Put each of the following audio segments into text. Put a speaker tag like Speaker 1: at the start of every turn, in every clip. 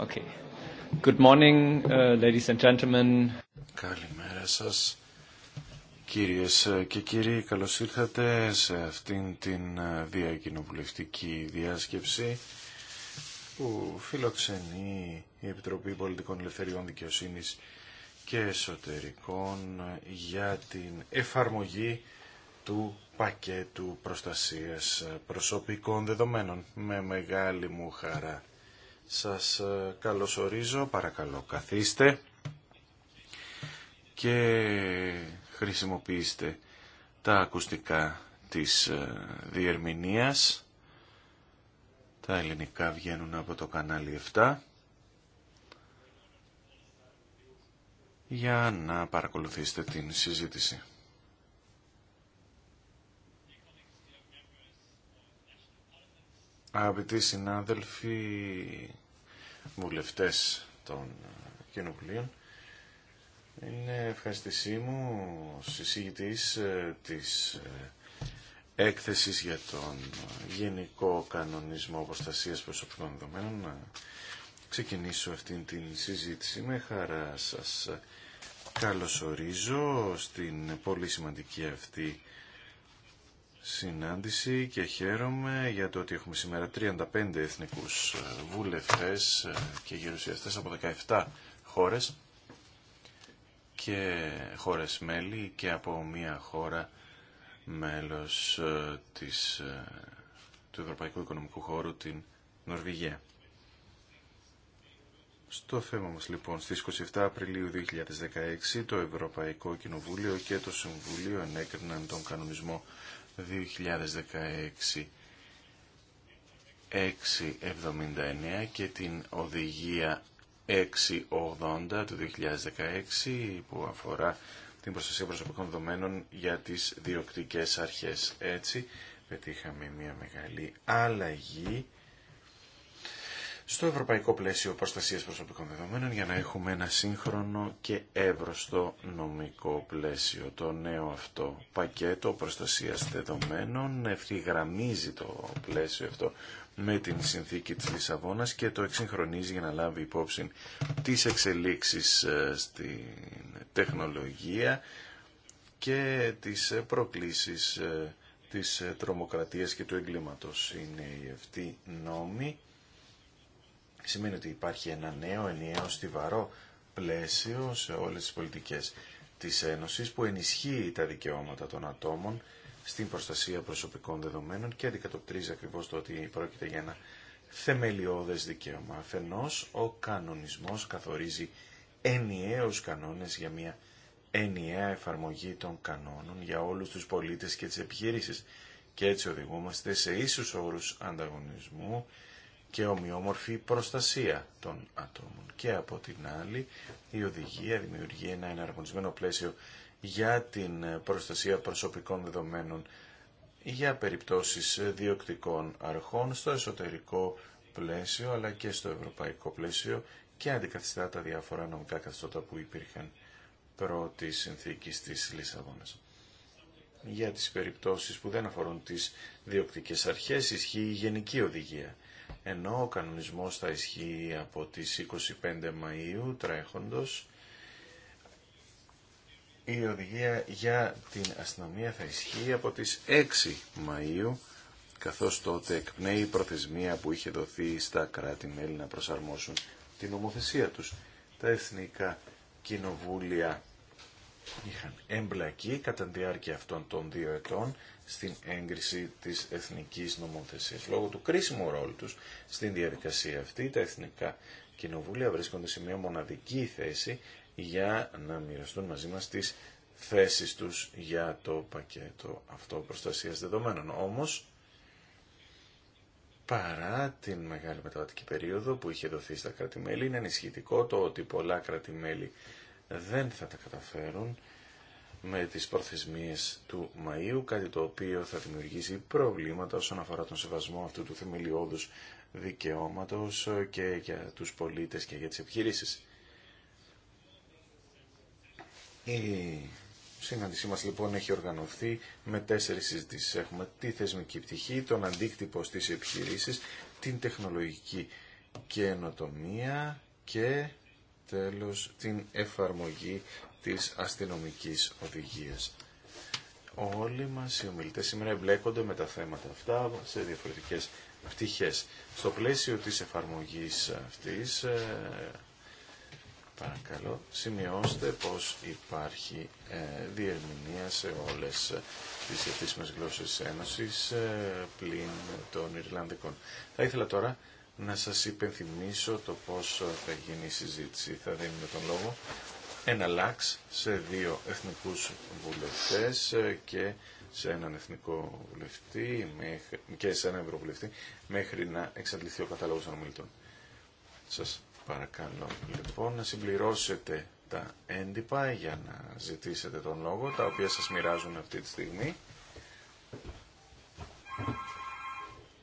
Speaker 1: Uh, Καλημέρα σας,
Speaker 2: κυρίες ε, και κύριοι. Καλώς ήρθατε σε αυτήν την διακοινοβουλευτική ε, διάσκεψη που φιλοξενεί η Επιτροπή Πολιτικών Ελευθεριών Δικαιοσύνης και Εσωτερικών για την εφαρμογή του πακέτου προστασίας προσωπικών δεδομένων. Με μεγάλη μου χαρά σας ε, καλωσορίζω, παρακαλώ καθίστε και χρησιμοποιήστε τα ακουστικά της ε, διερμηνίας. Τα ελληνικά βγαίνουν από το κανάλι 7 για να παρακολουθήσετε την συζήτηση. Αγαπητοί συνάδελφοι βουλευτές των κοινοβουλίων. Είναι ευχαριστησή μου ως ε, της ε, έκθεσης για τον Γενικό Κανονισμό προστασία Προσωπικών Δεδομένων να ξεκινήσω αυτήν την συζήτηση. Με χαρά σας καλωσορίζω στην πολύ σημαντική αυτή συνάντηση και χαίρομαι για το ότι έχουμε σήμερα 35 εθνικούς ε, βουλευτές ε, και γερουσιαστές από 17 χώρες και χώρες μέλη και από μια χώρα μέλος ε, της, του Ευρωπαϊκού Οικονομικού Χώρου, την Νορβηγία. Στο θέμα μας λοιπόν, στις 27 Απριλίου 2016 το Ευρωπαϊκό Κοινοβούλιο και το Συμβούλιο ενέκριναν τον κανονισμό 2016 679 και την οδηγία 680 του 2016 που αφορά την προστασία προσωπικών δεδομένων για τις διοκτικές αρχές. Έτσι πετύχαμε μια μεγάλη αλλαγή στο ευρωπαϊκό πλαίσιο προστασίας προσωπικών δεδομένων για να έχουμε ένα σύγχρονο και εύρωστο νομικό πλαίσιο. Το νέο αυτό πακέτο προστασίας δεδομένων ευθυγραμμίζει το πλαίσιο αυτό με την συνθήκη της Λισαβόνας και το εξυγχρονίζει για να λάβει υπόψη τις εξελίξεις ε, στην τεχνολογία και τις προκλήσεις ε, της τρομοκρατίας και του εγκλήματος. Είναι η ευθύ νόμη Σημαίνει ότι υπάρχει ένα νέο ενιαίο στιβαρό πλαίσιο σε όλες τις πολιτικές της Ένωσης που ενισχύει τα δικαιώματα των ατόμων στην προστασία προσωπικών δεδομένων και αντικατοπτρίζει ακριβώς το ότι πρόκειται για ένα θεμελιώδες δικαίωμα. Αφενός, ο κανονισμός καθορίζει ενιαίους κανόνες για μια ενιαία εφαρμογή των κανόνων για όλους τους πολίτες και τις επιχειρήσεις και έτσι οδηγούμαστε σε ίσους όρους ανταγωνισμού και ομοιόμορφη προστασία των ατόμων. Και από την άλλη, η οδηγία δημιουργεί ένα εναρμονισμένο πλαίσιο για την προστασία προσωπικών δεδομένων για περιπτώσεις διοκτικών αρχών στο εσωτερικό πλαίσιο αλλά και στο ευρωπαϊκό πλαίσιο και αντικαθιστά τα διάφορα νομικά καθεστώτα που υπήρχαν πρώτη συνθήκη της Λισαβόνας. Για τις περιπτώσεις που δεν αφορούν τις διοκτικές αρχές ισχύει η γενική οδηγία ενώ ο κανονισμός θα ισχύει από τις 25 Μαΐου τρέχοντος η οδηγία για την αστυνομία θα ισχύει από τις 6 Μαΐου καθώς τότε εκπνέει η προθεσμία που είχε δοθεί στα κράτη-μέλη να προσαρμόσουν την ομοθεσία τους. Τα εθνικά κοινοβούλια είχαν εμπλακεί κατά τη διάρκεια αυτών των δύο ετών στην έγκριση της εθνικής νομοθεσίας. Λόγω του κρίσιμου ρόλου τους στην διαδικασία αυτή, τα εθνικά κοινοβούλια βρίσκονται σε μια μοναδική θέση για να μοιραστούν μαζί μας τις θέσεις τους για το πακέτο αυτό προστασίας δεδομένων. Όμως, παρά την μεγάλη μεταβατική περίοδο που είχε δοθεί στα κράτη-μέλη, είναι ενισχυτικό το ότι πολλά κράτη-μέλη δεν θα τα καταφέρουν με τις προθεσμίες του Μαΐου, κάτι το οποίο θα δημιουργήσει προβλήματα όσον αφορά τον σεβασμό αυτού του θεμελιώδους δικαιώματος και για τους πολίτες και για τις επιχειρήσεις. Η συνάντησή μας λοιπόν έχει οργανωθεί με τέσσερις συζητήσεις. Έχουμε τη θεσμική πτυχή, τον αντίκτυπο στις επιχειρήσεις, την τεχνολογική καινοτομία και τέλος την εφαρμογή της αστυνομικής οδηγίας. Όλοι μας οι ομιλητές σήμερα εμπλέκονται με τα θέματα αυτά σε διαφορετικές πτυχές. Στο πλαίσιο της εφαρμογής αυτής, ε, παρακαλώ, σημειώστε πως υπάρχει ε, διερμηνία σε όλες τις επίσημες γλώσσες Ένωσης ε, πλην των Ιρλανδικών. Θα ήθελα τώρα να σας υπενθυμίσω το πώς θα γίνει η συζήτηση. Θα δίνουμε τον λόγο εναλλάξ σε δύο εθνικούς βουλευτές και σε έναν εθνικό βουλευτή και σε έναν ευρωβουλευτή μέχρι να εξαντληθεί ο κατάλογος των ομιλητών. Σας παρακαλώ λοιπόν να συμπληρώσετε τα έντυπα για να ζητήσετε τον λόγο, τα οποία σας μοιράζουν αυτή τη στιγμή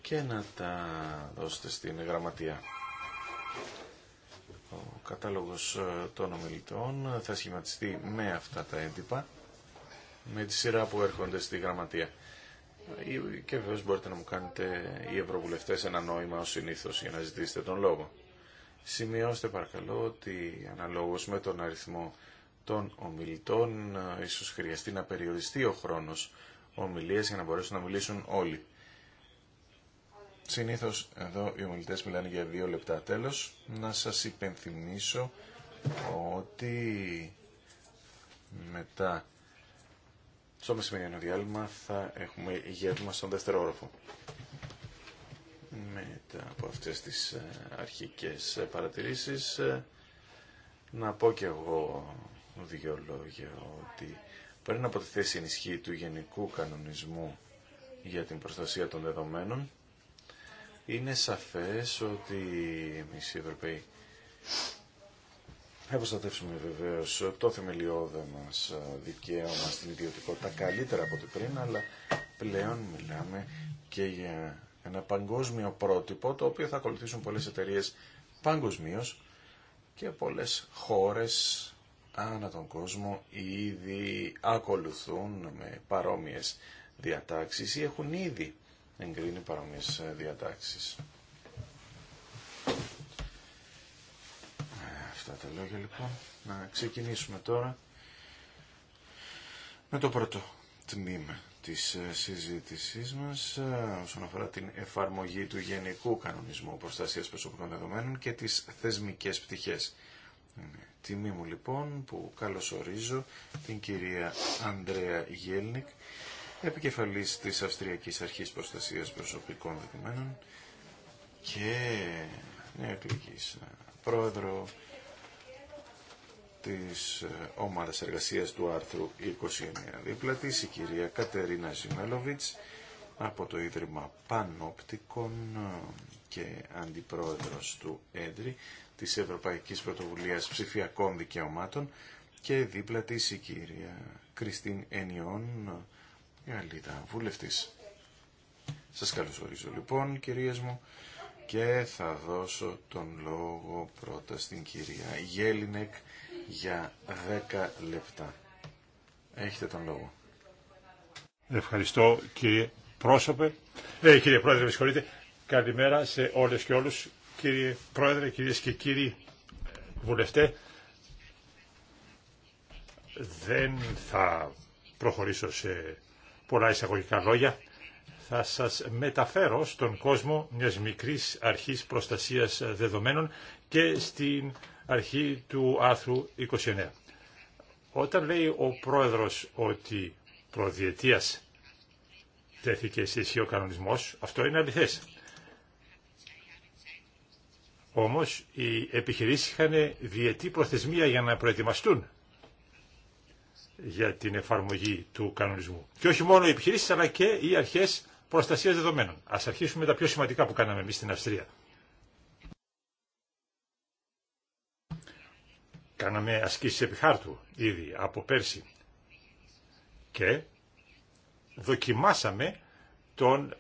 Speaker 2: και να τα δώσετε στην γραμματεία κατάλογος ε, των ομιλητών θα σχηματιστεί με αυτά τα έντυπα, με τη σειρά που έρχονται στη γραμματεία. Ε, και βεβαίω μπορείτε να μου κάνετε οι ευρωβουλευτέ ένα νόημα ω συνήθω για να ζητήσετε τον λόγο. Σημειώστε παρακαλώ ότι αναλόγως με τον αριθμό των ομιλητών ε, ίσως χρειαστεί να περιοριστεί ο χρόνος ομιλίας για να μπορέσουν να μιλήσουν όλοι. Συνήθως εδώ οι ομιλητές μιλάνε για δύο λεπτά. Τέλος, να σας υπενθυμίσω ότι μετά στο μεσημεριανό διάλειμμα θα έχουμε γεύμα στον δεύτερο όροφο. Μετά από αυτές τις ε, αρχικές ε, παρατηρήσεις ε, να πω και εγώ δύο λόγια ότι πριν από τη θέση ενισχύ του Γενικού Κανονισμού για την προστασία των δεδομένων είναι σαφές ότι εμείς οι Ευρωπαίοι θα προστατεύσουμε βεβαίω το θεμελιώδε μας δικαίωμα στην ιδιωτικότητα καλύτερα από ό,τι πριν, αλλά πλέον μιλάμε και για ένα παγκόσμιο πρότυπο το οποίο θα ακολουθήσουν πολλές εταιρείε παγκοσμίω και πολλές χώρες ανά τον κόσμο ήδη ακολουθούν με παρόμοιες διατάξεις ή έχουν ήδη εγκρίνει παρόμοιες ε, διατάξεις. Ε, αυτά τα λόγια λοιπόν. Να ξεκινήσουμε τώρα με το πρώτο τμήμα της ε, συζήτησής μας όσον αφορά την εφαρμογή του Γενικού Κανονισμού Προστασίας Προσωπικών Δεδομένων και τις θεσμικές πτυχές. Τιμή μου λοιπόν που καλωσορίζω την κυρία Ανδρέα Γέλνικ, επικεφαλής της Αυστριακής Αρχής Προστασίας Προσωπικών Δεδομένων και νεοεκλογής ε, πρόεδρο της ε, ομάδας εργασίας του άρθρου 29 δίπλα της, η κυρία Κατερίνα Ζημέλοβιτς από το Ίδρυμα Πανόπτικων ε, και αντιπρόεδρος του ΕΔΡΙ της Ευρωπαϊκής Πρωτοβουλίας Ψηφιακών Δικαιωμάτων και δίπλα της η κυρία Κριστίν Ενιών Αλίδα βουλευτής. Σας καλωσορίζω λοιπόν κυρίες μου και θα δώσω τον λόγο πρώτα στην κυρία Γέλινεκ για 10 λεπτά. Έχετε τον λόγο.
Speaker 3: Ευχαριστώ κύριε πρόσωπε, ε, κύριε πρόεδρε με συγχωρείτε. Καλημέρα σε όλες και όλους κύριε πρόεδρε, κυρίες και κύριοι βουλευτέ. Δεν θα προχωρήσω σε πολλά εισαγωγικά λόγια, θα σας μεταφέρω στον κόσμο μιας μικρής αρχής προστασίας δεδομένων και στην αρχή του άρθρου 29. Όταν λέει ο πρόεδρος ότι προδιετίας τέθηκε σε ισχύ ο κανονισμός, αυτό είναι αληθές. Όμως οι επιχειρήσεις είχαν διετή προθεσμία για να προετοιμαστούν για την εφαρμογή του κανονισμού. Και όχι μόνο οι επιχειρήσει, αλλά και οι αρχές προστασίας δεδομένων. Ας αρχίσουμε με τα πιο σημαντικά που κάναμε εμεί στην Αυστρία. Κάναμε ασκήσεις χάρτου ήδη από πέρσι και δοκιμάσαμε τον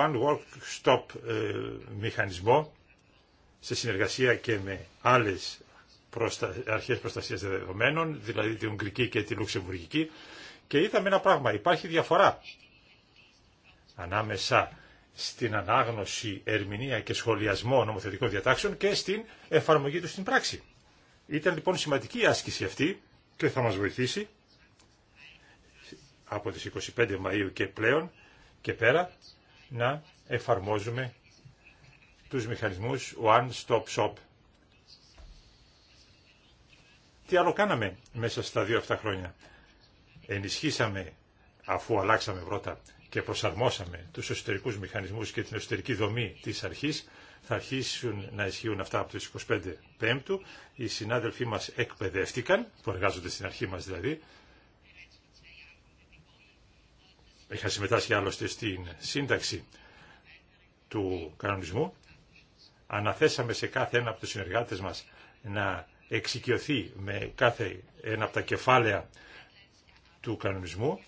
Speaker 3: One work stop ε, μηχανισμό σε συνεργασία και με άλλες προστα... αρχές προστασίας δεδομένων, δηλαδή την Ουγγρική και τη Λουξεμβουργική, και είδαμε ένα πράγμα, υπάρχει διαφορά ανάμεσα στην ανάγνωση, ερμηνεία και σχολιασμό νομοθετικών διατάξεων και στην εφαρμογή του στην πράξη. Ήταν λοιπόν σημαντική η άσκηση αυτή και θα μας βοηθήσει από τις 25 Μαΐου και πλέον και πέρα να εφαρμόζουμε τους μηχανισμούς One Stop Shop τι άλλο κάναμε μέσα στα δύο αυτά χρόνια. Ενισχύσαμε, αφού αλλάξαμε πρώτα και προσαρμόσαμε τους εσωτερικούς μηχανισμούς και την εσωτερική δομή της αρχής, θα αρχίσουν να ισχύουν αυτά από τις 25 Πέμπτου. Οι συνάδελφοί μας εκπαιδεύτηκαν, που εργάζονται στην αρχή μας δηλαδή. Είχα συμμετάσχει άλλωστε στην σύνταξη του κανονισμού. Αναθέσαμε σε κάθε ένα από τους συνεργάτες μας να εξοικειωθεί με κάθε ένα από τα κεφάλαια του κανονισμού.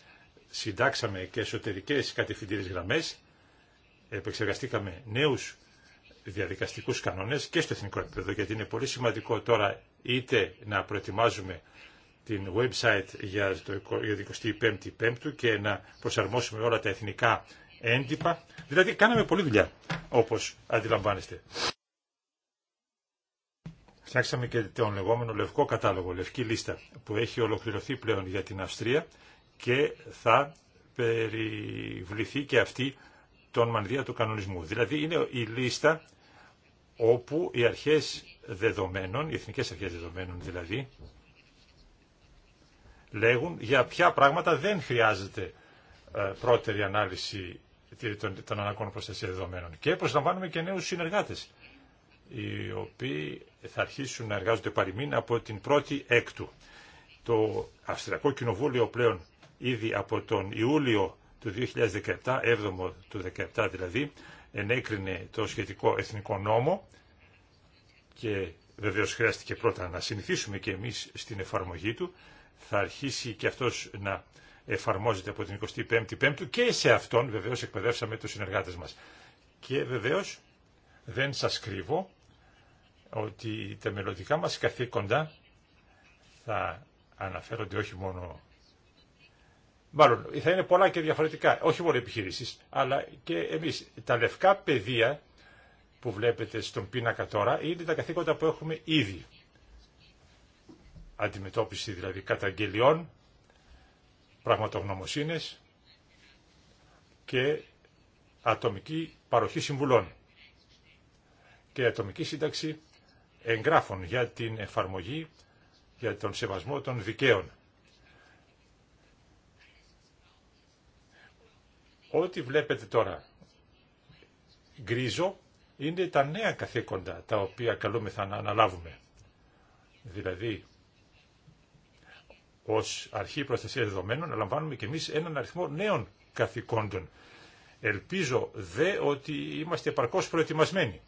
Speaker 3: Συντάξαμε και εσωτερικές κατευθυντήρες γραμμές, επεξεργαστήκαμε νέους διαδικαστικούς κανόνες και στο εθνικό επίπεδο, γιατί είναι πολύ σημαντικό τώρα είτε να προετοιμάζουμε την website για το 25η Πέμπτου και να προσαρμόσουμε όλα τα εθνικά έντυπα. Δηλαδή κάναμε πολλή δουλειά, όπως αντιλαμβάνεστε. Φτιάξαμε και τον λεγόμενο λευκό κατάλογο, λευκή λίστα, που έχει ολοκληρωθεί πλέον για την Αυστρία και θα περιβληθεί και αυτή τον μανδύα του κανονισμού. Δηλαδή είναι η λίστα όπου οι αρχές δεδομένων, οι εθνικές αρχές δεδομένων δηλαδή, λέγουν για ποια πράγματα δεν χρειάζεται ε, πρώτερη ανάλυση των ανακόνων προστασία δεδομένων. Και προσλαμβάνουμε και νέους συνεργάτες οι οποίοι θα αρχίσουν να εργάζονται παροιμήν από την 1η έκτου. Το Αυστριακό Κοινοβούλιο πλέον ήδη από τον Ιούλιο του 2017, 7ο του 2017 δηλαδή, ενέκρινε το σχετικό εθνικό νόμο και βεβαίως χρειάστηκε πρώτα να συνηθίσουμε και εμείς στην εφαρμογή του. Θα αρχίσει και αυτός να εφαρμόζεται από την 25η Πέμπτου και σε αυτόν βεβαίως εκπαιδεύσαμε τους συνεργάτες μας. Και βεβαίως δεν σας κρύβω ότι τα μελλοντικά μας καθήκοντα θα αναφέρονται όχι μόνο Μάλλον, θα είναι πολλά και διαφορετικά, όχι μόνο επιχειρήσεις, αλλά και εμείς. Τα λευκά πεδία που βλέπετε στον πίνακα τώρα είναι τα καθήκοντα που έχουμε ήδη. Αντιμετώπιση δηλαδή καταγγελιών, πραγματογνωμοσύνες και ατομική παροχή συμβουλών και ατομική σύνταξη εγγράφων για την εφαρμογή, για τον σεβασμό των δικαίων. Ό,τι βλέπετε τώρα γκρίζο είναι τα νέα καθήκοντα τα οποία καλούμεθα να αναλάβουμε. Δηλαδή, ως αρχή προστασία δεδομένων λαμβάνουμε και εμείς έναν αριθμό νέων καθηκόντων. Ελπίζω δε ότι είμαστε επαρκώς προετοιμασμένοι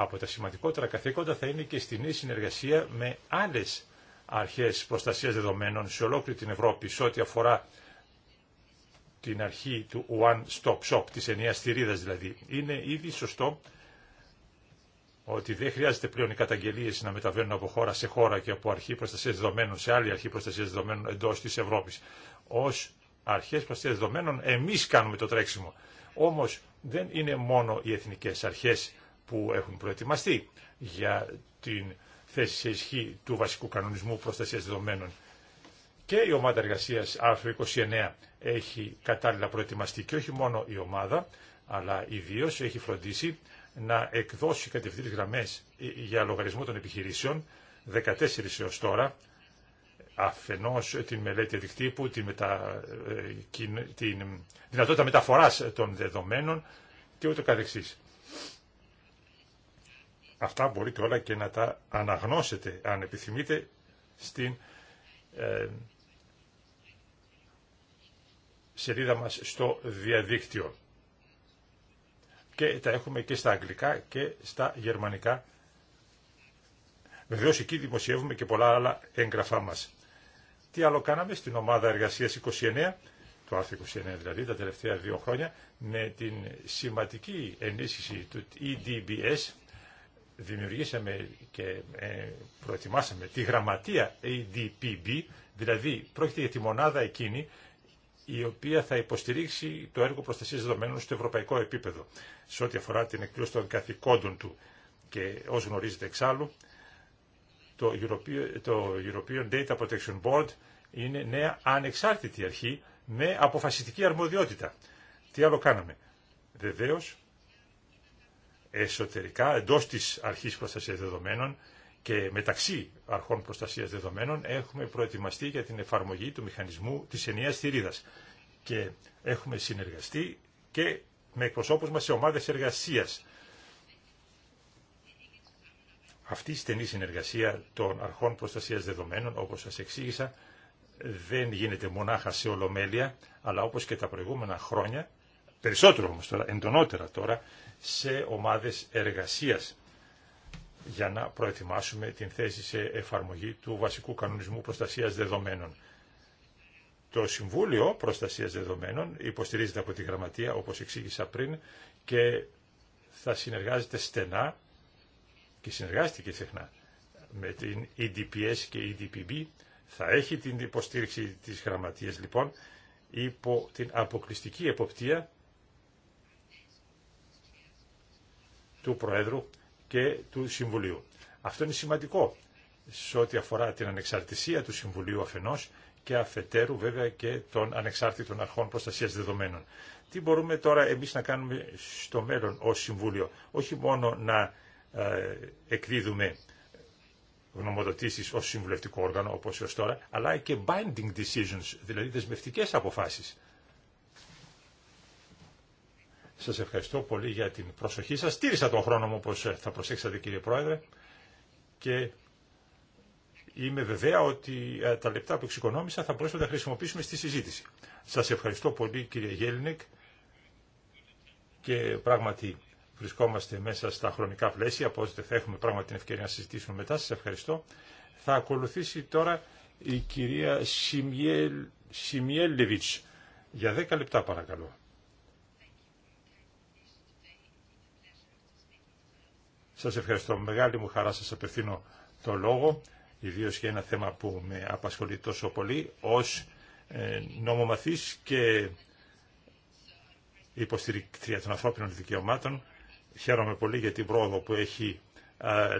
Speaker 3: από τα σημαντικότερα καθήκοντα θα είναι και στην συνεργασία με άλλες αρχές προστασίας δεδομένων σε ολόκληρη την Ευρώπη σε ό,τι αφορά την αρχή του One Stop Shop, της ενιαίας θηρίδας δηλαδή. Είναι ήδη σωστό ότι δεν χρειάζεται πλέον οι καταγγελίε να μεταβαίνουν από χώρα σε χώρα και από αρχή προστασία δεδομένων σε άλλη αρχή προστασία δεδομένων εντό τη Ευρώπη. Ω αρχέ προστασία δεδομένων εμεί κάνουμε το τρέξιμο. Όμω δεν είναι μόνο οι εθνικέ αρχέ που έχουν προετοιμαστεί για την θέση σε ισχύ του βασικού κανονισμού προστασίας δεδομένων. Και η ομάδα εργασίας άρθρο 29 έχει κατάλληλα προετοιμαστεί και όχι μόνο η ομάδα, αλλά ιδίω έχει φροντίσει να εκδώσει κατευθύνες γραμμές για λογαριασμό των επιχειρήσεων, 14 έως τώρα, αφενός την μελέτη δικτύπου, ε, ε, την, μετα... την δυνατότητα μεταφοράς των δεδομένων και ούτω καθεξής. Αυτά μπορείτε όλα και να τα αναγνώσετε, αν επιθυμείτε, στην ε, σελίδα μας στο διαδίκτυο. Και τα έχουμε και στα αγγλικά και στα γερμανικά. Βεβαίω εκεί δημοσιεύουμε και πολλά άλλα έγγραφά μας. Τι άλλο κάναμε στην ομάδα εργασίας 29, το άρθρο 29 δηλαδή, τα τελευταία δύο χρόνια, με την σημαντική ενίσχυση του EDBS, δημιουργήσαμε και ε, προετοιμάσαμε τη γραμματεία ADPB, δηλαδή πρόκειται για τη μονάδα εκείνη η οποία θα υποστηρίξει το έργο προστασίας δεδομένων στο ευρωπαϊκό επίπεδο σε ό,τι αφορά την εκπλήρωση των καθηκόντων του. Και ως γνωρίζετε εξάλλου, το European, το European Data Protection Board είναι νέα ανεξάρτητη αρχή με αποφασιστική αρμοδιότητα. Τι άλλο κάναμε. Βεβαίως, εσωτερικά εντό τη αρχής προστασίας δεδομένων και μεταξύ αρχών προστασίας δεδομένων έχουμε προετοιμαστεί για την εφαρμογή του μηχανισμού της ενιαίας θηρίδα. και έχουμε συνεργαστεί και με εκπροσώπους μας σε ομάδες εργασίας. Αυτή η στενή συνεργασία των αρχών προστασίας δεδομένων, όπως σας εξήγησα, δεν γίνεται μονάχα σε ολομέλεια, αλλά όπως και τα προηγούμενα χρόνια περισσότερο όμως τώρα, εντονότερα τώρα, σε ομάδες εργασίας για να προετοιμάσουμε την θέση σε εφαρμογή του βασικού κανονισμού προστασίας δεδομένων. Το Συμβούλιο Προστασίας Δεδομένων υποστηρίζεται από τη Γραμματεία, όπως εξήγησα πριν, και θα συνεργάζεται στενά και συνεργάστηκε συχνά με την EDPS και EDPB. Θα έχει την υποστήριξη της Γραμματείας, λοιπόν, υπό την αποκλειστική εποπτεία του Προέδρου και του Συμβουλίου. Αυτό είναι σημαντικό σε ό,τι αφορά την ανεξαρτησία του Συμβουλίου αφενός και αφετέρου βέβαια και των ανεξάρτητων αρχών προστασίας δεδομένων. Τι μπορούμε τώρα εμείς να κάνουμε στο μέλλον ως Συμβούλιο, όχι μόνο να ε, εκδίδουμε γνωμοδοτήσεις ως συμβουλευτικό όργανο όπως έως τώρα, αλλά και binding decisions, δηλαδή δεσμευτικές αποφάσεις. Σα ευχαριστώ πολύ για την προσοχή σα, Τήρησα τον χρόνο μου όπω θα προσέξατε κύριε Πρόεδρε και είμαι βεβαία ότι ε, τα λεπτά που εξοικονόμησα θα μπορέσουμε να τα χρησιμοποιήσουμε στη συζήτηση. Σα ευχαριστώ πολύ κύριε Γέλνικ και πράγματι βρισκόμαστε μέσα στα χρονικά πλαίσια, οπότε θα έχουμε πράγματι την ευκαιρία να συζητήσουμε μετά. σα ευχαριστώ. Θα ακολουθήσει τώρα η κυρία Σιμιέλ, Λιβίτς Για 10 λεπτά παρακαλώ. Σας ευχαριστώ. Μεγάλη μου χαρά σας απευθύνω το λόγο, ιδίως για ένα θέμα που με απασχολεί τόσο πολύ, ως ε, νομομαθής και υποστηρικτρία των ανθρώπινων δικαιωμάτων. Χαίρομαι πολύ για την πρόοδο που έχει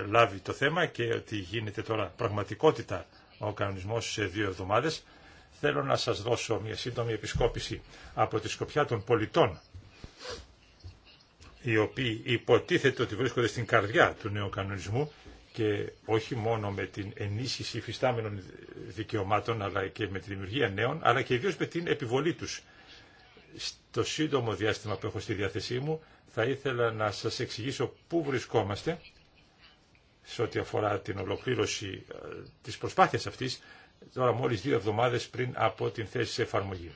Speaker 3: λάβει το θέμα και ότι γίνεται τώρα πραγματικότητα ο κανονισμός σε δύο εβδομάδες. Θέλω να σας δώσω μια σύντομη επισκόπηση από τη σκοπιά των πολιτών οι οποίοι υποτίθεται ότι βρίσκονται στην καρδιά του νέου κανονισμού και όχι μόνο με την ενίσχυση υφιστάμενων δικαιωμάτων αλλά και με τη δημιουργία νέων, αλλά και ιδίως με την επιβολή τους. Στο σύντομο διάστημα που έχω στη διάθεσή μου θα ήθελα να σας εξηγήσω πού βρισκόμαστε σε ό,τι αφορά την ολοκλήρωση ε, της προσπάθειας αυτής, τώρα μόλις δύο εβδομάδες πριν από την θέση σε εφαρμογή.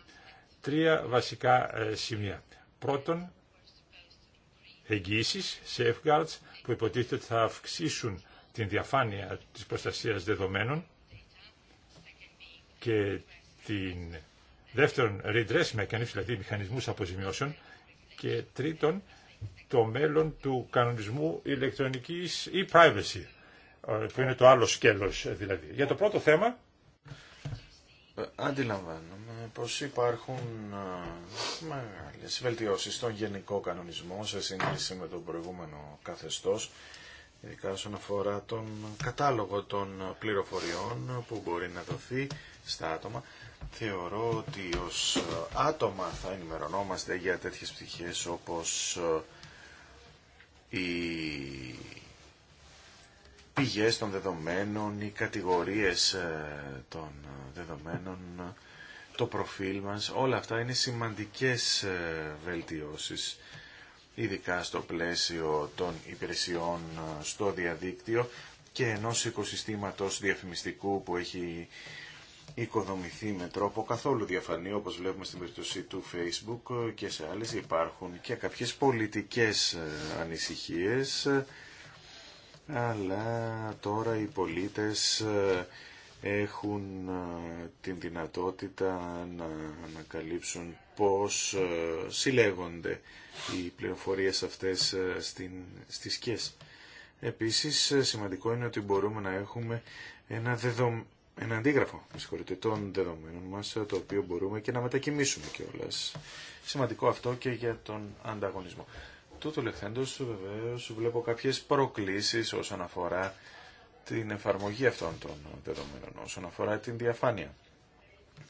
Speaker 3: Τρία βασικά ε, σημεία. Πρώτον, εγγύησεις, safeguards, που υποτίθεται ότι θα αυξήσουν την διαφάνεια της προστασίας δεδομένων και την δεύτερον redress mechanism, δηλαδή μηχανισμούς αποζημιώσεων και τρίτον το μέλλον του κανονισμού ηλεκτρονικής e-privacy,
Speaker 2: ε, που είναι το άλλο σκέλος ε, δηλαδή. Για το πρώτο θέμα, ε, αντιλαμβάνομαι πως υπάρχουν ε, μεγάλες βελτιώσεις στον γενικό κανονισμό σε σύγκριση με τον προηγούμενο καθεστώς ειδικά όσον αφορά τον κατάλογο των πληροφοριών που μπορεί να δοθεί στα άτομα. Θεωρώ ότι ως άτομα θα ενημερωνόμαστε για τέτοιες πτυχές όπως ε, η πηγές των δεδομένων, οι κατηγορίες ε, των ε, δεδομένων, το προφίλ μας, όλα αυτά είναι σημαντικές ε, βελτιώσεις, ειδικά στο πλαίσιο των υπηρεσιών στο διαδίκτυο και ενός οικοσυστήματος διαφημιστικού που έχει οικοδομηθεί με τρόπο καθόλου διαφανή, όπως βλέπουμε στην περίπτωση του Facebook και σε άλλες υπάρχουν και κάποιες πολιτικές ανησυχίες αλλά τώρα οι πολίτες ε, έχουν ε, την δυνατότητα να ανακαλύψουν πώς ε, συλλέγονται οι πληροφορίες αυτές στην, στις Επίση Επίσης σημαντικό είναι ότι μπορούμε να έχουμε ένα, δεδο... ένα αντίγραφο των δεδομένων μας το οποίο μπορούμε και να μετακινήσουμε κιόλας. Σημαντικό αυτό και για τον ανταγωνισμό τούτου λεχθέντος βεβαίως βλέπω κάποιες προκλήσεις όσον αφορά την εφαρμογή αυτών των δεδομένων, όσον αφορά την διαφάνεια.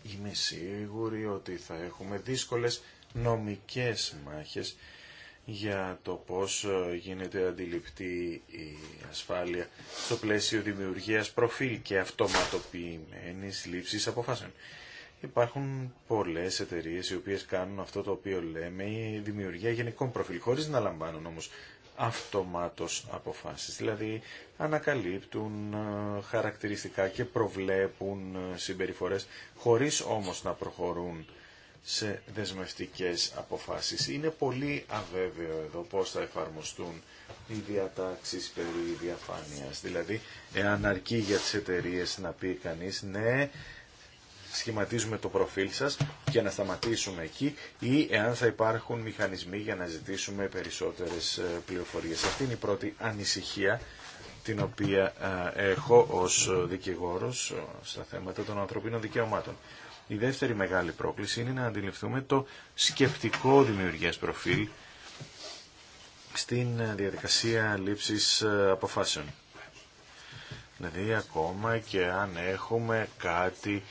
Speaker 2: Είμαι σίγουρη ότι θα έχουμε δύσκολες νομικές μάχες για το πώς γίνεται αντιληπτή η ασφάλεια στο πλαίσιο δημιουργίας προφίλ και αυτοματοποιημένης λήψης αποφάσεων. Υπάρχουν πολλές εταιρείε οι οποίες κάνουν αυτό το οποίο λέμε η δημιουργία γενικών προφίλ, χωρί να λαμβάνουν όμως αυτομάτως αποφάσεις. Δηλαδή ανακαλύπτουν ε, χαρακτηριστικά και προβλέπουν ε, συμπεριφορές χωρίς όμως να προχωρούν σε δεσμευτικές αποφάσεις. Είναι πολύ αβέβαιο εδώ πώς θα εφαρμοστούν οι διατάξεις περί διαφάνειας. Δηλαδή, εάν αρκεί για τις εταιρείε να πει κανείς ναι, σχηματίζουμε το προφίλ σας και να σταματήσουμε εκεί ή εάν θα υπάρχουν μηχανισμοί για να ζητήσουμε περισσότερες ε, πληροφορίες. Αυτή είναι η πρώτη ανησυχία την οποία ε, έχω ως δικηγόρος ε, στα θέματα των ανθρωπίνων δικαιωμάτων. Η δεύτερη μεγάλη πρόκληση είναι να αντιληφθούμε το σκεπτικό δημιουργίας προφίλ στην διαδικασία λήψης αποφάσεων. Δηλαδή ακόμα και αν έχουμε κάτι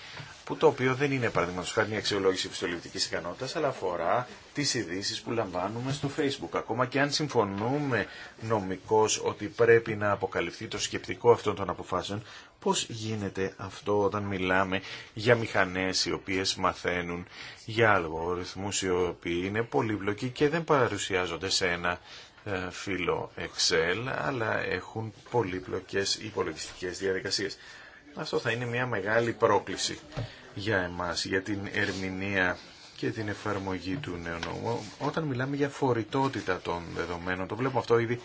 Speaker 2: που το οποίο δεν είναι παραδείγματο χάρη μια αξιολόγηση επιστολιπτική ικανότητα, αλλά αφορά τι ειδήσει που λαμβάνουμε στο Facebook. Ακόμα και αν συμφωνούμε νομικώ ότι πρέπει να αποκαλυφθεί το σκεπτικό αυτών των αποφάσεων, πώ γίνεται αυτό όταν μιλάμε για μηχανέ οι οποίε μαθαίνουν για αλγοριθμού οι οποίοι είναι πολύπλοκοι και δεν παρουσιάζονται σε ένα ε, φύλλο Excel, αλλά έχουν πολύπλοκες υπολογιστικές διαδικασίες. Αυτό θα είναι μια μεγάλη πρόκληση για εμάς, για την ερμηνεία και την εφαρμογή του νέου νόμου. Όταν μιλάμε για φορητότητα των δεδομένων, το βλέπουμε αυτό ήδη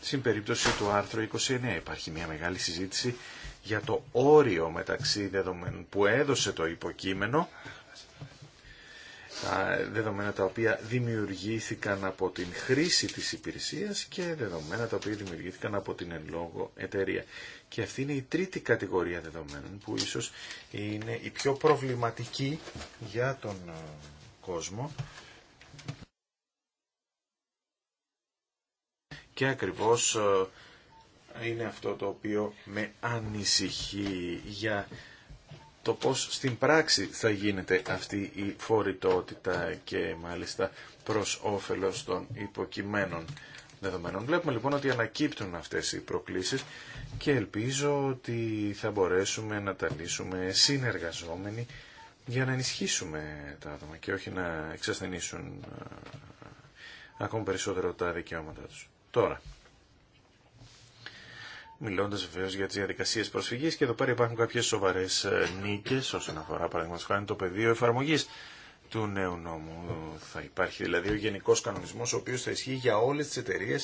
Speaker 2: στην περίπτωση του άρθρου 29. Υπάρχει μια μεγάλη συζήτηση για το όριο μεταξύ δεδομένων που έδωσε το υποκείμενο τα δεδομένα τα οποία δημιουργήθηκαν από την χρήση της υπηρεσίας και δεδομένα τα οποία δημιουργήθηκαν από την εν λόγω εταιρεία. Και αυτή είναι η τρίτη κατηγορία δεδομένων που ίσως είναι η πιο προβληματική για τον ε, κόσμο και ακριβώς ε, είναι αυτό το οποίο με ανησυχεί για το πώς στην πράξη θα γίνεται αυτή η φορητότητα και μάλιστα προς όφελος των υποκειμένων δεδομένων. Βλέπουμε λοιπόν ότι ανακύπτουν αυτές οι προκλήσεις και ελπίζω ότι θα μπορέσουμε να τα λύσουμε συνεργαζόμενοι για να ενισχύσουμε τα άτομα και όχι να εξασθενήσουν ε, ακόμα περισσότερο τα δικαιώματά τους. Τώρα, Μιλώντα βεβαίω για τι διαδικασίε προσφυγής και εδώ πέρα υπάρχουν κάποιε σοβαρέ ε, νίκε. όσον αφορά παραδείγματο. χάνει το πεδίο εφαρμογή του νέου νόμου. Θα υπάρχει δηλαδή ο γενικό κανονισμό ο οποίο θα ισχύει για όλε τι εταιρείε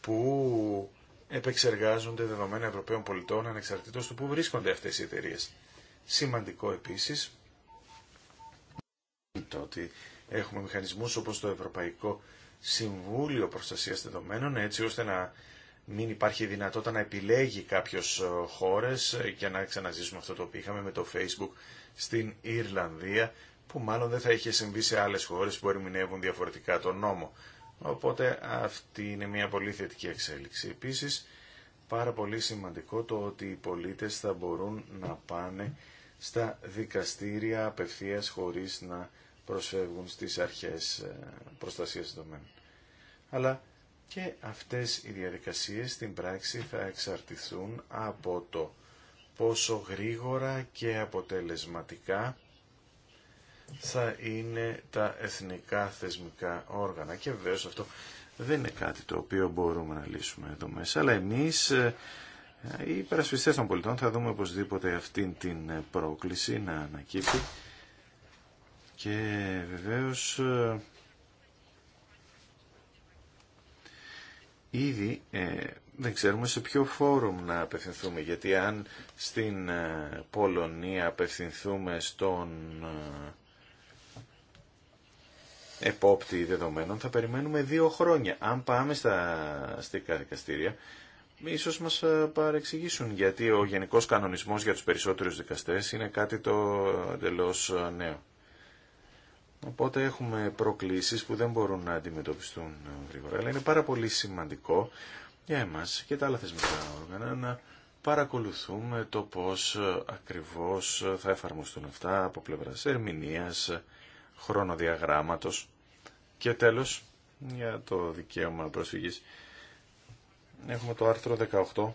Speaker 2: που επεξεργάζονται δεδομένα Ευρωπαίων πολιτών ανεξαρτήτως του που βρίσκονται αυτές οι εταιρείε. Σημαντικό επίσης το ότι έχουμε μηχανισμούς όπως το Ευρωπαϊκό Συμβούλιο Προστασίας Δεδομένων έτσι ώστε να μην υπάρχει δυνατότητα να επιλέγει κάποιος ε, χώρες και ε, να ξαναζήσουμε αυτό το οποίο είχαμε με το Facebook στην Ιρλανδία, που μάλλον δεν θα είχε συμβεί σε άλλες χώρες που ερμηνεύουν διαφορετικά τον νόμο. Οπότε αυτή είναι μια πολύ θετική εξέλιξη. Επίσης, πάρα πολύ σημαντικό το ότι οι πολίτες θα μπορούν να πάνε στα δικαστήρια απευθείας χωρίς να προσφεύγουν στις αρχές ε, προστασίας δεδομένων. Αλλά και αυτές οι διαδικασίες στην πράξη θα εξαρτηθούν από το πόσο γρήγορα και αποτελεσματικά θα είναι τα εθνικά θεσμικά όργανα. Και βεβαίω αυτό δεν είναι κάτι το οποίο μπορούμε να λύσουμε εδώ μέσα, αλλά εμείς ε, οι υπερασπιστές των πολιτών θα δούμε οπωσδήποτε αυτήν την ε, πρόκληση να ανακύπτει και βεβαίως ε, ήδη ε, δεν ξέρουμε σε ποιο φόρουμ να απευθυνθούμε, γιατί αν στην ε, Πολωνία απευθυνθούμε στον ε, επόπτη δεδομένων θα περιμένουμε δύο χρόνια. Αν πάμε στα αστικά δικαστήρια, ίσως μας παρεξηγήσουν, γιατί ο γενικός κανονισμός για τους περισσότερους δικαστές είναι κάτι το εντελώ νέο. Οπότε έχουμε προκλήσεις που δεν μπορούν να αντιμετωπιστούν γρήγορα. Αλλά είναι πάρα πολύ σημαντικό για εμάς και τα άλλα θεσμικά όργανα να παρακολουθούμε το πώς ακριβώς θα εφαρμοστούν αυτά από πλευράς ερμηνείας, χρονοδιαγράμματος και τέλος για το δικαίωμα προσφυγής. Έχουμε το άρθρο 18,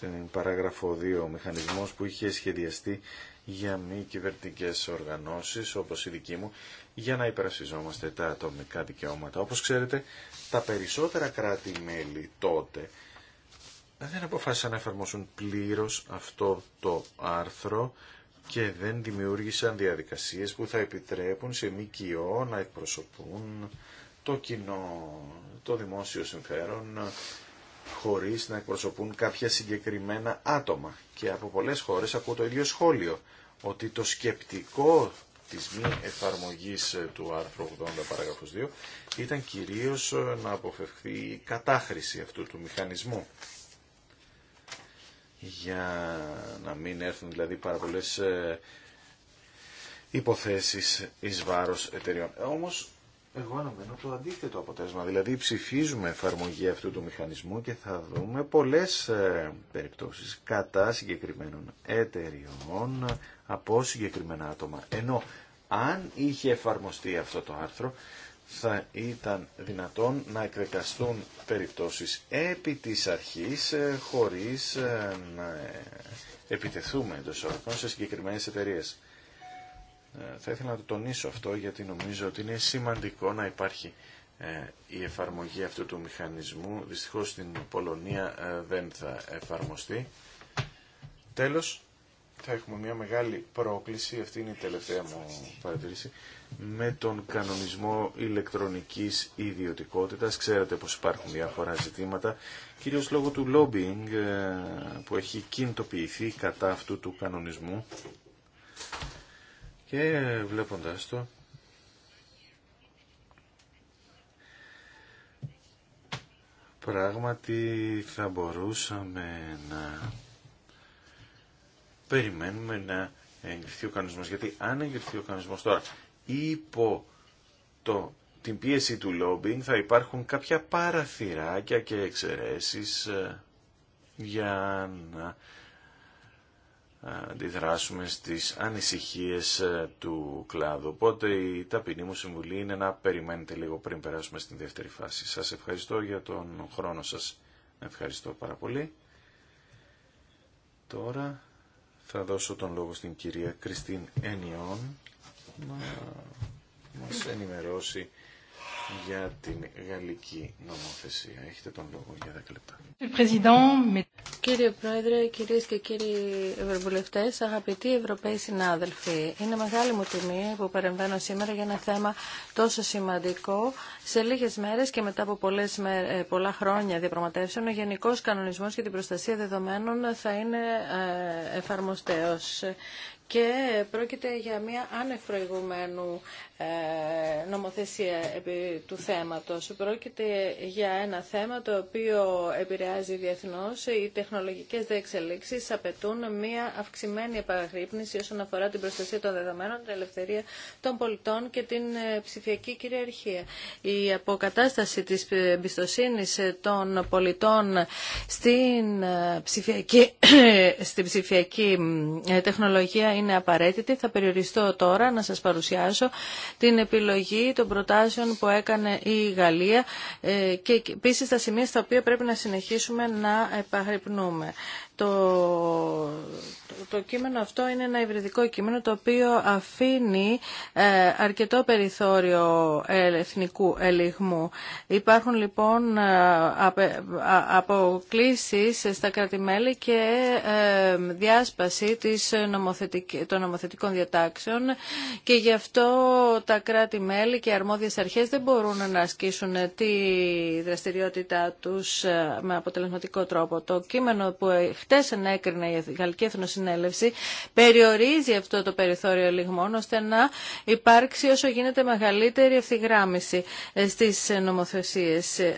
Speaker 2: την παράγραφο 2, ο μηχανισμός που είχε σχεδιαστεί για μη κυβερνητικέ οργανώσεις όπως η δική μου για να υπερασπιζόμαστε τα ατομικά δικαιώματα. Όπως ξέρετε, τα περισσότερα κράτη-μέλη τότε δεν αποφάσισαν να εφαρμόσουν πλήρως αυτό το άρθρο και δεν δημιούργησαν διαδικασίες που θα επιτρέπουν σε κοιό να εκπροσωπούν το κοινό, το δημόσιο συμφέρον χωρίς να εκπροσωπούν κάποια συγκεκριμένα άτομα. Και από πολλές χώρες ακούω το ίδιο σχόλιο, ότι το σκεπτικό της μη εφαρμογής ε, του άρθρου 80 παράγραφος 2 ήταν κυρίως ε, να αποφευχθεί η κατάχρηση αυτού του μηχανισμού για να μην έρθουν δηλαδή πάρα πολλές ε, υποθέσεις εις βάρος εταιριών. Όμως εγώ αναμένω το αντίθετο αποτέλεσμα. Δηλαδή ψηφίζουμε εφαρμογή αυτού του μηχανισμού και θα δούμε πολλές ε, περιπτώσεις κατά συγκεκριμένων εταιριών από συγκεκριμένα άτομα. Ενώ αν είχε εφαρμοστεί αυτό το άρθρο θα ήταν δυνατόν να εκδεκαστούν περιπτώσεις επί της αρχής ε, χωρίς ε, να επιτεθούμε εντό σε συγκεκριμένες εταιρείε. Ε, θα ήθελα να το τονίσω αυτό γιατί νομίζω ότι είναι σημαντικό να υπάρχει ε, η εφαρμογή αυτού του μηχανισμού. Δυστυχώς στην Πολωνία ε, δεν θα εφαρμοστεί. Τέλος, θα έχουμε μια μεγάλη πρόκληση, αυτή είναι η τελευταία μου παρατηρήση, με τον κανονισμό ηλεκτρονικής ιδιωτικότητας. Ξέρετε πως υπάρχουν διάφορα ζητήματα, κυρίως λόγω του lobbying που έχει κινητοποιηθεί κατά αυτού του κανονισμού και βλέποντας το, πράγματι θα μπορούσαμε να περιμένουμε να εγκριθεί ο κανονισμός. Γιατί αν εγκριθεί ο κανονισμός τώρα υπό το, την πίεση του λόμπινγκ θα υπάρχουν κάποια παραθυράκια και εξαιρέσεις ε, για να αντιδράσουμε στις ανησυχίες ε, του κλάδου. Οπότε η ταπεινή μου συμβουλή είναι να περιμένετε λίγο πριν περάσουμε στην δεύτερη φάση. Σας ευχαριστώ για τον χρόνο σας. Ευχαριστώ πάρα πολύ. Τώρα θα δώσω τον λόγο στην κυρία Κριστίν Ένιον να μας ενημερώσει για την γαλλική νομοθεσία. Έχετε τον λόγο για δέκα λεπτά.
Speaker 4: Κύριε Πρόεδρε, κυρίε και κύριοι Ευρωβουλευτέ, αγαπητοί Ευρωπαίοι συνάδελφοι, είναι μεγάλη μου τιμή που παρεμβαίνω σήμερα για ένα θέμα τόσο σημαντικό. Σε λίγε μέρε και μετά από πολλές, ε, πολλά χρόνια διαπραγματεύσεων, ο Γενικό Κανονισμό για την Προστασία Δεδομένων θα είναι ε, εφαρμοστέο και πρόκειται για μια ανεφροηγουμένου ε, νομοθεσία του θέματος. Πρόκειται για ένα θέμα το οποίο επηρεάζει διεθνώς. Οι τεχνολογικές εξελίξεις απαιτούν μια αυξημένη επαγρύπνηση όσον αφορά την προστασία των δεδομένων, την ελευθερία των πολιτών και την ε, ψηφιακή κυριαρχία. Η αποκατάσταση της εμπιστοσύνη ε, των πολιτών στην ψηφιακή, στην ψηφιακή τεχνολογία είναι απαραίτητη. Θα περιοριστώ τώρα να σας παρουσιάσω την επιλογή των προτάσεων που έκανε η Γαλλία ε, και επίσης τα σημεία στα οποία πρέπει να συνεχίσουμε να επαγρυπνούμε. Το, το, κείμενο αυτό είναι ένα υβριδικό κείμενο το οποίο αφήνει ε, αρκετό περιθώριο ε, εθνικού ελιγμού. Υπάρχουν λοιπόν ε, αποκλήσεις στα κρατημέλη και διάσπαση της των νομοθετικών διατάξεων και γι' αυτό τα κράτη-μέλη και οι αρμόδιες αρχές δεν μπορούν να ασκήσουν τη δραστηριότητά τους με αποτελεσματικό τρόπο. Το κείμενο που χτε ενέκρινε η Γαλλική Εθνοσυνέλευση, περιορίζει αυτό το περιθώριο λιγμών ώστε να υπάρξει όσο γίνεται μεγαλύτερη ευθυγράμμιση ε, στις νομοθεσίες ε,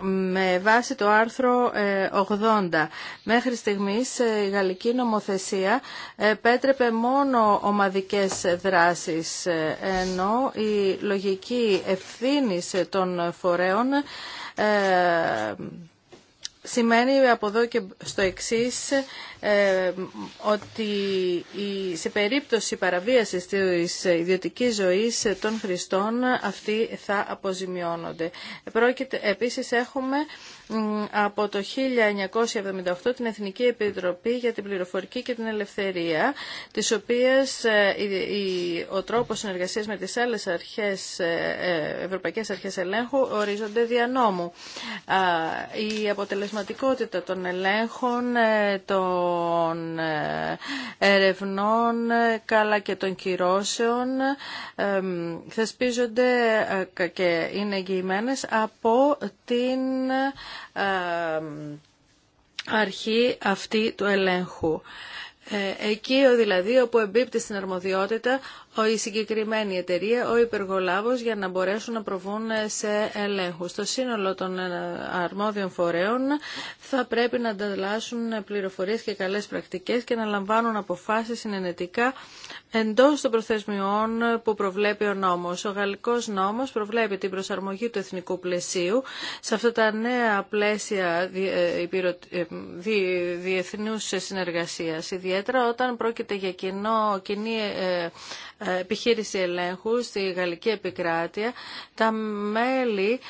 Speaker 4: με βάση το άρθρο 80. Ε, Μέχρι στιγμής ε, η γαλλική νομοθεσία επέτρεπε μόνο ομαδικές δράσεις, ε, ενώ η λογική ευθύνη των φορέων Σημαίνει από εδώ και στο εξής ε, ότι η, σε περίπτωση παραβίασης της ιδιωτικής ζωής των χρηστών αυτοί θα αποζημιώνονται. Πρόκειται, επίσης έχουμε από το 1978 την Εθνική Επιτροπή για την Πληροφορική και την Ελευθερία, της οποίας ε, ο τρόπος συνεργασίας με τις άλλες αρχές, ε, ευρωπαϊκές αρχές ελέγχου ορίζονται δια νόμου. Η αποτελεσματικότητα των ελέγχων, ε, των ε, ερευνών, ε, καλά και των κυρώσεων θεσπίζονται και είναι εγγυημένες από την αρχή αυτή του ελέγχου. Εκεί δηλαδή όπου εμπίπτει στην αρμοδιότητα η συγκεκριμένη εταιρεία, ο υπεργολάβος για να μπορέσουν να προβούν σε ελέγχους. Το σύνολο των ε, αρμόδιων φορέων θα πρέπει να ανταλλάσσουν πληροφορίες και καλές πρακτικές και να λαμβάνουν αποφάσεις συνενετικά εντός των προθεσμιών που προβλέπει ο νόμος. Ο γαλλικός νόμος προβλέπει την προσαρμογή του εθνικού πλαισίου σε αυτά τα νέα πλαίσια ε, ε, διεθνούς συνεργασίας, ιδιαίτερα όταν πρόκειται για κοινό, κοινή ε, επιχείρηση ελέγχου στη Γαλλική Επικράτεια, τα μέλη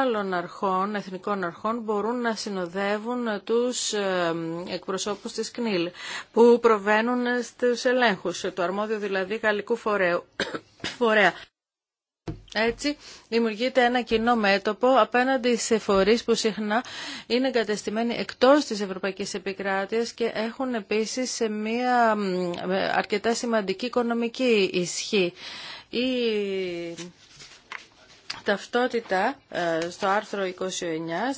Speaker 4: άλλων αρχών, εθνικών αρχών, μπορούν να συνοδεύουν τους ε, εκπροσώπους της ΚΝΙΛ που προβαίνουν στους ελέγχους, το αρμόδιο δηλαδή γαλλικού φορέα. Έτσι δημιουργείται ένα κοινό μέτωπο απέναντι σε φορείς που συχνά είναι εγκατεστημένοι εκτός της ευρωπαϊκής επικράτειας και έχουν επίσης σε μια αρκετά σημαντική οικονομική ισχύ ταυτότητα ε, στο άρθρο 29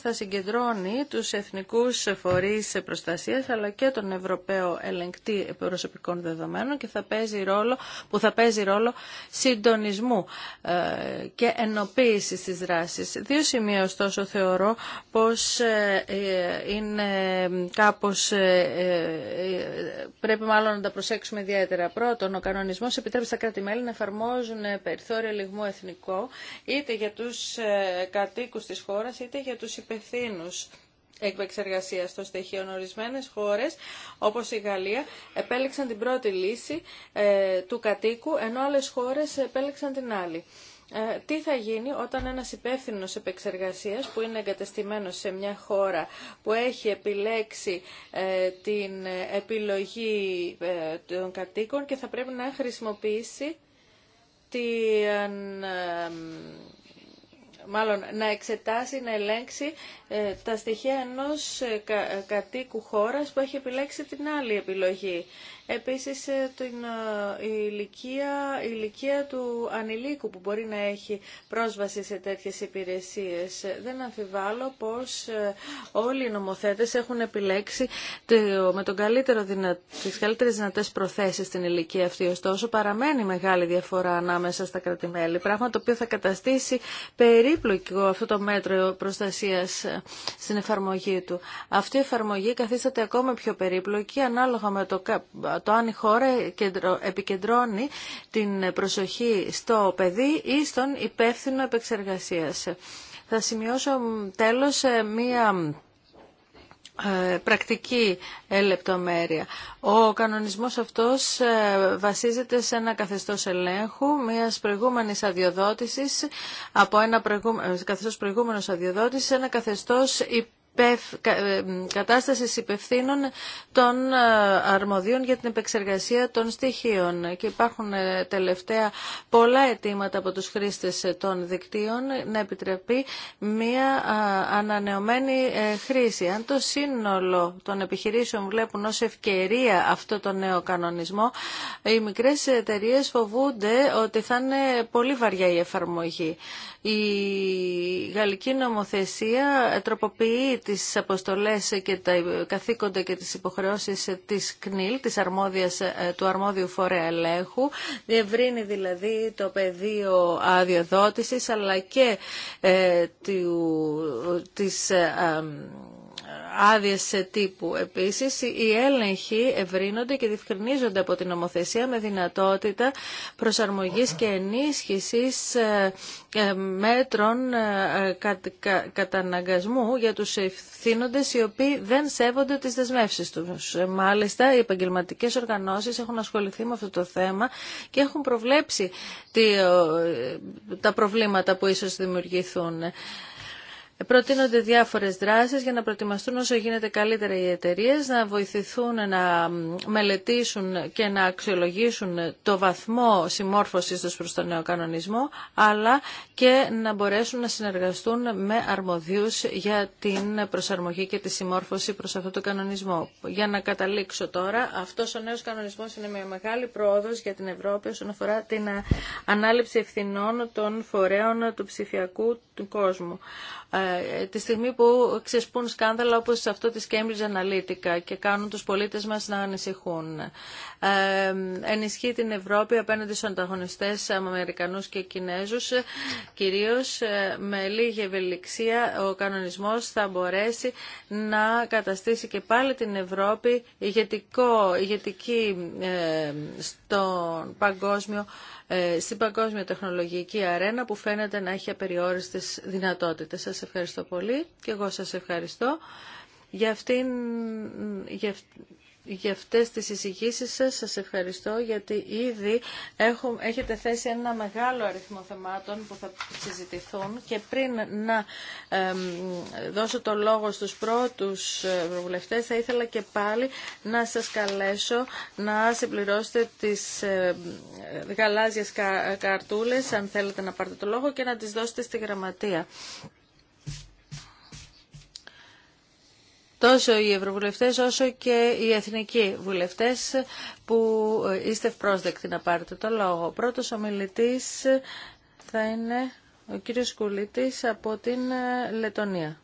Speaker 4: θα συγκεντρώνει τους εθνικούς φορείς προστασίας αλλά και τον Ευρωπαίο Ελεγκτή Προσωπικών Δεδομένων και θα παίζει ρόλο, που θα παίζει ρόλο συντονισμού ε, και ενοποίησης της δράσης. Δύο σημεία ωστόσο θεωρώ πως ε, είναι κάπως πρέπει μάλλον να τα προσέξουμε ιδιαίτερα. Πρώτον, ο κανονισμός επιτρέπει στα κράτη-μέλη να εφαρμόζουν περιθώριο λιγμού εθνικό είτε για τους ε, κατοίκους της χώρας είτε για τους υπευθύνους εκπεξεργασίας των στοιχείων. Ορισμένες χώρες, όπως η Γαλλία, επέλεξαν την πρώτη λύση ε, του κατοίκου, ενώ άλλες χώρες επέλεξαν την άλλη. Ε, τι θα γίνει όταν ένας υπεύθυνος επεξεργασίας που είναι εγκατεστημένος σε μια χώρα που έχει επιλέξει την επιλογή των κατοίκων και θα πρέπει να χρησιμοποιήσει την μάλλον να εξετάσει, να ελέγξει ε, τα στοιχεία ενός ε, κατοίκου χώρας που έχει επιλέξει την άλλη επιλογή. Επίσης, ε, την ε, ηλικία, η ηλικία του ανηλίκου που μπορεί να έχει πρόσβαση σε τέτοιες υπηρεσίες. Δεν αμφιβάλλω πως ε, όλοι οι νομοθέτες έχουν επιλέξει με τον καλύτερο δυνα... τις καλύτερες δυνατές προθέσεις στην ηλικία αυτή. Ωστόσο, παραμένει μεγάλη διαφορά ανάμεσα στα κρατημέλη, πράγμα το οποίο θα καταστήσει περίπλοκο αυτό το μέτρο προστασίας στην εφαρμογή του. Αυτή η εφαρμογή καθίσταται ακόμα πιο περίπλοκη ανάλογα με το το αν η χώρα επικεντρώνει την προσοχή στο παιδί ή στον υπεύθυνο επεξεργασίας. Θα σημειώσω τέλος ε, μία ε, πρακτική ε, λεπτομέρεια. Ο κανονισμός αυτός βασίζεται σε ένα καθεστώς ελέγχου μιας προηγούμενης αδειοδότησης από ένα προηγούμενο καθεστώς προηγούμενος αδειοδότησης σε ένα καθεστώς ε, κατάστασης υπευθύνων των ε, αρμοδίων για την επεξεργασία των στοιχείων. Και υπάρχουν ε, τελευταία πολλά αιτήματα από τους χρήστες των δικτύων να επιτρεπεί μια ανανεωμένη χρήση. Αν το σύνολο των επιχειρήσεων βλέπουν ως ευκαιρία αυτό το νέο κανονισμό, οι μικρές εταιρείε φοβούνται ότι θα είναι πολύ βαριά η εφαρμογή. Η γαλλική νομοθεσία τροποποιεί τις αποστολές και τα καθήκοντα και τις υποχρεώσεις της ΚΝΙΛ, της αρμόδιας, ε, του αρμόδιου φορέα ελέγχου. Διευρύνει δηλαδή το πεδίο αδειοδότησης αλλά και ε, του, της ε, άδειες τύπου. Επίση, οι έλεγχοι ευρύνονται και διευκρινίζονται από την νομοθεσία με δυνατότητα προσαρμογής και ενίσχυσης ε, ε, μέτρων ε, καταναγκασμού για τους ευθύνοντε οι οποίοι δεν σέβονται τις δεσμεύσει τους. Μάλιστα, οι επαγγελματικέ οργανώσεις έχουν ασχοληθεί με αυτό το θέμα και έχουν προβλέψει τα προβλήματα που ίσως δημιουργηθούν. Προτείνονται διάφορες δράσεις για να προετοιμαστούν όσο γίνεται καλύτερα οι εταιρείε, να βοηθηθούν να μελετήσουν και να αξιολογήσουν το βαθμό συμμόρφωσης τους προς τον νέο κανονισμό, αλλά και να μπορέσουν να συνεργαστούν με αρμοδίους για την προσαρμογή και τη συμμόρφωση προς αυτό το κανονισμό. Για να καταλήξω τώρα, αυτός ο νέος κανονισμός είναι μια μεγάλη πρόοδος για την Ευρώπη όσον αφορά την ανάληψη ευθυνών των φορέων του ψηφιακού του κόσμου. Ε, τη στιγμή που ξεσπούν σκάνδαλα όπως αυτό της Cambridge Analytica και κάνουν τους πολίτες μας να ανησυχούν. Ε, ενισχύει την Ευρώπη απέναντι στους ανταγωνιστές Αμερικανούς και Κινέζους. Ε, κυρίως με λίγη ευελιξία ο κανονισμός θα μπορέσει να καταστήσει και πάλι την Ευρώπη ηγετικό, ηγετική στον παγκόσμιο ε, στην παγκόσμια τεχνολογική αρένα που φαίνεται να έχει απεριόριστες δυνατότητες. Σας ευχαριστώ πολύ και εγώ σας ευχαριστώ για αυτήν, για, για αυτές τις εισηγήσεις σας. Σας ευχαριστώ γιατί ήδη έχετε θέσει ένα μεγάλο αριθμό θεμάτων που θα συζητηθούν και πριν να δώσω το λόγο στους πρώτους ε, βουλευτές θα ήθελα και πάλι να σας καλέσω να συμπληρώσετε τις ε, γαλάζιες καρτούλες αν θέλετε να πάρετε το λόγο και να τις δώσετε στη γραμματεία. τόσο οι ευρωβουλευτές όσο και οι εθνικοί βουλευτές που είστε ευπρόσδεκτοι να πάρετε το λόγο. Ο πρώτος ομιλητής θα είναι ο κύριος Κουλίτης από την Λετωνία.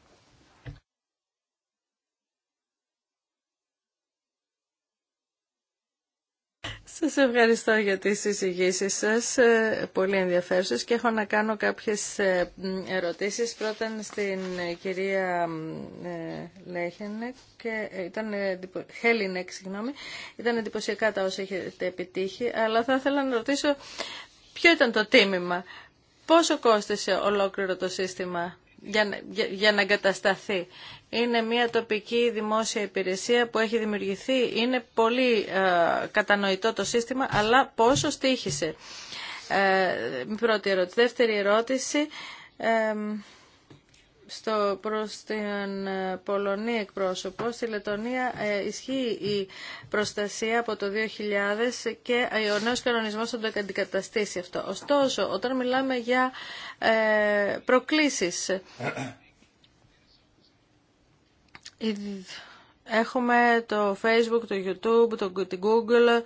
Speaker 4: Σας ευχαριστώ για τις συζητήσει σας, ε, πολύ ενδιαφέρουσες και έχω να κάνω κάποιες ε, ερωτήσεις. Πρώτα στην ε, κυρία Λέχενεκ, ήταν, Χέλινεκ, συγγνώμη, ήταν εντυπωσιακά τα όσα έχετε επιτύχει, αλλά θα ήθελα να ρωτήσω ποιο ήταν το τίμημα, πόσο κόστησε ολόκληρο το σύστημα για, να εγκατασταθεί. Είναι μια τοπική δημόσια υπηρεσία που έχει δημιουργηθεί. Είναι πολύ ε, κατανοητό το σύστημα, αλλά πόσο στήχησε. Ε, πρώτη ερώτηση. Δεύτερη ερώτηση. Ε, στο, προς την ε, Πολωνία εκπρόσωπο. Στη Λετωνία ε, ισχύει η προστασία από το 2000 και ο νέος κανονισμός θα το αντικαταστήσει αυτό. Ωστόσο, όταν μιλάμε για ε, προκλήσεις, έχουμε το Facebook, το YouTube, το, την Google,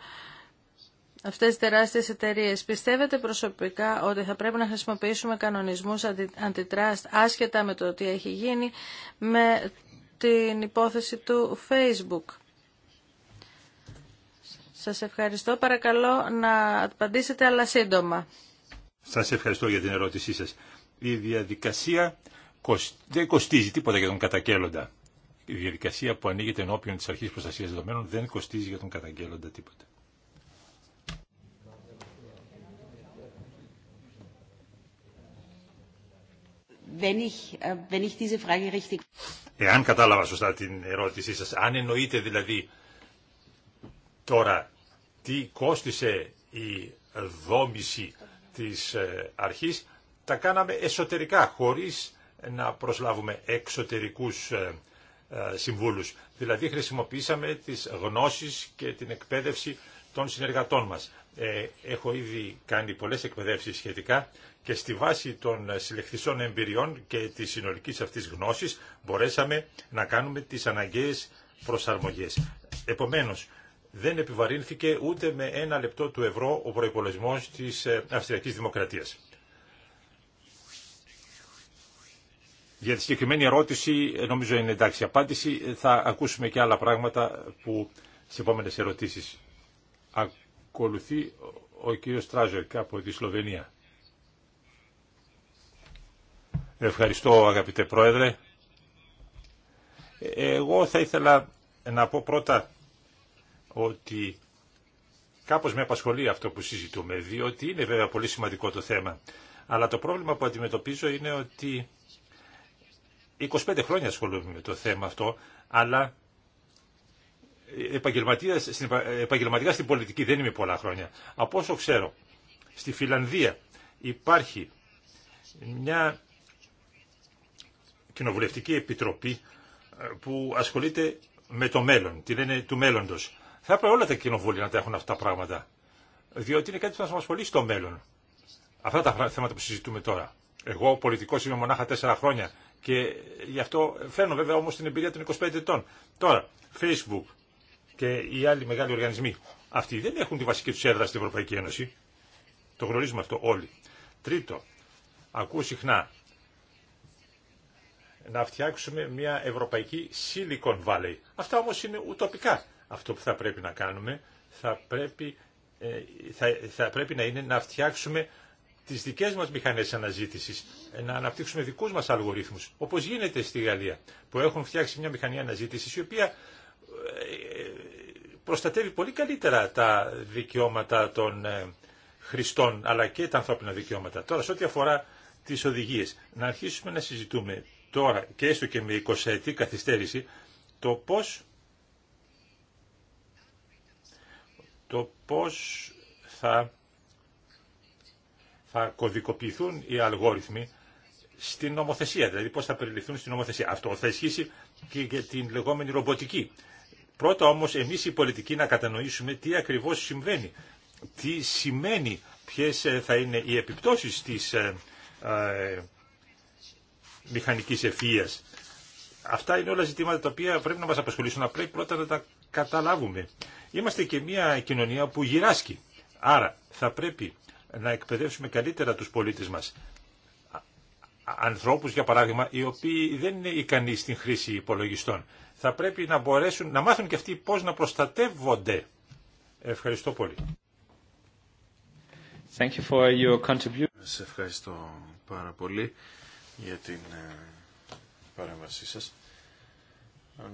Speaker 4: αυτές οι τεράστιες εταιρείες. Πιστεύετε προσωπικά ότι θα πρέπει να χρησιμοποιήσουμε κανονισμούς αντιτράστ άσχετα με το τι έχει γίνει με την υπόθεση του Facebook. Σας ευχαριστώ. Παρακαλώ να απαντήσετε αλλά σύντομα.
Speaker 3: Σας ευχαριστώ για την ερώτησή σας. Η διαδικασία δεν κοστίζει τίποτα για τον κατακέλλοντα. Η διαδικασία που ανοίγεται ενώπιον της αρχής προστασίας δεδομένων δεν κοστίζει για τον καταγγέλλοντα τίποτα.
Speaker 1: Äh,
Speaker 3: Εάν κατάλαβα σωστά την ερώτησή σας, αν εννοείται δηλαδή τώρα τι κόστισε η δόμηση της ε, αρχής, τα κάναμε εσωτερικά, χωρίς να προσλάβουμε εξωτερικούς ε, ε, συμβούλους. Δηλαδή χρησιμοποίησαμε τις γνώσεις και την εκπαίδευση των συνεργατών μας. έχω ήδη κάνει πολλές εκπαιδεύσεις σχετικά και στη βάση των συλλεκτισών εμπειριών και της συνολικής αυτής γνώσης μπορέσαμε να κάνουμε τις αναγκαίες προσαρμογές. Επομένως, δεν επιβαρύνθηκε ούτε με ένα λεπτό του ευρώ ο προπολογισμό της ε, Αυστριακής Δημοκρατίας. Για τη συγκεκριμένη ερώτηση, ε, νομίζω είναι εντάξει απάντηση, ε, θα ακούσουμε και άλλα πράγματα που σε επόμενε ερωτήσεις. Ακολουθεί ο κύριος Τράζερ από τη Σλοβενία. Ευχαριστώ αγαπητέ Πρόεδρε. Εγώ θα ήθελα να πω πρώτα ότι κάπως με απασχολεί αυτό που συζητούμε, διότι είναι βέβαια πολύ σημαντικό το θέμα. Αλλά το πρόβλημα που αντιμετωπίζω είναι ότι 25 χρόνια ασχολούμαι με το θέμα αυτό, αλλά επαγγελματικά στην πολιτική δεν είμαι πολλά χρόνια. Από όσο ξέρω, στη Φιλανδία υπάρχει μια κοινοβουλευτική επιτροπή ε, που ασχολείται με το μέλλον, τη λένε του μέλλοντος. Θα έπρεπε όλα τα κοινοβούλια να τα έχουν αυτά τα πράγματα, διότι είναι κάτι που θα μα ασχολεί στο μέλλον. Αυτά τα θέματα που συζητούμε τώρα. Εγώ πολιτικός είμαι μονάχα τέσσερα χρόνια και γι' αυτό φέρνω βέβαια όμως την εμπειρία των 25 ετών. Τώρα, Facebook και οι άλλοι μεγάλοι οργανισμοί, αυτοί δεν έχουν τη βασική τους έδρα στην Ευρωπαϊκή Ένωση. Το γνωρίζουμε αυτό όλοι. Τρίτο, ακούω συχνά να φτιάξουμε μια ευρωπαϊκή Silicon Valley. Αυτά όμως είναι ουτοπικά. Αυτό που θα πρέπει να κάνουμε θα πρέπει, ε, θα, θα πρέπει να είναι να φτιάξουμε τις δικές μας μηχανές αναζήτησης, ε, να αναπτύξουμε δικούς μας αλγορίθμους, όπως γίνεται στη Γαλλία, που έχουν φτιάξει μια μηχανή αναζήτησης η οποία ε, προστατεύει πολύ καλύτερα τα δικαιώματα των χρηστών, αλλά και τα ανθρώπινα δικαιώματα. Τώρα, σε ό,τι αφορά τις οδηγίες, να αρχίσουμε να συζητούμε τώρα και έστω και με 20 ετή καθυστέρηση το πώς το πώς θα θα κωδικοποιηθούν οι αλγόριθμοι στην νομοθεσία, δηλαδή πώς θα περιληφθούν στην νομοθεσία. Αυτό θα ισχύσει και για την λεγόμενη ρομποτική. Πρώτα όμως εμείς οι πολιτικοί να κατανοήσουμε τι ακριβώς συμβαίνει, τι σημαίνει, ποιες ε, θα είναι οι επιπτώσεις της ε, ε, Μηχανική ευφυία. Αυτά είναι όλα ζητήματα τα οποία πρέπει να μα απασχολήσουν, απλά πρώτα να τα καταλάβουμε. Είμαστε και μια κοινωνία που γυράσκει. Άρα θα πρέπει να εκπαιδεύσουμε καλύτερα του πολίτε μα ανθρώπου, για παράδειγμα, οι οποίοι δεν είναι ικανοί στην χρήση υπολογιστών. Θα πρέπει να μπορέσουν να μάθουν και αυτοί πώ να προστατεύονται. Ευχαριστώ πολύ.
Speaker 2: Thank you for your contribution. Σε ευχαριστώ πάρα πολύ για την ε, παρέμβασή σας.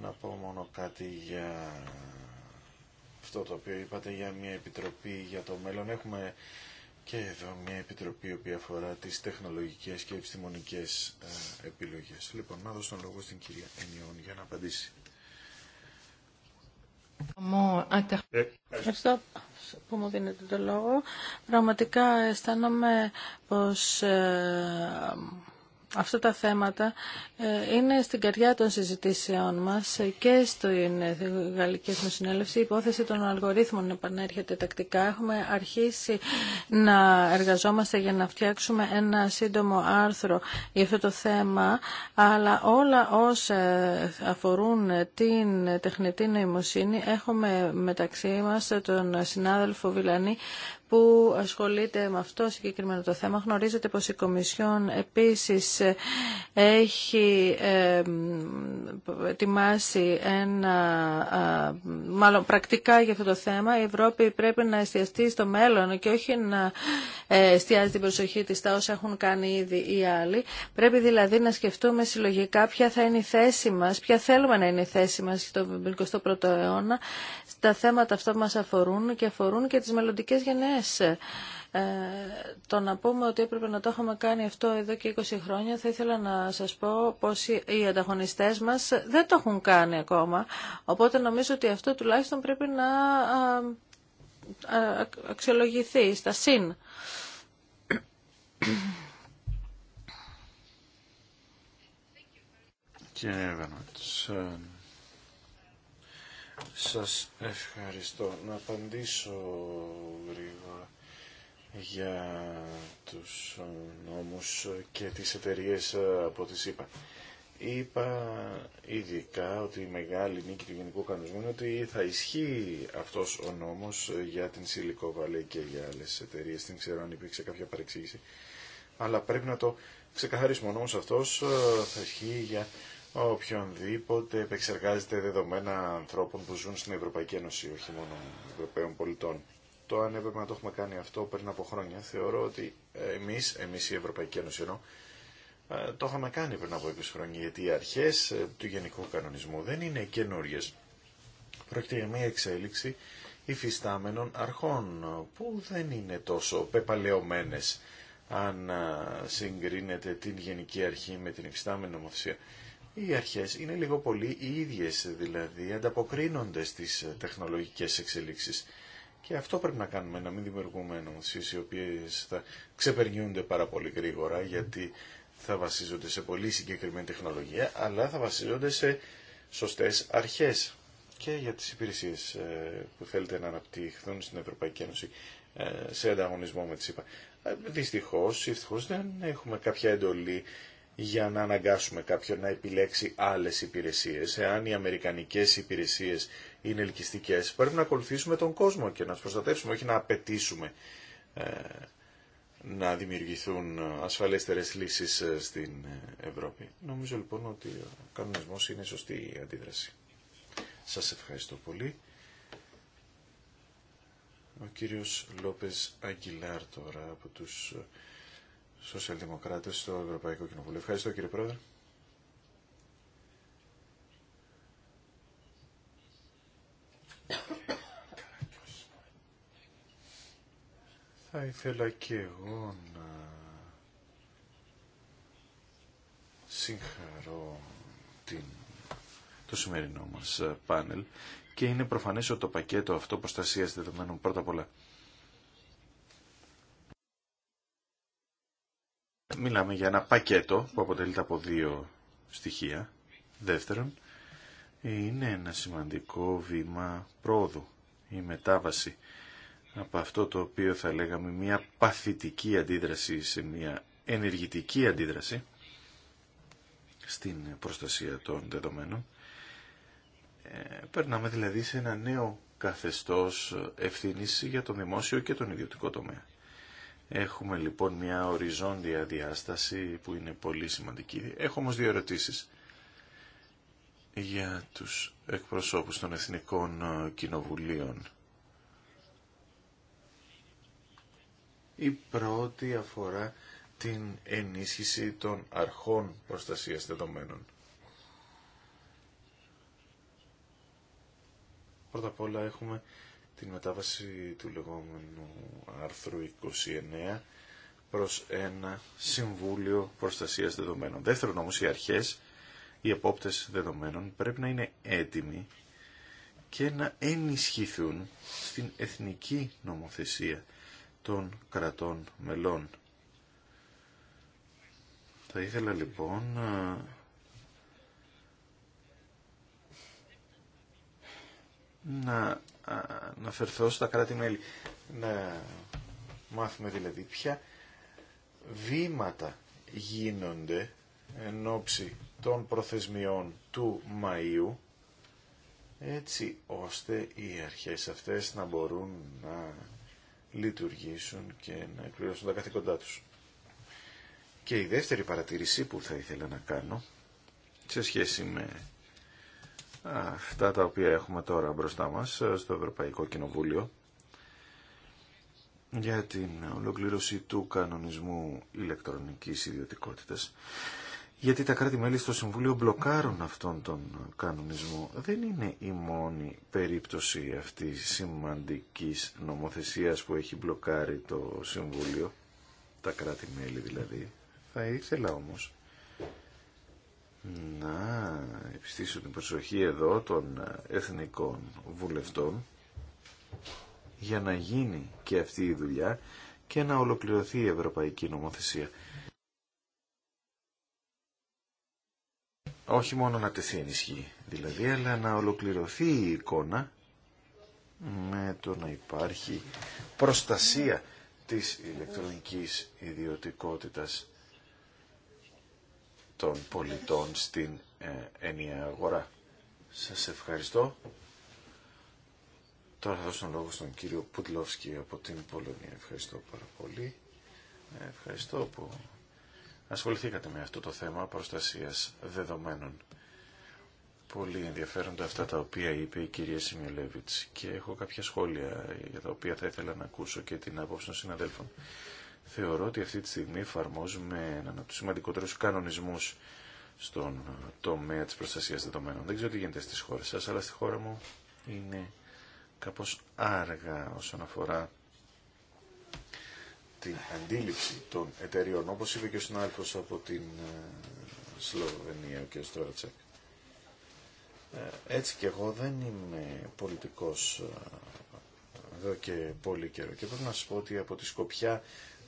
Speaker 2: Να πω μόνο κάτι για αυτό το οποίο είπατε για μια επιτροπή για το μέλλον. Έχουμε και εδώ μια επιτροπή η οποία αφορά τις τεχνολογικές και επιστημονικές ε, επιλογές. Λοιπόν, να δώσω τον λόγο στην κυρία Ενιών για να απαντήσει.
Speaker 4: Ε, ευχαριστώ που μου δίνετε το λόγο. Πραγματικά αισθάνομαι πως αυτά τα θέματα ε, είναι στην καρδιά των συζητήσεών μας και γαλλικές ε, Γαλλική Εθνοσυνέλευση. Η υπόθεση των αλγορίθμων επανέρχεται τακτικά. Έχουμε αρχίσει να εργαζόμαστε για να φτιάξουμε ένα σύντομο άρθρο για αυτό το θέμα, αλλά όλα όσα αφορούν την τεχνητή νοημοσύνη έχουμε μεταξύ μας τον συνάδελφο Βιλανή που ασχολείται με αυτό συγκεκριμένο το θέμα. Γνωρίζετε πως η Κομισιόν επίσης έχει ετοιμάσει ένα, μάλλον πρακτικά για αυτό το θέμα. Η Ευρώπη πρέπει να εστιαστεί στο μέλλον και όχι να ε, εστιάζει την προσοχή της στα όσα έχουν κάνει ήδη οι άλλοι. Πρέπει δηλαδή να σκεφτούμε συλλογικά ποια θα είναι η θέση μας, ποια θέλουμε να είναι η θέση μας στο 21ο αιώνα στα θέματα αυτά που μας αφορούν και αφορούν και τις μελλοντικέ γενναίες ε, το να πούμε ότι έπρεπε να το έχουμε κάνει αυτό εδώ και 20 χρόνια, θα ήθελα να σας πω πως οι ανταγωνιστές μας δεν το έχουν κάνει ακόμα. Οπότε νομίζω ότι αυτό τουλάχιστον πρέπει να αξιολογηθεί στα συν.
Speaker 2: Σας ευχαριστώ. Να απαντήσω γρήγορα για τους νόμους και τις εταιρείε ε, από τις είπα Είπα ειδικά ότι η μεγάλη νίκη του Γενικού Κανονισμού είναι ότι θα ισχύει αυτός ο νόμος για την Σιλικό και για άλλες εταιρείε. Δεν ξέρω αν υπήρξε κάποια παρεξήγηση. Αλλά πρέπει να το ξεκαθαρίσουμε. Ο νόμος αυτός ε, θα ισχύει για οποιονδήποτε επεξεργάζεται δεδομένα ανθρώπων που ζουν στην Ευρωπαϊκή Ένωση, όχι μόνο Ευρωπαίων πολιτών. Το αν έπρεπε να το έχουμε κάνει αυτό πριν από χρόνια, θεωρώ ότι εμεί, εμεί, η Ευρωπαϊκή Ένωση ενώ, ε, το είχαμε κάνει πριν από 20 χρόνια, γιατί οι αρχέ ε, του γενικού κανονισμού δεν είναι καινούριε. Πρόκειται για μια εξέλιξη υφιστάμενων αρχών, που δεν είναι τόσο πεπαλαιωμένε αν ε, συγκρίνεται την Γενική Αρχή με την υφιστάμενη νομοθεσία οι αρχές είναι λίγο πολύ οι ίδιες, δηλαδή ανταποκρίνονται στις ε, τεχνολογικές εξελίξεις. Και αυτό πρέπει να κάνουμε, να μην δημιουργούμε ενώσεις οι οποίες θα ξεπερνιούνται πάρα πολύ γρήγορα, γιατί θα βασίζονται σε πολύ συγκεκριμένη τεχνολογία, αλλά θα βασίζονται σε σωστές αρχές και για τις υπηρεσίες ε, που θέλετε να αναπτυχθούν στην Ευρωπαϊκή Ένωση ε, σε ανταγωνισμό με τις ΕΠΑ. Δυστυχώς, ευτυχώς δεν έχουμε κάποια εντολή για να αναγκάσουμε κάποιον να επιλέξει άλλες υπηρεσίες. Εάν οι αμερικανικές υπηρεσίες είναι ελκυστικές, πρέπει να ακολουθήσουμε τον κόσμο και να τους προστατεύσουμε, όχι να απαιτήσουμε ε, να δημιουργηθούν ασφαλέστερες λύσεις ε, στην ε, Ευρώπη. Νομίζω λοιπόν ότι ο κανονισμός είναι σωστή η αντίδραση. Σας ευχαριστώ πολύ. Ο κύριος Λόπες Αγγιλάρ τώρα από τους ε, σοσιαλδημοκράτες στο Ευρωπαϊκό Κοινοβούλιο. Ευχαριστώ κύριε Πρόεδρε. Θα ήθελα και εγώ να συγχαρώ την, το σημερινό μας πάνελ και είναι προφανές ότι το πακέτο αυτό προστασίας δεδομένων πρώτα απ' όλα Μιλάμε για ένα πακέτο που αποτελείται από δύο στοιχεία. Δεύτερον, είναι ένα σημαντικό βήμα πρόοδου η μετάβαση από αυτό το οποίο θα λέγαμε μια παθητική αντίδραση σε μια ενεργητική αντίδραση στην προστασία των δεδομένων. Ε, περνάμε δηλαδή σε ένα νέο καθεστώς ευθύνης για τον δημόσιο και τον ιδιωτικό τομέα. Έχουμε λοιπόν μια οριζόντια διάσταση που είναι πολύ σημαντική. Έχω όμως δύο ερωτήσεις για τους εκπροσώπους των Εθνικών ε, Κοινοβουλίων. Η πρώτη αφορά την ενίσχυση των αρχών προστασίας δεδομένων. Πρώτα απ' όλα έχουμε την μετάβαση του λεγόμενου άρθρου 29 προς ένα Συμβούλιο Προστασίας Δεδομένων. Δεύτερον όμως οι αρχές, οι επόπτες δεδομένων πρέπει να είναι έτοιμοι και να ενισχυθούν στην εθνική νομοθεσία των κρατών μελών. Θα ήθελα λοιπόν να να αναφερθώ στα κράτη-μέλη. Να μάθουμε δηλαδή ποια βήματα γίνονται εν ώψη των προθεσμιών του Μαΐου έτσι ώστε οι αρχές αυτές να μπορούν να λειτουργήσουν και να εκπληρώσουν τα καθήκοντά τους. Και η δεύτερη παρατήρηση που θα ήθελα να κάνω σε σχέση με αυτά τα οποία έχουμε τώρα μπροστά μας ε, στο Ευρωπαϊκό Κοινοβούλιο για την ολοκλήρωση του κανονισμού ηλεκτρονικής ιδιωτικότητας. Γιατί τα κράτη-μέλη στο Συμβούλιο μπλοκάρουν αυτόν τον κανονισμό. Δεν είναι η μόνη περίπτωση αυτή σημαντικής νομοθεσίας που έχει μπλοκάρει το Συμβούλιο, τα κράτη-μέλη δηλαδή. Θα ήθελα όμως να επιστήσω την προσοχή εδώ των εθνικών βουλευτών για να γίνει και αυτή η δουλειά και να ολοκληρωθεί η ευρωπαϊκή νομοθεσία. Όχι μόνο να τεθεί ενισχύ, δηλαδή, αλλά να ολοκληρωθεί η εικόνα με το να υπάρχει προστασία της ηλεκτρονικής ιδιωτικότητας των πολιτών στην ε, ενιαία αγορά. Σας ευχαριστώ. Τώρα θα δώσω τον λόγο στον κύριο Πουτλόφσκι από την Πολωνία. Ευχαριστώ πάρα πολύ. Ε, ευχαριστώ που ασχοληθήκατε με αυτό το θέμα προστασίας δεδομένων. Πολύ ενδιαφέροντα αυτά τα οποία είπε η κυρία Σιμιολέβιτς και έχω κάποια σχόλια για τα οποία θα ήθελα να ακούσω και την άποψη των συναδέλφων θεωρώ ότι αυτή τη στιγμή εφαρμόζουμε έναν από τους σημαντικότερους κανονισμούς στον τομέα της προστασίας δεδομένων. Δεν ξέρω τι γίνεται στις χώρες σας, αλλά στη χώρα μου είναι κάπως άργα όσον αφορά την αντίληψη των εταιριών, όπως είπε και ο συνάδελφος από την ε, Σλοβενία, ο κ. Στρότσεκ. Ε, έτσι και εγώ δεν είμαι πολιτικός ε, εδώ και πολύ καιρό και πρέπει να σας πω ότι από τη Σκοπιά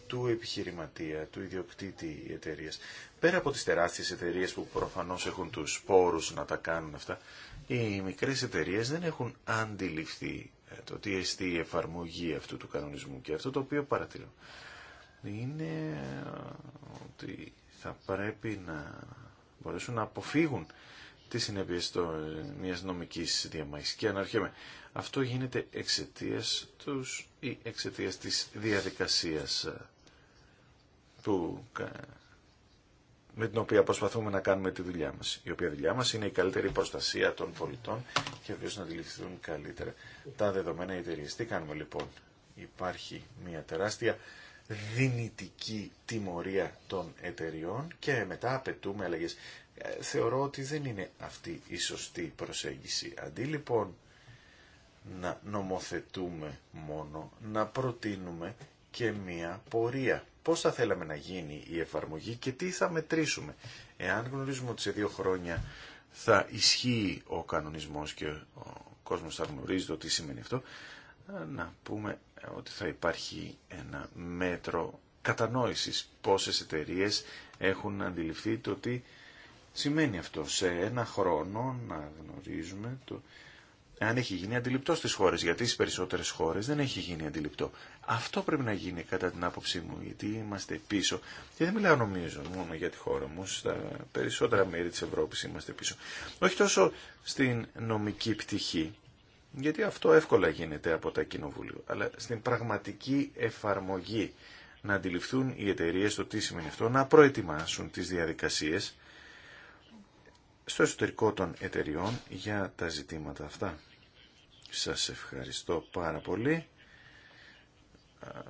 Speaker 2: του επιχειρηματία, του ιδιοκτήτη εταιρεία. Πέρα από τις τεράστιες εταιρείε που προφανώς έχουν τους πόρους να τα κάνουν αυτά, οι μικρές εταιρείε δεν έχουν αντιληφθεί ε, το τι εστί η εφαρμογή αυτού του κανονισμού και αυτό το οποίο παρατηρώ είναι ε, ότι θα πρέπει να μπορέσουν να αποφύγουν τι συνέπειε ε, μια νομική διαμάχη. Και αναρχέμαι. Αυτό γίνεται εξαιτία του ή εξαιτία τη διαδικασία που, με την οποία προσπαθούμε να κάνουμε τη δουλειά μας. Η οποία δουλειά μας είναι η καλύτερη προστασία των πολιτών και βεβαίως να αντιληφθούν καλύτερα τα δεδομένα εταιρείε. Τι κάνουμε λοιπόν. Υπάρχει μια τεράστια δυνητική τιμωρία των εταιριών και μετά απαιτούμε αλλαγές. Ε, θεωρώ ότι δεν είναι αυτή η σωστή προσέγγιση. Αντί λοιπόν να νομοθετούμε μόνο, να προτείνουμε και μία πορεία πώς θα θέλαμε να γίνει η εφαρμογή και τι θα μετρήσουμε. Εάν γνωρίζουμε ότι σε δύο χρόνια θα ισχύει ο κανονισμός και ο κόσμος θα γνωρίζει το τι σημαίνει αυτό, να πούμε ότι θα υπάρχει ένα μέτρο κατανόησης πόσες εταιρείε έχουν αντιληφθεί το τι σημαίνει αυτό. Σε ένα χρόνο να γνωρίζουμε το αν έχει γίνει αντιληπτό στι χωρε γιατί στι περισσοτερε χωρε δεν έχει γίνει αντιληπτό. Αυτό πρέπει να γίνει κατά την άποψή μου, γιατί είμαστε πίσω. Και δεν μιλάω νομίζω μόνο για τη χώρα μου, στα περισσότερα μέρη τη Ευρώπη είμαστε πίσω. Όχι τόσο στην νομική πτυχή, γιατί αυτό εύκολα γίνεται από τα κοινοβούλια, αλλά στην πραγματική εφαρμογή να αντιληφθούν οι εταιρείε το τι σημαίνει αυτό, να προετοιμάσουν τι διαδικασίε στο εσωτερικό των εταιριών για τα ζητήματα αυτά. Σας ευχαριστώ πάρα πολύ.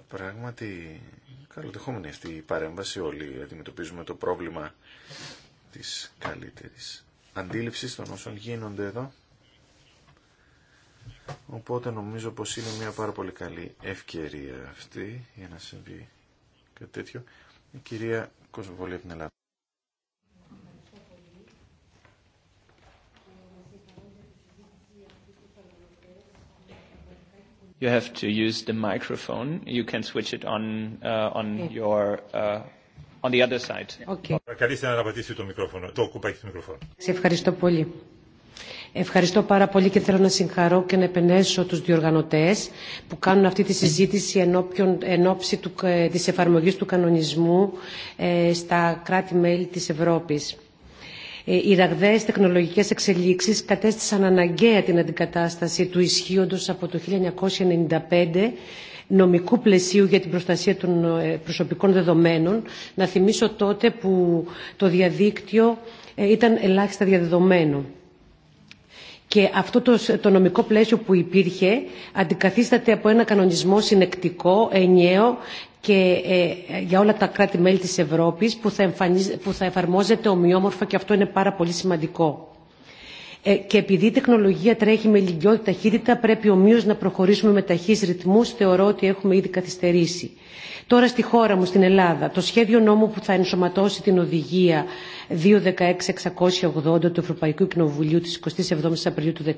Speaker 2: Πράγματι, καλοδεχόμενη αυτή η παρέμβαση όλοι αντιμετωπίζουμε το πρόβλημα της καλύτερης αντίληψης των όσων γίνονται εδώ. Οπότε νομίζω πως είναι μια πάρα πολύ καλή ευκαιρία αυτή για να συμβεί κάτι τέτοιο. Η κυρία Κοσμοβολή από την Ελλάδα. you have
Speaker 1: to use the microphone. You can switch it on uh, on your uh, on the other side.
Speaker 3: Okay. να πατήσετε το μικρόφωνο, το κουμπάκι του μικρόφωνο.
Speaker 1: Σε ευχαριστώ πολύ. Ευχαριστώ πάρα πολύ και θέλω να συγχαρώ και να επενέσω τους διοργανωτές που κάνουν αυτή τη συζήτηση ενώψη του, ε, της εφαρμογής του κανονισμού ε, στα κράτη-μέλη της Ευρώπης. Ε, οι ραγδαίες τεχνολογικές εξελίξεις κατέστησαν αναγκαία την αντικατάσταση του ισχύοντος από το 1995 νομικού πλαισίου για την προστασία των ε, προσωπικών δεδομένων. Να θυμίσω τότε που το διαδίκτυο ε, ήταν ελάχιστα διαδεδομένο. Και αυτό το, το νομικό πλαίσιο που υπήρχε αντικαθίσταται από ένα κανονισμό συνεκτικό, ενιαίο και ε, για όλα τα κράτη-μέλη της Ευρώπης που θα, που θα εφαρμόζεται ομοιόμορφα και αυτό είναι πάρα πολύ σημαντικό. Ε, και επειδή η τεχνολογία τρέχει με λιγιότητα ταχύτητα, πρέπει ομοίως να προχωρήσουμε με ταχύς ρυθμούς, θεωρώ ότι έχουμε ήδη καθυστερήσει. Τώρα στη χώρα μου, στην Ελλάδα, το σχέδιο νόμου που θα ενσωματώσει την οδηγία 216-680 του Ευρωπαϊκού Κοινοβουλίου της 27ης Απριλίου του 2016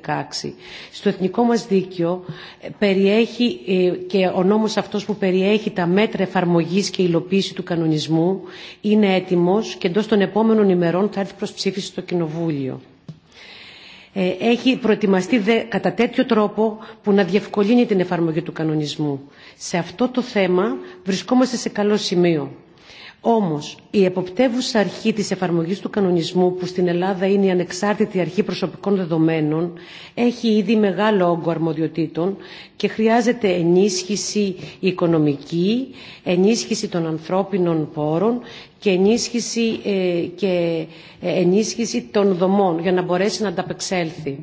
Speaker 1: στο εθνικό μας δίκαιο ε, περιέχει ε, και ο νόμος αυτός που περιέχει τα μέτρα εφαρμογής και υλοποίηση του κανονισμού είναι έτοιμος και εντός των επόμενων ημερών θα έρθει προς ψήφιση στο Κοινοβούλιο. Ε, έχει προετοιμαστεί κατά τέτοιο τρόπο που να διευκολύνει την εφαρμογή του κανονισμού. Σε αυτό το θέμα βρισκόμαστε σε καλό σημείο. Όμως, η εποπτεύουσα αρχή της εφαρμογής του κανονισμού που στην Ελλάδα είναι η ανεξάρτητη αρχή προσωπικών δεδομένων έχει ήδη μεγάλο όγκο αρμοδιοτήτων και χρειάζεται ενίσχυση οικονομική, ενίσχυση των ανθρώπινων πόρων και ενίσχυση, ε, και ε, ενίσχυση των δομών για να μπορέσει να ανταπεξέλθει.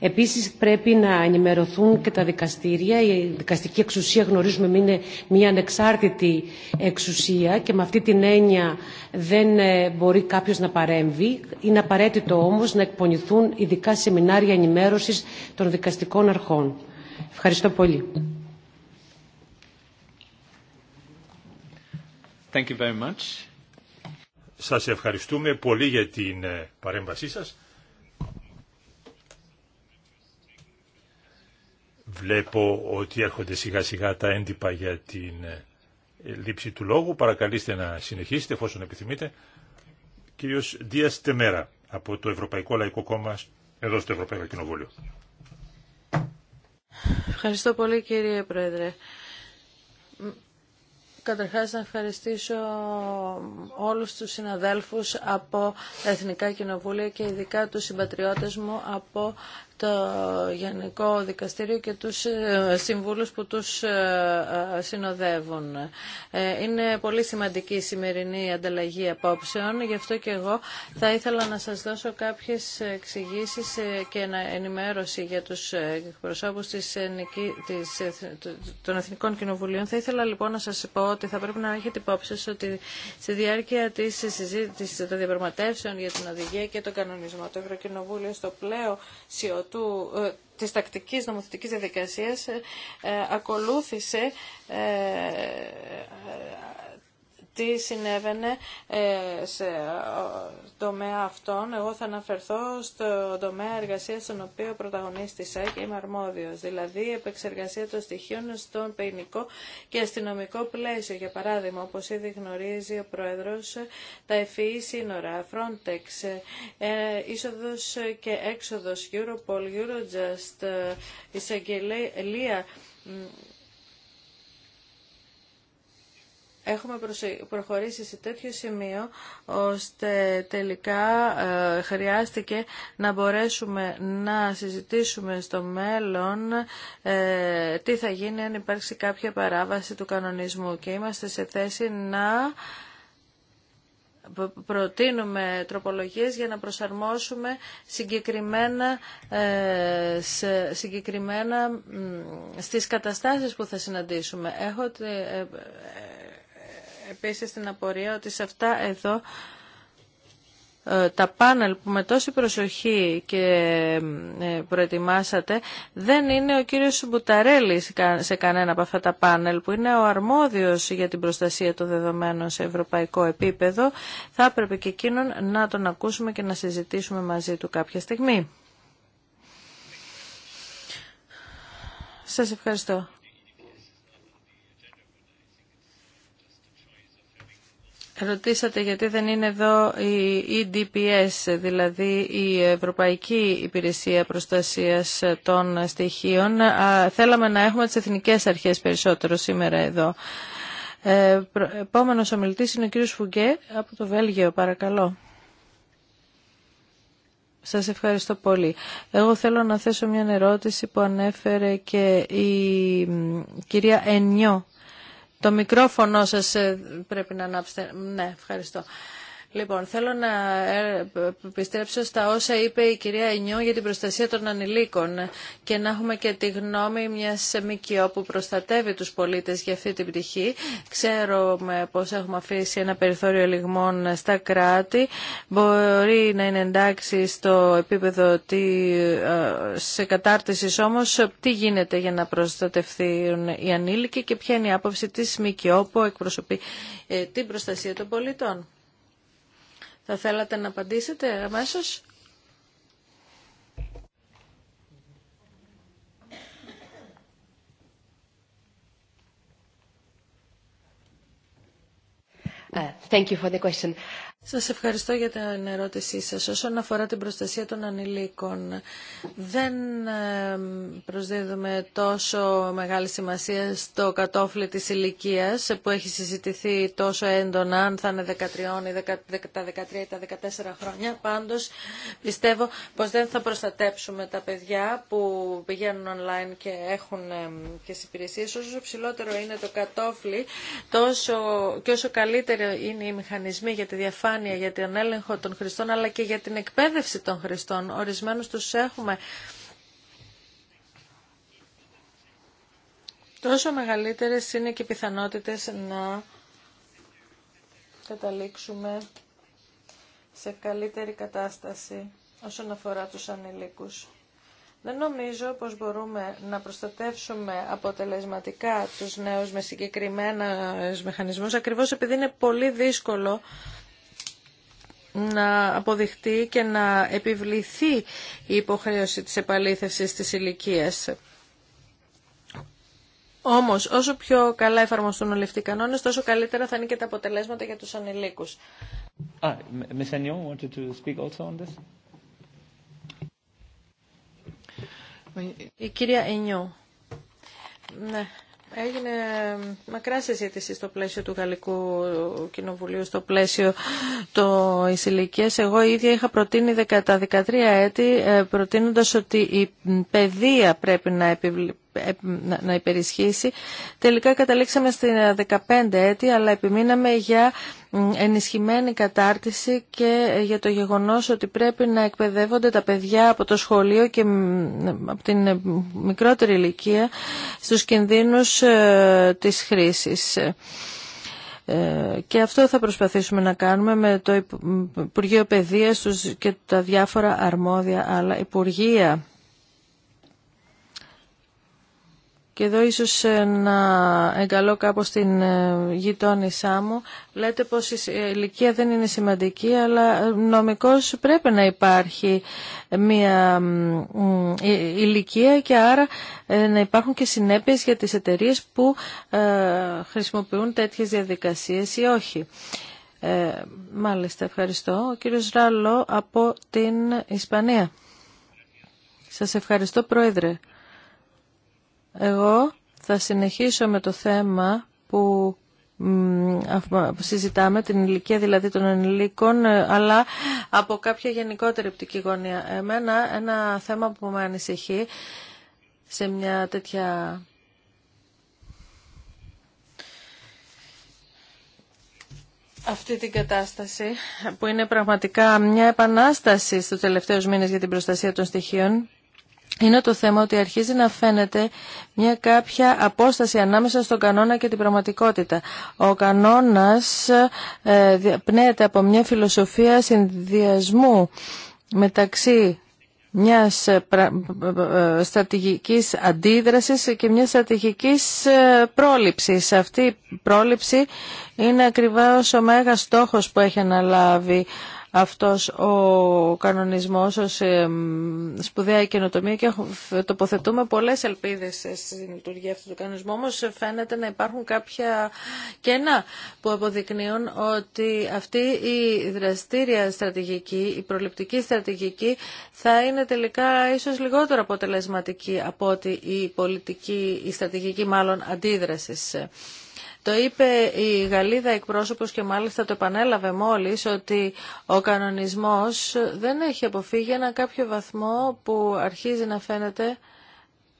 Speaker 1: Επίσης πρέπει να ενημερωθούν και τα δικαστήρια. Η δικαστική εξουσία γνωρίζουμε είναι μια ανεξάρτητη εξουσία και με αυτή την έννοια δεν ε, μπορεί κάποιο να παρέμβει. Είναι απαραίτητο όμω να εκπονηθούν ειδικά σεμινάρια ενημέρωση των δικαστικών αρχών. Ευχαριστώ πολύ.
Speaker 2: Thank
Speaker 3: Σας ευχαριστούμε πολύ για την ε, παρέμβασή σας. Βλέπω ότι έρχονται σιγά σιγά τα έντυπα για την ε, ε, λήψη του λόγου. Παρακαλείστε να συνεχίσετε εφόσον επιθυμείτε. Κύριος Δίας Τεμέρα από το Ευρωπαϊκό Λαϊκό Κόμμα εδώ στο Ευρωπαϊκό Κοινοβούλιο.
Speaker 4: Ευχαριστώ πολύ κύριε Πρόεδρε. Καταρχάς να ευχαριστήσω όλους τους συναδέλφους από τα Εθνικά Κοινοβούλια και ειδικά τους συμπατριώτες μου από το Γενικό Δικαστήριο και τους ε, συμβούλους που τους ε, ε, συνοδεύουν. Είναι πολύ σημαντική η σημερινή ανταλλαγή απόψεων, γι' αυτό και εγώ θα ήθελα να σας δώσω κάποιες εξηγήσει και ενημέρωση για τους εκπροσώπους της, της, των Εθνικών Κοινοβουλίων. Θα ήθελα λοιπόν να σας πω ότι θα πρέπει να έχετε υπόψη ότι στη διάρκεια της συζήτησης των διαπραγματεύσεων για την οδηγία και τον κανονισμό, το Ευρωκοινοβούλου στο πλέον του, ε, της τακτικής νομοθετικής διαδικασίας ε, ε, ακολούθησε τι συνέβαινε ε, σε τομέα αυτών. Εγώ θα αναφερθώ στο τομέα εργασία στον οποίο πρωταγωνίστησα και είμαι αρμόδιος, δηλαδή επεξεργασία των στοιχείων στον ποινικό και αστυνομικό πλαίσιο. Για παράδειγμα, όπως ήδη γνωρίζει ο Πρόεδρος, τα ευφυή σύνορα, Frontex, ε, είσοδος και έξοδος, Europol, Eurojust, ε, εισαγγελία, έχουμε προχωρήσει σε τέτοιο σημείο ώστε τελικά ε, χρειάστηκε να μπορέσουμε να συζητήσουμε στο μέλλον ε, τι θα γίνει αν υπάρξει κάποια παράβαση του κανονισμού και είμαστε σε θέση να προτείνουμε τροπολογίες για να προσαρμόσουμε συγκεκριμένα, ε, σε, συγκεκριμένα στις καταστάσεις που θα συναντήσουμε. Έχω, επίσης την απορία ότι σε αυτά εδώ ε, τα πάνελ που με τόση προσοχή και ε, προετοιμάσατε δεν είναι ο κύριος Μπουταρέλη σε κανένα από αυτά τα πάνελ που είναι ο αρμόδιος για την προστασία των δεδομένων σε ευρωπαϊκό επίπεδο. Θα έπρεπε και εκείνον να τον ακούσουμε και να συζητήσουμε μαζί του κάποια στιγμή. Σας ευχαριστώ. Ρωτήσατε γιατί δεν είναι εδώ η EDPS, δηλαδή η Ευρωπαϊκή Υπηρεσία Προστασίας των Στοιχείων. Θέλαμε να έχουμε τις εθνικές αρχές περισσότερο σήμερα εδώ. Ε, επόμενος ομιλητής είναι ο κύριος Φουγκέ από το Βέλγιο, παρακαλώ. Σας ευχαριστώ πολύ. Εγώ θέλω να θέσω μια ερώτηση που ανέφερε και η κυρία Ενιό το μικρόφωνο σας ε, πρέπει να ανάψετε. Ναι, ευχαριστώ. Λοιπόν, θέλω να ε, επιστρέψω στα όσα είπε η κυρία Ενιού για την προστασία των ανηλίκων και να έχουμε και τη γνώμη μιας ΜΚΟ που προστατεύει τους πολίτες για αυτή την πτυχή. Ξέρουμε πώς έχουμε αφήσει ένα περιθώριο ελιγμών στα κράτη. Μπορεί να είναι εντάξει στο επίπεδο ε, σε κατάρτισης όμως τι γίνεται για να προστατευθούν οι ανήλικοι και ποια είναι η άποψη της ΜΚΟ που εκπροσωπεί ε, την προστασία των πολιτών. Θα θέλατε να απαντήσετε αμέσως.
Speaker 1: Uh, thank you for the
Speaker 4: question. Σας ευχαριστώ για την ερώτησή σας. Όσον αφορά την προστασία των ανηλίκων, δεν προσδίδουμε τόσο μεγάλη σημασία στο κατόφλι της ηλικία που έχει συζητηθεί τόσο έντονα, αν θα είναι 13 ή τα 13 τα 14 χρόνια. Πάντως, πιστεύω πως δεν θα προστατέψουμε τα παιδιά που πηγαίνουν online και έχουν και τις υπηρεσίες. Όσο ψηλότερο είναι το κατόφλι, τόσο, και όσο καλύτερο είναι οι μηχανισμοί για τη διαφάνεια για τον έλεγχο των χρηστών αλλά και για την εκπαίδευση των χρηστών. Ορισμένους τους έχουμε τόσο μεγαλύτερες είναι και οι πιθανότητες να καταλήξουμε σε καλύτερη κατάσταση όσον αφορά τους ανηλίκους. Δεν νομίζω πως μπορούμε να προστατεύσουμε αποτελεσματικά τους νέους με συγκεκριμένα μηχανισμούς, ακριβώς επειδή είναι πολύ δύσκολο να αποδειχτεί και να επιβληθεί η υποχρέωση της επαλήθευσης της ηλικία. Όμως, όσο πιο καλά εφαρμοστούν όλοι αυτοί οι κανόνες, τόσο καλύτερα θα είναι και τα αποτελέσματα για τους ανηλίκους.
Speaker 1: Ah, wanted to speak also on this.
Speaker 4: Η κυρία Ενιό. Ναι. Έγινε μακρά συζήτηση στο πλαίσιο του Γαλλικού Κοινοβουλίου, στο πλαίσιο το ηλικίας. Εγώ ίδια είχα προτείνει τα 13 έτη, ε, προτείνοντας ότι η παιδεία πρέπει να επιβληθεί να υπερισχύσει. Τελικά καταλήξαμε στην 15 ε, έτη, αλλά επιμείναμε για ενισχυμένη κατάρτιση και ε, για το γεγονός ότι πρέπει να εκπαιδεύονται τα παιδιά από το σχολείο και από την ε, μικρότερη ηλικία στους κινδύνους της χρήσης. Και αυτό θα προσπαθήσουμε να κάνουμε με το Υπουργείο Παιδείας και τα διάφορα αρμόδια άλλα Υπουργεία Και εδώ ίσως ε, να εγκαλώ κάπως την ε, γειτόνισά μου. Λέτε πως η ε, ηλικία δεν είναι σημαντική, αλλά νομικώς πρέπει να υπάρχει μια ηλικία και άρα να υπάρχουν και συνέπειες για τις εταιρείες που χρησιμοποιούν τέτοιες διαδικασίες ή όχι. Ε, μάλιστα, ευχαριστώ. Ο κύριος Ράλλο από την Ισπανία. Σας ευχαριστώ, Πρόεδρε. Εγώ θα συνεχίσω με το θέμα που συζητάμε την ηλικία δηλαδή των ενηλίκων ε, αλλά από κάποια γενικότερη οπτική γωνία. Εμένα ένα θέμα που με ανησυχεί σε μια τέτοια αυτή την κατάσταση που είναι πραγματικά μια επανάσταση στους τελευταίους μήνες για την προστασία των στοιχείων είναι το θέμα ότι αρχίζει να φαίνεται μια κάποια απόσταση ανάμεσα στον κανόνα και την πραγματικότητα. Ο κανόνας ε, πνέεται από μια φιλοσοφία συνδυασμού μεταξύ μιας ε, ε, στρατηγικής αντίδρασης και μιας στρατηγικής πρόληψης. Αυτή η πρόληψη είναι ακριβώς ο μέγας στόχος που έχει αναλάβει αυτός ο κανονισμός ως σπουδαία καινοτομία και τοποθετούμε πολλές ελπίδες στη λειτουργία αυτού του κανονισμού, όμως φαίνεται να υπάρχουν κάποια κενά που αποδεικνύουν ότι αυτή η δραστήρια στρατηγική, η προληπτική στρατηγική θα είναι τελικά ίσως λιγότερο αποτελεσματική από ότι η πολιτική, η στρατηγική μάλλον αντίδρασης. Το είπε η Γαλλίδα εκπρόσωπος και μάλιστα το επανέλαβε μόλις ότι ο κανονισμός δεν έχει αποφύγει ένα κάποιο βαθμό που αρχίζει να φαίνεται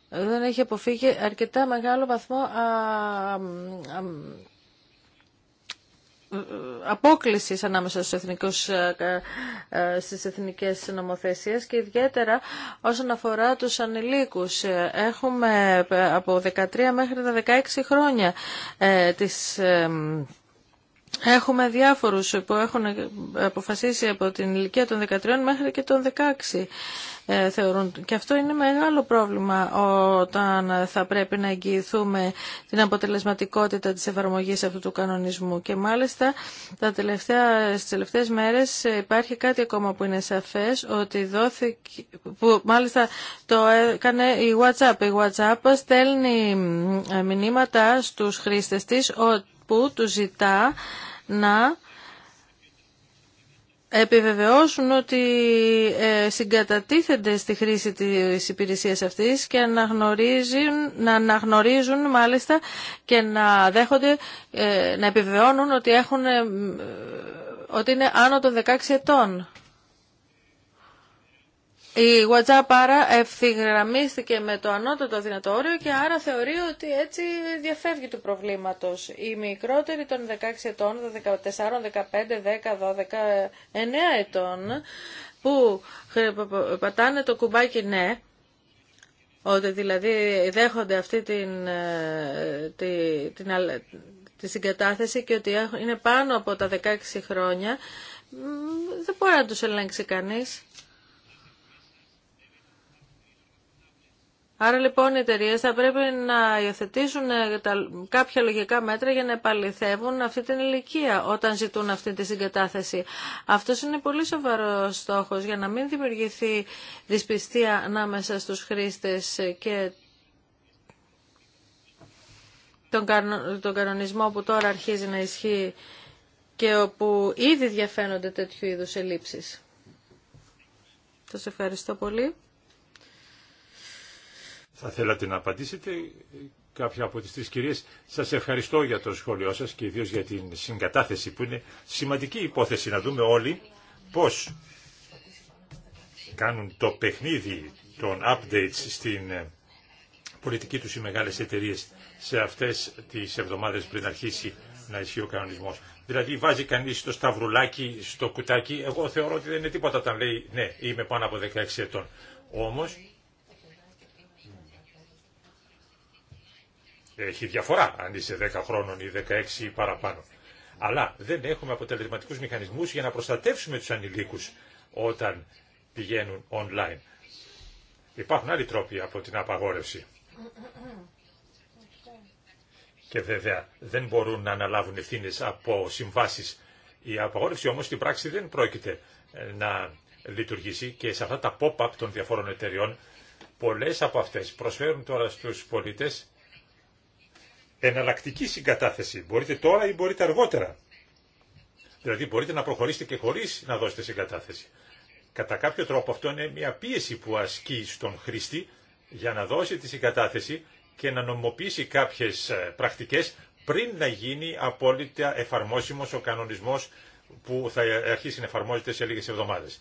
Speaker 4: δεν έχει αποφύγει αρκετά μεγάλο βαθμό α, απόκλησης ανάμεσα στους εθνικούς, ε, ε, ε, στις εθνικές νομοθεσίες και ιδιαίτερα όσον αφορά τους ανηλίκους. Έχουμε από 13 μέχρι τα 16 χρόνια τις Έχουμε διάφορους που έχουν αποφασίσει από την ηλικία των 13 μέχρι και των 16 ε, θεωρούν. Και αυτό είναι μεγάλο πρόβλημα όταν θα πρέπει να εγγυηθούμε την αποτελεσματικότητα της εφαρμογής αυτού του κανονισμού. Και μάλιστα τα τελευταία, στις τελευταίες μέρες υπάρχει κάτι ακόμα που είναι σαφές, ότι δόθηκε, που μάλιστα το έκανε η WhatsApp. Η WhatsApp στέλνει μηνύματα στους χρήστες της που του ζητά να επιβεβαιώσουν ότι ε, συγκατατίθενται στη χρήση της υπηρεσίας αυτής και να αναγνωρίζουν μάλιστα και να δέχονται, ε, να επιβεβαιώνουν ότι, έχουν, ε, ότι είναι άνω των 16 ετών. Η άρα ευθυγραμμίστηκε με το ανώτατο δυνατό όριο και άρα θεωρεί ότι έτσι διαφεύγει του προβλήματος. Οι μικρότεροι των 16 ετών, 14, 15, 10, 12, 9 ετών που πατάνε το κουμπάκι ναι, ότι δηλαδή δέχονται αυτή την, ε, την, την, τη συγκατάθεση και ότι είναι πάνω από τα 16 χρόνια, δεν μπορεί να τους ελέγξει κανείς. Άρα λοιπόν οι εταιρείε θα πρέπει να υιοθετήσουν ε, κάποια λογικά μέτρα για να επαληθεύουν αυτή την ηλικία όταν ζητούν αυτή τη συγκατάθεση. Αυτό είναι πολύ σοβαρό στόχο για να μην δημιουργηθεί δυσπιστία ανάμεσα στου χρήστε και τον κανονισμό που τώρα αρχίζει να ισχύει και όπου ήδη διαφαίνονται τέτοιου είδους ελλείψεις. Σας ευχαριστώ πολύ.
Speaker 3: Θα θέλατε να απαντήσετε κάποια από τις τρεις κυρίες. Σας ευχαριστώ για το σχόλιο σας και ιδίως για την συγκατάθεση που είναι σημαντική υπόθεση να δούμε όλοι πώς κάνουν το παιχνίδι των updates στην ε, πολιτική τους οι μεγάλες εταιρείες σε αυτές τις εβδομάδες πριν αρχίσει να ισχύει ο κανονισμός. Δηλαδή βάζει κανείς το σταυρουλάκι στο κουτάκι, εγώ θεωρώ ότι δεν είναι τίποτα όταν λέει ναι είμαι πάνω από 16 ετών. Όμως έχει διαφορά αν είσαι 10 χρόνων ή 16 ή παραπάνω. Αλλά δεν έχουμε αποτελεσματικούς μηχανισμούς για να προστατεύσουμε τους ανηλίκους όταν πηγαίνουν online. Υπάρχουν άλλοι τρόποι από την απαγόρευση. Και βέβαια δεν μπορούν να αναλάβουν ευθύνε από συμβάσεις. Η απαγόρευση όμως στην πράξη δεν πρόκειται ε, να λειτουργήσει και σε αυτά τα pop-up των διαφόρων εταιριών Πολλέ από αυτέ προσφέρουν τώρα στου πολίτε εναλλακτική συγκατάθεση. Μπορείτε τώρα ή μπορείτε αργότερα. Δηλαδή μπορείτε να προχωρήσετε και χωρίς να δώσετε συγκατάθεση. Κατά κάποιο τρόπο αυτό είναι μια πίεση που ασκεί στον χρήστη για να δώσει τη συγκατάθεση και να νομοποιήσει κάποιες ε, πρακτικές πριν να γίνει απόλυτα εφαρμόσιμος ο κανονισμός που θα αρχίσει να εφαρμόζεται σε λίγες εβδομάδες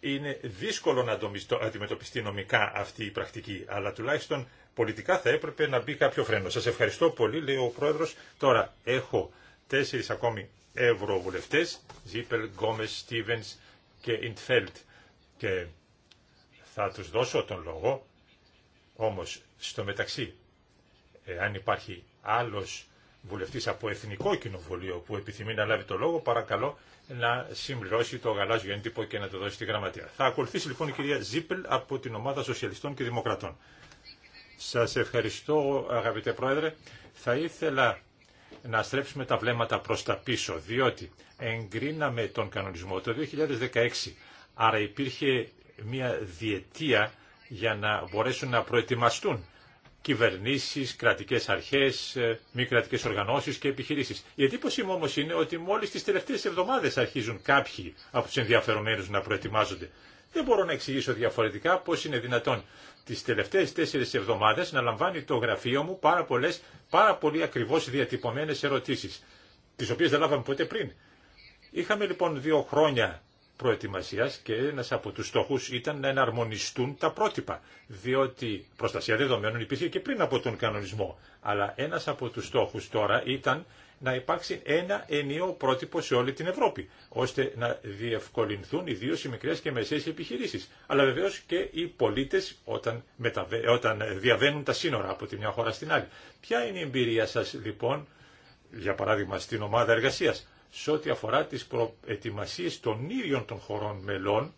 Speaker 3: είναι δύσκολο να αντιμετωπιστεί νομικά αυτή η πρακτική, αλλά τουλάχιστον πολιτικά θα έπρεπε να μπει κάποιο φρένο. Σας ευχαριστώ πολύ, λέει ο Πρόεδρος. Τώρα έχω τέσσερις ακόμη ευρωβουλευτές, Ζίπελ, Γκόμες, Στίβενς και Ιντφέλτ. Και θα τους δώσω τον λόγο, όμως στο μεταξύ, εάν υπάρχει άλλος βουλευτής από Εθνικό Κοινοβουλίο που επιθυμεί να λάβει το λόγο, παρακαλώ να συμπληρώσει το γαλάζιο έντυπο και να το δώσει στη γραμματεία. Θα ακολουθήσει λοιπόν η κυρία Ζίπελ από την ομάδα Σοσιαλιστών και Δημοκρατών. Σας ευχαριστώ αγαπητέ Πρόεδρε. Θα ήθελα να στρέψουμε τα βλέμματα προς τα πίσω, διότι εγκρίναμε τον κανονισμό το 2016, άρα υπήρχε μια διετία για να μπορέσουν να προετοιμαστούν κυβερνήσεις, κρατικές αρχές, ε, μη κρατικές οργανώσεις και επιχειρήσεις. Η εντύπωση μου όμως είναι ότι μόλις τις τελευταίες εβδομάδες αρχίζουν κάποιοι από τους ενδιαφερομένους να προετοιμάζονται. Δεν μπορώ να εξηγήσω διαφορετικά πώς είναι δυνατόν τις τελευταίες τέσσερις εβδομάδες να λαμβάνει το γραφείο μου πάρα πολλές, πάρα πολύ ακριβώς διατυπωμένες ερωτήσεις, τις οποίες δεν λάβαμε ποτέ πριν. Είχαμε λοιπόν δύο χρόνια προετοιμασίας και ένας από τους στόχους ήταν να εναρμονιστούν τα πρότυπα, διότι προστασία δεδομένων υπήρχε και πριν από τον κανονισμό, αλλά ένας από τους στόχους τώρα ήταν να υπάρξει ένα ενίο πρότυπο σε όλη την Ευρώπη, ώστε να διευκολυνθούν ιδίω οι μικρέ και μεσαίε επιχειρήσει. Αλλά βεβαίω και οι πολίτε όταν, μεταβε... όταν διαβαίνουν τα σύνορα από τη μια χώρα στην άλλη. Ποια είναι η εμπειρία σα λοιπόν, για παράδειγμα, στην ομάδα εργασία σε ό,τι αφορά τις προετοιμασίες των ίδιων των χωρών μελών,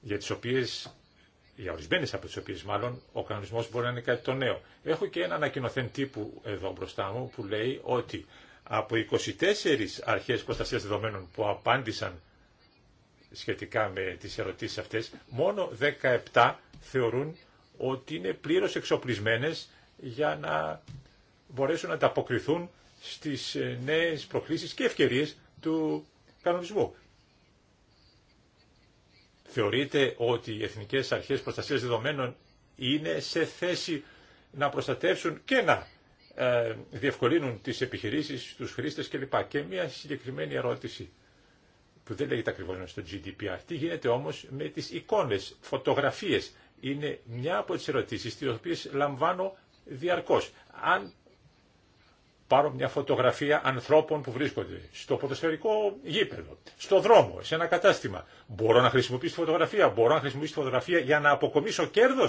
Speaker 3: για τις οποίες, για ορισμένες από τις οποίες μάλλον, ο κανονισμός μπορεί να είναι κάτι το νέο. Έχω και ένα ανακοινωθέν τύπου εδώ μπροστά μου που λέει ότι από 24 αρχές προστασίας δεδομένων που απάντησαν σχετικά με τις ερωτήσεις αυτές, μόνο 17 θεωρούν ότι είναι πλήρως εξοπλισμένες για να μπορέσουν να ανταποκριθούν στις ε, νέες προκλήσεις και ευκαιρίες του κανονισμού. Θεωρείτε ότι οι Εθνικές Αρχές Προστασίας Δεδομένων είναι σε θέση να προστατεύσουν και να ε, διευκολύνουν τις επιχειρήσεις, τους χρήστες κλπ. Και μια συγκεκριμένη ερώτηση που δεν λέγεται ακριβώς στο GDPR. Τι γίνεται όμως με τις εικόνες, φωτογραφίες. Είναι μια από τις ερωτήσεις τις οποίες λαμβάνω διαρκώς. Αν πάρω μια φωτογραφία ανθρώπων που βρίσκονται στο ποδοσφαιρικό γήπεδο, στο δρόμο, σε ένα κατάστημα. Μπορώ να χρησιμοποιήσω τη φωτογραφία, μπορώ να χρησιμοποιήσω τη φωτογραφία για να αποκομίσω κέρδο.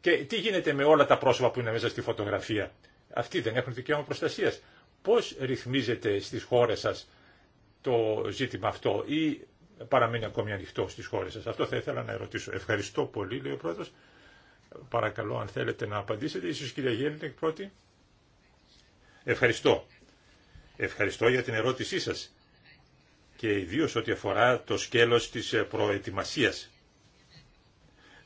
Speaker 3: Και τι γίνεται με όλα τα πρόσωπα που είναι μέσα στη φωτογραφία. Αυτοί δεν έχουν δικαίωμα προστασία. Πώ ρυθμίζεται στι χώρε σα το ζήτημα αυτό ή παραμένει ακόμη ανοιχτό στι χώρε σα. Αυτό θα ήθελα να ερωτήσω. Ευχαριστώ πολύ, λέει ο πρόεδρο. Παρακαλώ αν θέλετε να απαντήσετε. Ίσως κυρία Γέλνικ πρώτη. Ευχαριστώ. Ευχαριστώ για την ερώτησή σας και ιδίω ό,τι αφορά το σκέλος της ε, προετοιμασίας.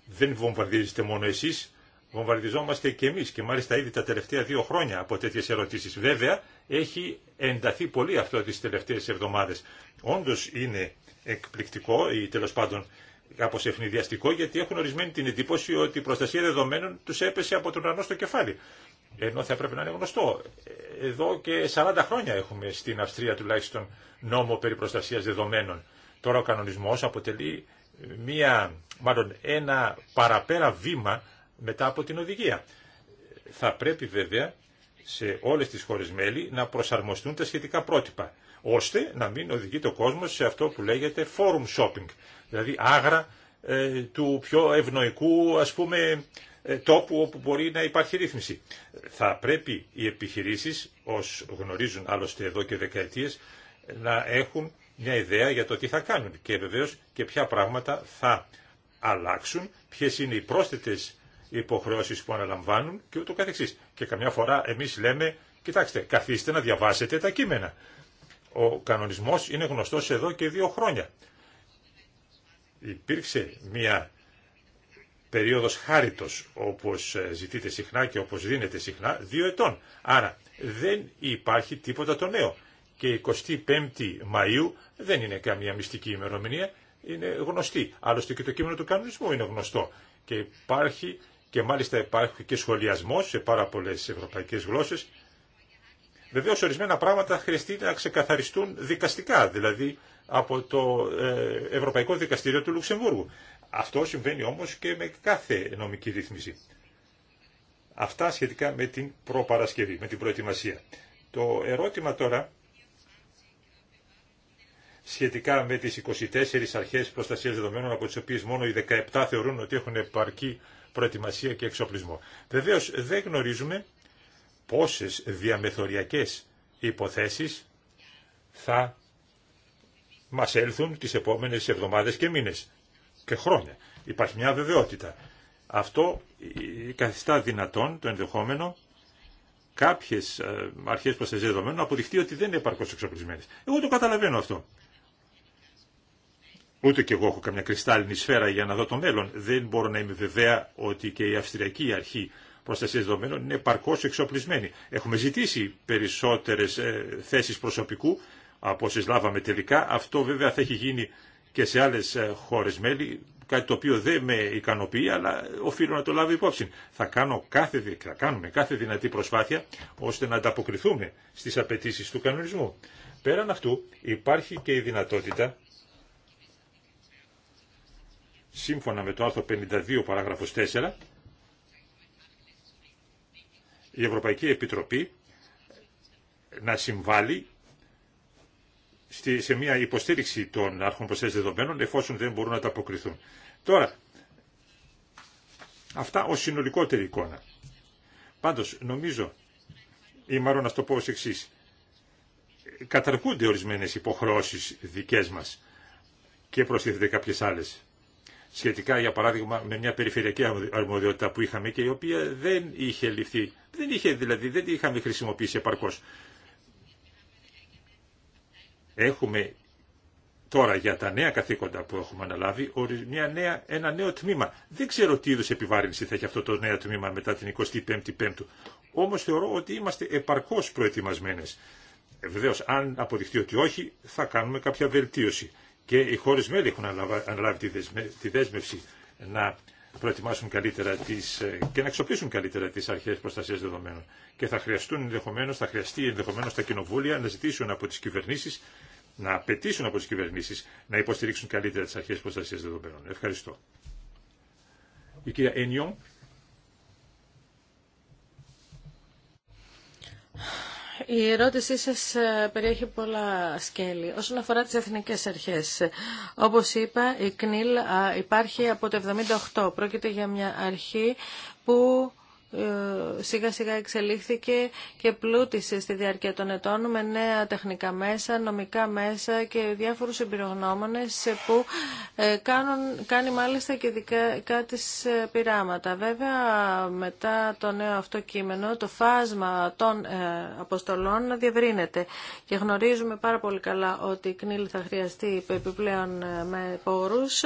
Speaker 3: Δεν βομβαρδίζετε μόνο εσείς, βομβαρδιζόμαστε και εμείς και μάλιστα ήδη τα τελευταία δύο χρόνια από τέτοιες ερωτήσεις. Βέβαια, έχει ενταθεί πολύ αυτό τις τελευταίες εβδομάδες. Όντως είναι εκπληκτικό ή τέλος πάντων κάπω ευνηδιαστικό γιατί έχουν ορισμένοι την εντύπωση ότι η τελος παντων καπω ευνηδιαστικο γιατι εχουν ορισμενη δεδομένων τους έπεσε από τον ουρανό στο κεφάλι ενώ θα πρέπει να είναι γνωστό. Εδώ και 40 χρόνια έχουμε στην Αυστρία τουλάχιστον νόμο περί προστασίας δεδομένων. Τώρα ο κανονισμός αποτελεί μία, μάλλον ένα παραπέρα βήμα μετά από την οδηγία. Θα πρέπει βέβαια σε όλες τις χώρες μέλη να προσαρμοστούν τα σχετικά πρότυπα, ώστε να μην οδηγεί το κόσμο σε αυτό που λέγεται forum shopping, δηλαδή άγρα ε, του πιο ευνοϊκού ας πούμε ε, τόπου όπου μπορεί να υπάρχει ρύθμιση. Θα πρέπει οι επιχειρήσεις, ως γνωρίζουν άλλωστε εδώ και δεκαετίες, να έχουν μια ιδέα για το τι θα κάνουν και βεβαίως και ποια πράγματα θα αλλάξουν, ποιες είναι οι πρόσθετες υποχρεώσεις που αναλαμβάνουν και ούτω καθεξής. Και καμιά φορά εμείς λέμε, κοιτάξτε, καθίστε να διαβάσετε τα κείμενα. Ο κανονισμός είναι γνωστός εδώ και δύο χρόνια. Υπήρξε μια περίοδος χάριτος, όπως ε, ζητείτε συχνά και όπως δίνετε συχνά, δύο ετών. Άρα δεν υπάρχει τίποτα το νέο. Και 25η Μαΐου δεν είναι καμία μυστική ημερομηνία, είναι γνωστή. Άλλωστε και το κείμενο του κανονισμού είναι γνωστό. Και υπάρχει και μάλιστα υπάρχει και σχολιασμό σε πάρα πολλέ ευρωπαϊκέ γλώσσε. Βεβαίω ορισμένα πράγματα χρειαστεί να ξεκαθαριστούν δικαστικά, δηλαδή από το ε, Ευρωπαϊκό Δικαστήριο του Λουξεμβούργου. Αυτό συμβαίνει όμως και με κάθε νομική ρύθμιση. Αυτά σχετικά με την προπαρασκευή, με την προετοιμασία. Το ερώτημα τώρα σχετικά με τις 24 αρχές προστασίας δεδομένων από τις οποίες μόνο οι 17 θεωρούν ότι έχουν επαρκή προετοιμασία και εξοπλισμό. Βεβαίω δεν γνωρίζουμε πόσες διαμεθοριακές υποθέσεις θα μας έλθουν τις επόμενες εβδομάδες και μήνες και χρόνια. Υπάρχει μια βεβαιότητα. Αυτό καθιστά δυνατόν το ενδεχόμενο κάποιε ε, αρχέ προστασία δεδομένων αποδειχτεί ότι δεν είναι επαρκώ εξοπλισμένε. Εγώ το καταλαβαίνω αυτό. Ούτε και εγώ έχω καμιά κρυστάλλινη σφαίρα για να δω το μέλλον. Δεν μπορώ να είμαι βεβαία ότι και η Αυστριακή Αρχή Προστασία Δεδομένων είναι επαρκώ εξοπλισμένη. Έχουμε ζητήσει περισσότερε ε, θέσει προσωπικού από όσε λάβαμε τελικά. Αυτό βέβαια θα έχει γίνει και σε άλλες ε, χώρες μέλη, κάτι το οποίο δεν με ικανοποιεί, αλλά οφείλω να το λάβω υπόψη. Θα, κάνω κάθε, θα κάνουμε κάθε δυνατή προσπάθεια ώστε να ανταποκριθούμε στις απαιτήσεις του κανονισμού. Πέραν αυτού υπάρχει και η δυνατότητα, σύμφωνα με το άρθρο 52 παράγραφος 4, η Ευρωπαϊκή Επιτροπή να συμβάλλει σε μια υποστήριξη των αρχών προσθέσεων δεδομένων εφόσον δεν μπορούν να τα αποκριθούν. Τώρα, αυτά ως συνολικότερη εικόνα. Πάντως, νομίζω, ή μάλλον να το πω ως εξής, καταρκούνται ορισμένες υποχρεώσεις δικές μας και προσθέτεται κάποιες άλλες. Σχετικά, για παράδειγμα, με μια περιφερειακή αρμοδιότητα που είχαμε και η οποία δεν είχε ληφθεί, δεν είχε δηλαδή, δεν τη είχαμε χρησιμοποιήσει επαρκώς έχουμε τώρα για τα νέα καθήκοντα που έχουμε αναλάβει μια νέα, ένα νέο τμήμα. Δεν ξέρω τι είδους επιβάρυνση θα έχει αυτό το νέο τμήμα μετά την 25η Πέμπτου. ομως θεωρώ ότι είμαστε επαρκως προετοιμασμένες. Βεβαίω, αν αποδειχτεί ότι όχι, θα κάνουμε κάποια βελτίωση. Και οι χώρες μέλη έχουν αναλάβει τη δέσμευση να προετοιμάσουν καλύτερα τις, ε, και να αξιοποιήσουν καλύτερα τις αρχές προστασίας δεδομένων. Και θα χρειαστούν ενδεχομένως, θα χρειαστεί ενδεχομένως τα κοινοβούλια να ζητήσουν από τις κυβερνήσεις, να απαιτήσουν από τις κυβερνήσεις να υποστηρίξουν καλύτερα τις αρχές προστασίας δεδομένων. Ευχαριστώ. Η κυρία Ένιον.
Speaker 4: Η ερώτησή σας ε, περιέχει πολλά σκέλη. Όσον αφορά τις εθνικές αρχές, όπως είπα, η ΚΝΙΛ υπάρχει από το 1978. Πρόκειται για μια αρχή που ε, σιγά σιγά εξελίχθηκε και πλούτησε στη διάρκεια των ετών με νέα τεχνικά μέσα, νομικά μέσα και διάφορους εμπειρογνώμονες που ε, κάνουν, κάνει μάλιστα και δικά της ε, πειράματα. Βέβαια μετά το νέο αυτό κείμενο το φάσμα των αποστολών διευρύνεται και γνωρίζουμε πάρα πολύ καλά ότι η Κνήλη θα χρειαστεί επιπλέον με πόρους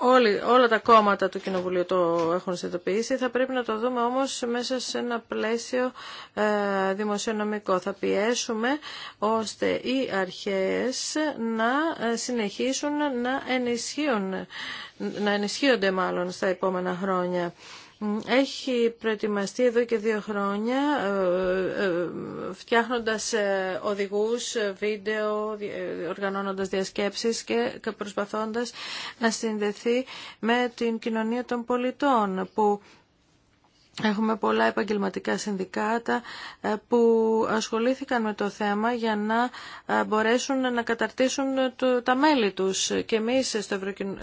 Speaker 4: Όλοι, όλα τα κόμματα του Κοινοβουλίου το έχουν συνειδητοποιήσει. Θα πρέπει να το δούμε όμως μέσα σε ένα πλαίσιο ε, δημοσιονομικό. Θα πιέσουμε ώστε οι αρχές να ε, συνεχίσουν να ενισχύουν, να ενισχύονται μάλλον στα επόμενα χρόνια έχει προετοιμαστεί εδώ και δύο χρόνια ε, ε, φτιάχνοντας ε, οδηγούς, βίντεο, οργανώνοντας διασκέψεις και προσπαθώντας να συνδεθεί με την κοινωνία των πολιτών που Έχουμε πολλά επαγγελματικά συνδικάτα ε, που ασχολήθηκαν με το θέμα για να ε, μπορέσουν να καταρτήσουν τα μέλη τους. Και εμείς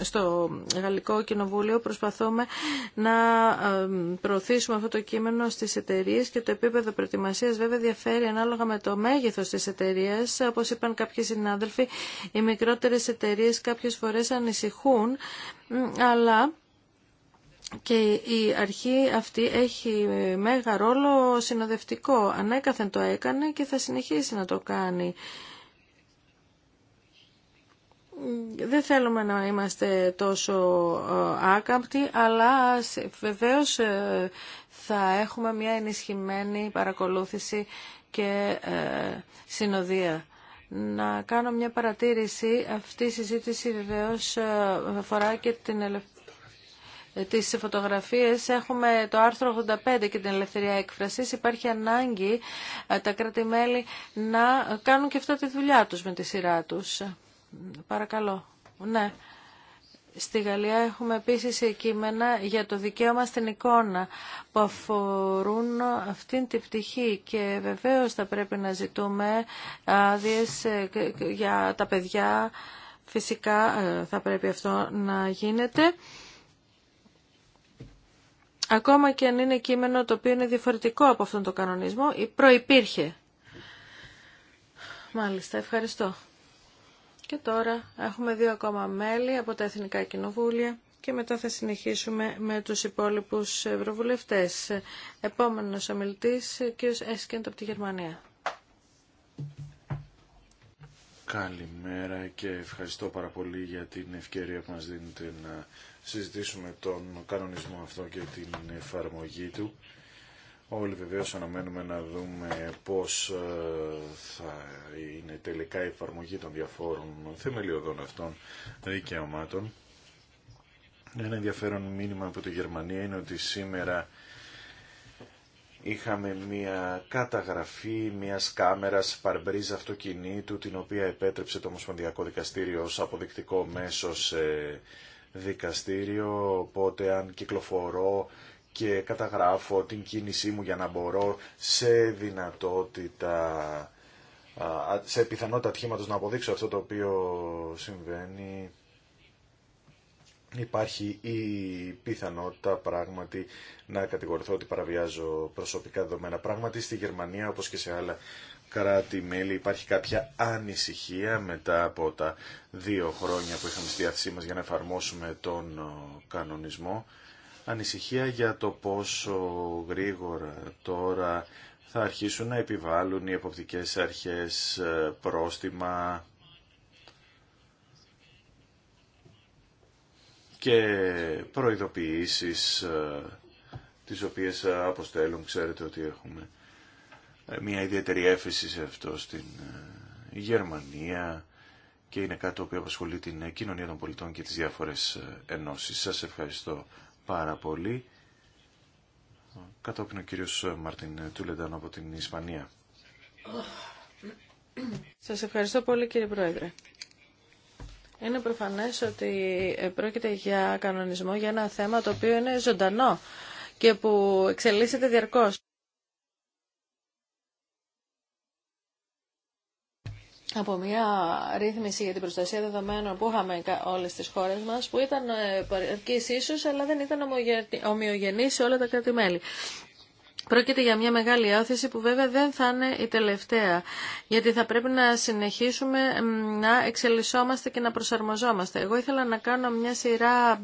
Speaker 4: στο Γαλλικό Κοινοβούλιο προσπαθούμε να ε, προωθήσουμε αυτό το κείμενο στις εταιρείε και το επίπεδο προετοιμασίας βέβαια διαφέρει ανάλογα με το μέγεθος της εταιρεία. Όπως είπαν κάποιοι συνάδελφοι, οι μικρότερες εταιρείε κάποιες φορές ανησυχούν, αλλά και η αρχή αυτή έχει μέγα ρόλο συνοδευτικό. Ανέκαθεν το έκανε και θα συνεχίσει να το κάνει. Δεν θέλουμε να είμαστε τόσο ε, άκαμπτοι, αλλά βεβαίως ε, θα έχουμε μια ενισχυμένη παρακολούθηση και ε, συνοδεία. Να κάνω μια παρατήρηση. Αυτή η συζήτηση βεβαίως αφορά και την ελευθερία τις φωτογραφίες έχουμε το άρθρο 85 και την ελευθερία έκφρασης. Υπάρχει ανάγκη ε, τα κρατη να κάνουν και αυτά τη δουλειά τους με τη σειρά τους. Παρακαλώ. Ναι. Στη Γαλλία έχουμε επίσης κείμενα για το δικαίωμα στην εικόνα που αφορούν αυτήν την πτυχή και βεβαίως θα πρέπει να ζητούμε άδειε ε, για τα παιδιά. Φυσικά ε, θα πρέπει αυτό να γίνεται ακόμα και αν είναι κείμενο το οποίο είναι διαφορετικό από αυτόν τον κανονισμό, ή προϋπήρχε. Μάλιστα, ευχαριστώ. Και τώρα έχουμε δύο ακόμα μέλη από τα Εθνικά Κοινοβούλια και μετά θα συνεχίσουμε με τους υπόλοιπους ευρωβουλευτές. Επόμενος ομιλητής, κ. Έσκεντ από τη Γερμανία.
Speaker 2: Καλημέρα και ευχαριστώ πάρα πολύ για την ευκαιρία που μας δίνετε να συζητήσουμε τον κανονισμό αυτό και την εφαρμογή του. Όλοι βεβαίως αναμένουμε να δούμε πώς ε, θα είναι τελικά η εφαρμογή των διαφόρων θεμελιωδών αυτών δικαιωμάτων. Ένα ενδιαφέρον μήνυμα από τη Γερμανία είναι ότι σήμερα είχαμε μια καταγραφή μια κάμερα παρμπρίζ αυτοκινήτου την οποία επέτρεψε το Ομοσπονδιακό Δικαστήριο ως αποδεικτικό μέσο σε δικαστήριο, πότε αν κυκλοφορώ και καταγράφω την κίνησή μου για να μπορώ σε δυνατότητα, σε πιθανότητα ατυχήματος να αποδείξω αυτό το οποίο συμβαίνει, υπάρχει η πιθανότητα πράγματι να κατηγορηθώ ότι παραβιάζω προσωπικά δεδομένα. Πράγματι στη Γερμανία όπως και σε άλλα κράτη-μέλη υπάρχει κάποια ανησυχία μετά από τα δύο χρόνια που είχαμε στη διάθεσή μας για να εφαρμόσουμε τον ε, κανονισμό. Ανησυχία για το πόσο γρήγορα τώρα θα αρχίσουν να επιβάλλουν οι εποπτικές αρχές ε, πρόστιμα και προειδοποιήσεις ε, τις οποίες αποστέλουν, ξέρετε ότι έχουμε ε, μια ιδιαίτερη έφεση σε αυτό στην ε, Γερμανία και είναι κάτι το οποίο απασχολεί την ε, κοινωνία των πολιτών και τις διάφορες ενώσεις. Σας ευχαριστώ πάρα πολύ. Κατόπιν ο κύριος Μαρτίν Τούλενταν από την Ισπανία.
Speaker 4: Σας ευχαριστώ πολύ κύριε Πρόεδρε. Είναι προφανές ότι πρόκειται για κανονισμό, για ένα θέμα το οποίο είναι ζωντανό και που εξελίσσεται διαρκώς. από μια ρύθμιση για την προστασία δεδομένων που είχαμε όλες τις χώρες μας, που ήταν ε, παρκής ίσως, αλλά δεν ήταν ομοιογενή σε όλα τα κράτη-μέλη. Πρόκειται για μια μεγάλη όθηση που βέβαια δεν θα είναι η τελευταία, γιατί θα πρέπει να συνεχίσουμε να εξελισσόμαστε και να προσαρμοζόμαστε. Εγώ ήθελα να κάνω μια σειρά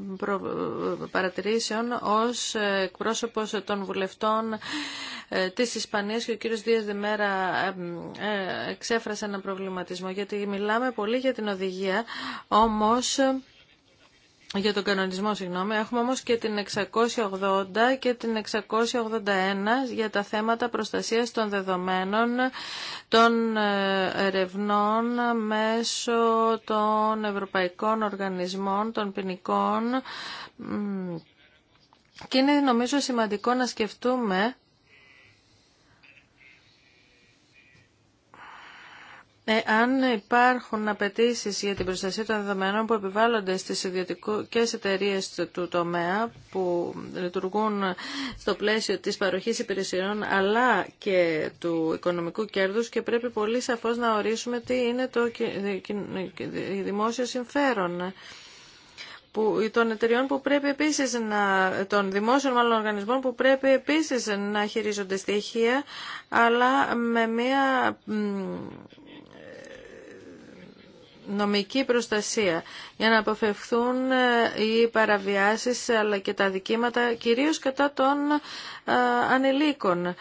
Speaker 4: παρατηρήσεων ως ε, εκπρόσωπος των βουλευτών ε, της Ισπανίας και ο κύριος Δίας Δημέρα ε, εξέφρασε ένα προβληματισμό, γιατί μιλάμε πολύ για την οδηγία, όμως για τον κανονισμό, συγγνώμη. Έχουμε όμως και την 680 και την 681 για τα θέματα προστασίας των δεδομένων των ε, ερευνών μέσω των ευρωπαϊκών οργανισμών, των ποινικών. Και είναι νομίζω σημαντικό να σκεφτούμε Ε, αν υπάρχουν απαιτήσει για την προστασία των δεδομένων που επιβάλλονται στις ιδιωτικές εταιρείε του τομέα που λειτουργούν στο πλαίσιο της παροχής υπηρεσιών αλλά και του οικονομικού κέρδους και πρέπει πολύ σαφώς να ορίσουμε τι είναι το δημόσιο συμφέρον που, των εταιριών που πρέπει επίσης να, των δημόσιων μάλλον οργανισμών που πρέπει επίσης να χειρίζονται στοιχεία αλλά με μια νομική προστασία για να αποφευθούν ε, οι παραβιάσεις αλλά και τα δικήματα κυρίως κατά των ε, ανηλίκων.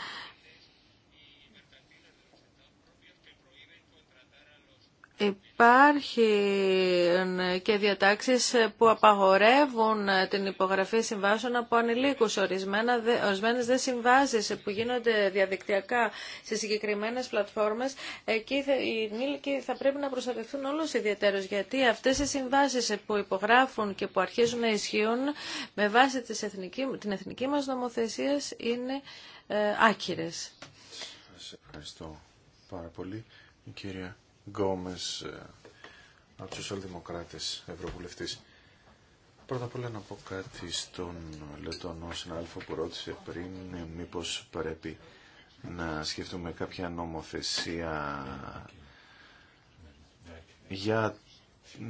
Speaker 4: Υπάρχουν ε, και διατάξεις που απαγορεύουν ε, την υπογραφή συμβάσεων από ανηλίκους. Ορισμένα, ορισμένες δε συμβάσεις που γίνονται διαδικτυακά σε συγκεκριμένες πλατφόρμες, εκεί οι ενήλικοι θα πρέπει να προστατευτούν όλους ιδιαίτερως, γιατί αυτές οι συμβάσεις που υπογράφουν και που αρχίζουν να ισχύουν με βάση εθνική, την εθνική μας νομοθεσία είναι ε, άκυρες.
Speaker 2: ευχαριστώ πάρα πολύ, Γκόμες ε, από τους Σοσιαλδημοκράτες Ευρωβουλευτής. Πρώτα απ' όλα να πω κάτι στον Λετωνό συνάδελφο που ρώτησε πριν ε, μήπως πρέπει να σκεφτούμε κάποια νομοθεσία για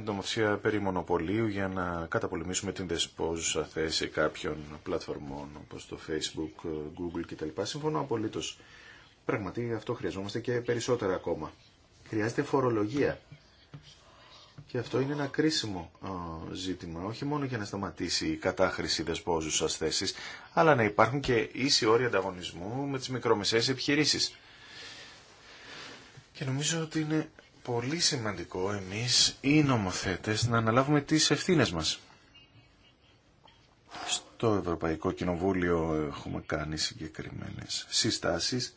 Speaker 2: νομοθεσία περί μονοπωλίου για να καταπολεμήσουμε την δεσπόζουσα θέση κάποιων πλατφορμών όπως το Facebook, Google κτλ. Συμφωνώ απολύτως. Πραγματικά αυτό χρειαζόμαστε και περισσότερα ακόμα. Χρειάζεται φορολογία. Και αυτό είναι ένα κρίσιμο ζήτημα, όχι μόνο για να σταματήσει η κατάχρηση δεσπόζουσας θέσεις αλλά να υπάρχουν και ίσοι όροι ανταγωνισμού με τις μικρομεσαίες επιχειρήσεις. Και νομίζω ότι είναι πολύ σημαντικό εμείς οι νομοθέτες να αναλάβουμε τις ευθύνες μας. Στο Ευρωπαϊκό Κοινοβούλιο έχουμε κάνει συγκεκριμένες συστάσεις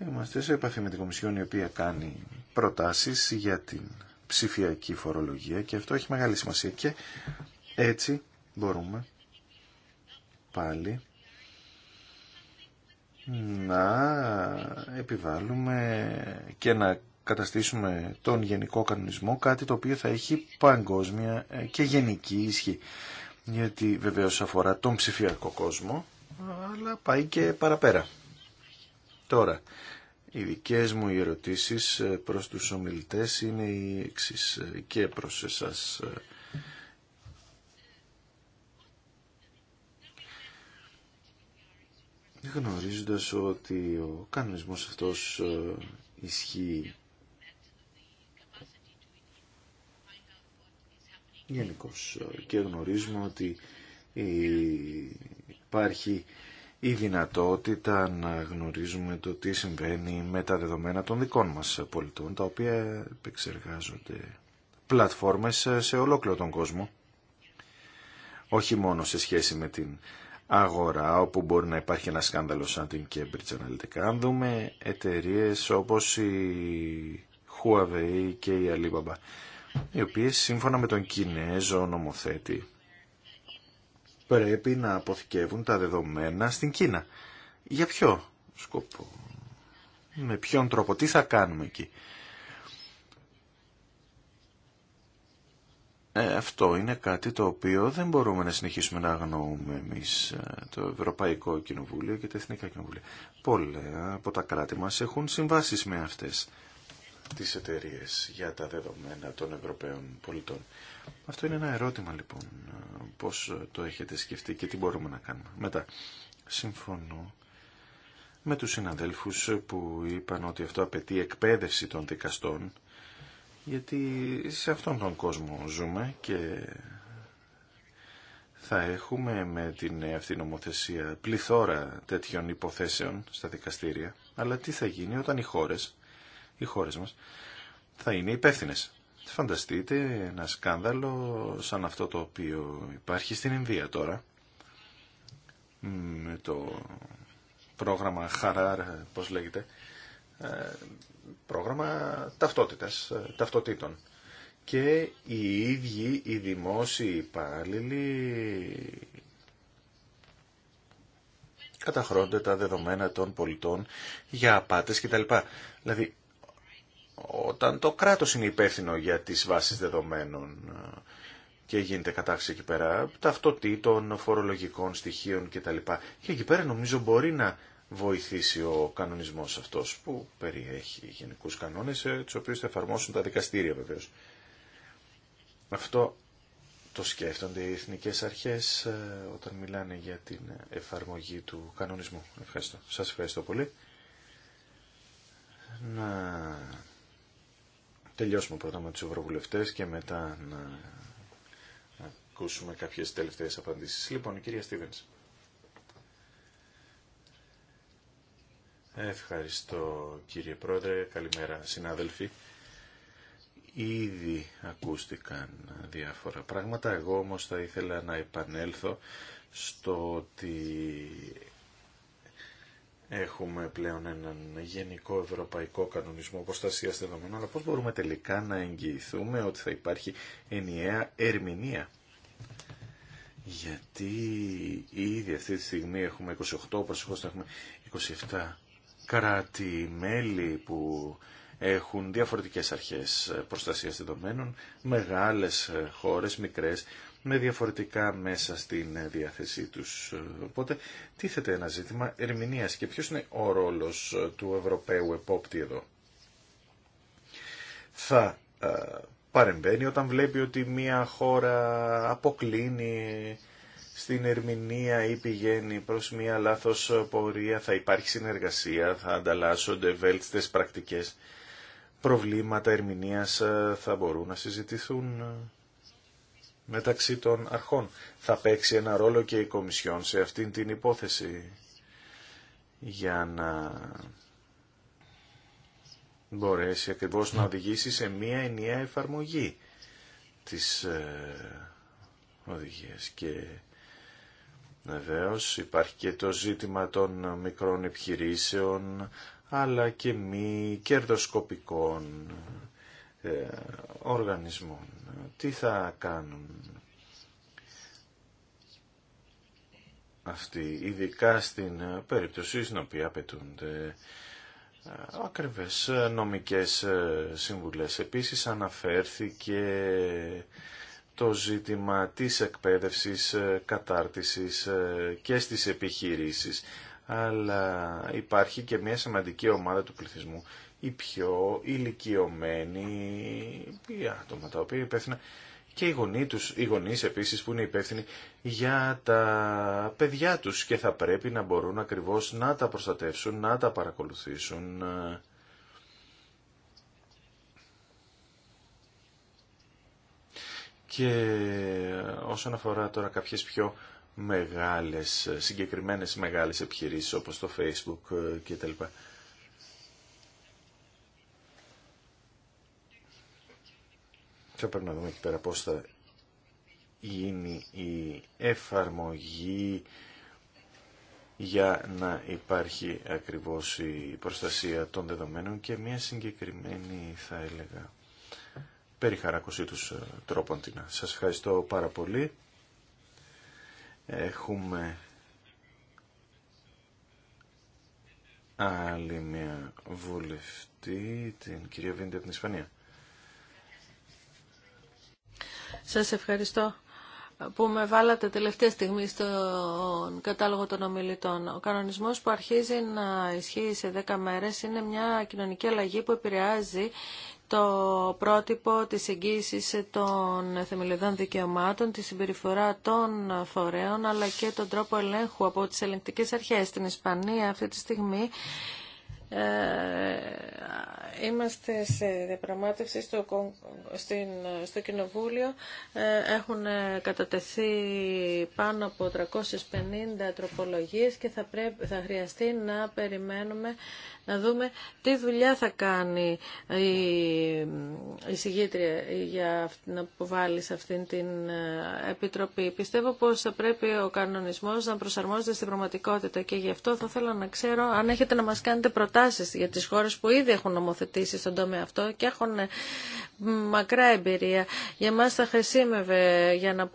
Speaker 2: Είμαστε σε επαφή με την Κομισιόν η οποία κάνει προτάσεις για την ψηφιακή φορολογία και αυτό έχει μεγάλη σημασία και έτσι μπορούμε πάλι να επιβάλλουμε και να καταστήσουμε τον γενικό κανονισμό κάτι το οποίο θα έχει παγκόσμια και γενική ισχύ γιατί βεβαίως αφορά τον ψηφιακό κόσμο αλλά πάει και παραπέρα. Τώρα, οι δικές μου ερωτήσεις ε, προς τους ομιλητές είναι οι εξής ε, και προς εσάς. Ε. Γνωρίζοντας ότι ο κανονισμός αυτός ισχύει γενικώ και γνωρίζουμε ότι υπάρχει η δυνατότητα να γνωρίζουμε το τι συμβαίνει με τα δεδομένα των δικών μας πολιτών, τα οποία επεξεργάζονται πλατφόρμες σε ολόκληρο τον κόσμο. Όχι μόνο σε σχέση με την αγορά, όπου μπορεί να υπάρχει ένα σκάνδαλο σαν την Cambridge Analytica. Αν δούμε εταιρείε όπως η Huawei και η Alibaba, οι οποίες σύμφωνα με τον Κινέζο νομοθέτη πρέπει να αποθηκεύουν τα δεδομένα στην Κίνα. Για ποιο σκοπό, με ποιον τρόπο, τι θα κάνουμε εκεί. Ε, αυτό είναι κάτι το οποίο δεν μπορούμε να συνεχίσουμε να αγνοούμε εμείς ε, το Ευρωπαϊκό Κοινοβούλιο και τα Εθνικά Κοινοβούλια. Πολλά από τα κράτη μας έχουν συμβάσεις με αυτές τις εταιρείες για τα δεδομένα των Ευρωπαίων πολιτών. Αυτό είναι ένα ερώτημα λοιπόν, πώς το έχετε σκεφτεί και τι μπορούμε να κάνουμε. Μετά, συμφωνώ με τους συναδέλφους που είπαν ότι αυτό απαιτεί εκπαίδευση των δικαστών, γιατί σε αυτόν τον κόσμο ζούμε και θα έχουμε με την αυτή νομοθεσία πληθώρα τέτοιων υποθέσεων στα δικαστήρια, αλλά τι θα γίνει όταν οι χώρες, οι χώρες μας θα είναι υπεύθυνε Φανταστείτε ένα σκάνδαλο σαν αυτό το οποίο υπάρχει στην Ινδία τώρα με το πρόγραμμα Χαράρ, πώς λέγεται, ε, πρόγραμμα ταυτότητας, ε, ταυτοτήτων. Και οι ίδιοι οι δημόσιοι υπάλληλοι καταχρώνται τα δεδομένα των πολιτών για απάτες κτλ. Δηλαδή όταν το κράτος είναι υπεύθυνο για τις βάσεις δεδομένων ε, και γίνεται κατάξυση εκεί πέρα, ταυτοτήτων, φορολογικών στοιχείων κτλ. Και εκεί πέρα νομίζω μπορεί να βοηθήσει ο κανονισμός αυτός που περιέχει γενικούς κανόνες, ε, τους οποίους θα εφαρμόσουν τα δικαστήρια βεβαίω. Αυτό το σκέφτονται οι εθνικές αρχές ε, όταν μιλάνε για την εφαρμογή του κανονισμού. Ευχαριστώ. Σας ευχαριστώ πολύ. Να τελειώσουμε πρώτα με τους ευρωβουλευτές και μετά να ακούσουμε κάποιες τελευταίες απαντήσεις. Λοιπόν, η κυρία Στίβενς. Ευχαριστώ κύριε Πρόεδρε, καλημέρα συνάδελφοι. Ήδη ακούστηκαν διάφορα πράγματα, εγώ όμως θα ήθελα να επανέλθω στο ότι έχουμε πλέον έναν γενικό ευρωπαϊκό κανονισμό προστασία δεδομένων, αλλά πώς μπορούμε τελικά να εγγυηθούμε ότι θα υπάρχει ενιαία ερμηνεία. Γιατί ήδη αυτή τη στιγμή έχουμε 28, προσεχώς θα έχουμε 27 κράτη-μέλη που έχουν διαφορετικές αρχές προστασίας δεδομένων, μεγάλες χώρες, μικρές, με διαφορετικά μέσα στην διάθεσή τους. Οπότε τίθεται ένα ζήτημα ερμηνείας και ποιος είναι ο ρόλος του Ευρωπαίου επόπτη εδώ. Θα ε, παρεμβαίνει όταν βλέπει ότι μια χώρα αποκλίνει στην ερμηνεία ή πηγαίνει προς μια λάθος πορεία, θα υπάρχει συνεργασία, θα ανταλλάσσονται βέλτιστες πρακτικές, προβλήματα ερμηνείας ε, θα μπορούν να συζητηθούν μεταξύ των αρχών. Θα παίξει ένα ρόλο και η Κομισιόν σε αυτήν την υπόθεση για να μπορέσει ακριβώς να οδηγήσει σε μία ενιαία εφαρμογή της ε, οδηγίας. Και βεβαίω υπάρχει και το ζήτημα των μικρών επιχειρήσεων αλλά και μη κερδοσκοπικών ε, οργανισμών. Τι θα κάνουν αυτοί, ειδικά στην περίπτωση στην οποία απαιτούνται ε, ακριβές ε, νομικές συμβουλές. Επίσης αναφέρθηκε το ζήτημα της εκπαίδευσης, κατάρτισης και στις επιχειρήσεις. Αλλά υπάρχει και μια σημαντική ομάδα του πληθυσμού οι πιο ηλικιωμένοι, οι άτομα τα οποία υπεύθυνα και οι γονεί τους, οι γονείς επίσης που είναι υπεύθυνοι για τα παιδιά τους και θα πρέπει να μπορούν ακριβώς να τα προστατεύσουν, να τα παρακολουθήσουν. Και όσον αφορά τώρα κάποιες πιο μεγάλες, συγκεκριμένες μεγάλες επιχειρήσεις όπως το Facebook κτλ. θα πρέπει να δούμε εκεί πέρα πώς θα γίνει η εφαρμογή για να υπάρχει ακριβώς η προστασία των δεδομένων και μια συγκεκριμένη θα έλεγα περιχαράκωσή τους ε, τρόπων. την. Σας ευχαριστώ πάρα πολύ. Έχουμε άλλη μια βουλευτή, την κυρία Βίντε από την Ισπανία.
Speaker 4: Σας ευχαριστώ που με βάλατε τελευταία στιγμή στον κατάλογο των ομιλητών. Ο κανονισμός που αρχίζει να ισχύει σε 10 μέρες είναι μια κοινωνική αλλαγή που επηρεάζει το πρότυπο της εγγύησης των θεμελιωδών δικαιωμάτων, τη συμπεριφορά των φορέων, αλλά και τον τρόπο ελέγχου από τις ελεγκτικές αρχές. Στην Ισπανία αυτή τη στιγμή ε, είμαστε σε διαπραγμάτευση στο, στην, Κοινοβούλιο. Ε, έχουν ε, κατατεθεί πάνω από 350 τροπολογίες και θα, πρέπει, θα χρειαστεί να περιμένουμε να δούμε τι δουλειά θα κάνει η συγγήτρια για να αποβάλει σε αυτήν την ε, επιτροπή. Πιστεύω πως θα πρέπει ο κανονισμός να προσαρμόζεται στην πραγματικότητα και γι' αυτό θα θέλω να ξέρω αν έχετε να μας κάνετε προτάσεις για τις χώρες που ήδη έχουν νομοθετήσει στον τομέα αυτό και έχουν ε, μακρά εμπειρία. Για μας θα χρησιμεύε για να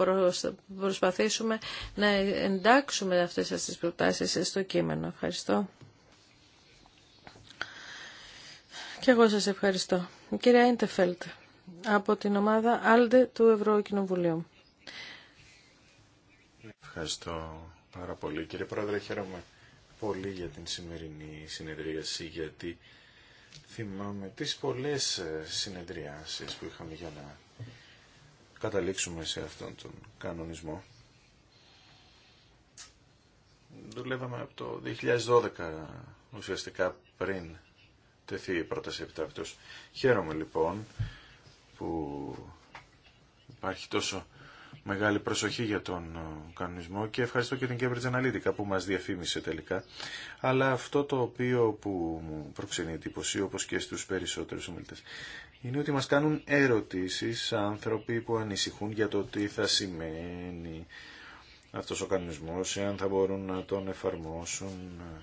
Speaker 4: προσπαθήσουμε να εντάξουμε αυτές τις προτάσεις στο κείμενο. Ευχαριστώ. Και εγώ σας ευχαριστώ. Η κυρία Ιντεφέλτ από την ομάδα ALDE του Ευρωκοινοβουλίου.
Speaker 2: Ευχαριστώ πάρα πολύ. Κύριε Πρόεδρε, χαίρομαι πολύ για την σημερινή συνεδρίαση, γιατί θυμάμαι τις πολλές ε, συνεδριάσεις που είχαμε για να καταλήξουμε σε αυτόν τον κανονισμό. Δουλεύαμε από το 2012, ουσιαστικά πριν τεθεί η πρόταση επιτάπητος. Χαίρομαι λοιπόν που υπάρχει τόσο μεγάλη προσοχή για τον ε, κανονισμό και ευχαριστώ και την Cambridge Analytica που μας διαφήμισε τελικά. Αλλά αυτό το οποίο που μου προξενεί εντύπωση όπως και στους περισσότερους ομιλητές είναι ότι μας κάνουν ερωτήσεις άνθρωποι που ανησυχούν για το τι θα σημαίνει αυτός ο κανονισμός, εάν θα μπορούν να τον εφαρμόσουν ε,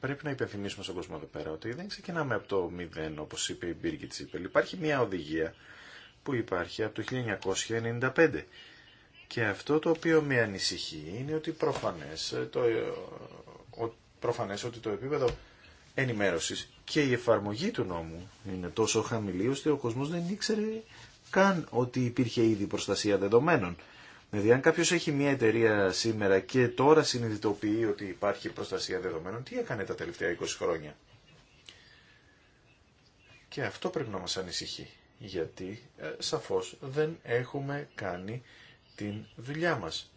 Speaker 2: πρέπει να υπενθυμίσουμε στον κόσμο εδώ πέρα ότι δεν ξεκινάμε από το μηδέν, όπως είπε η Μπίργκη Τσίπελ. Υπάρχει μια οδηγία που υπάρχει από το 1995. Και αυτό το οποίο με ανησυχεί είναι ότι προφανές, ε, το, ε, προφανές ότι το επίπεδο ενημέρωσης και η εφαρμογή του νόμου είναι τόσο χαμηλή ώστε ο κόσμος δεν ήξερε καν ότι υπήρχε ήδη προστασία δεδομένων. Δηλαδή αν κάποιο έχει μια εταιρεία σήμερα και τώρα συνειδητοποιεί ότι υπάρχει προστασία δεδομένων, τι έκανε τα τελευταία 20 χρόνια. Και αυτό πρέπει να μας ανησυχεί, γιατί ε, σαφώς δεν έχουμε κάνει την δουλειά μας.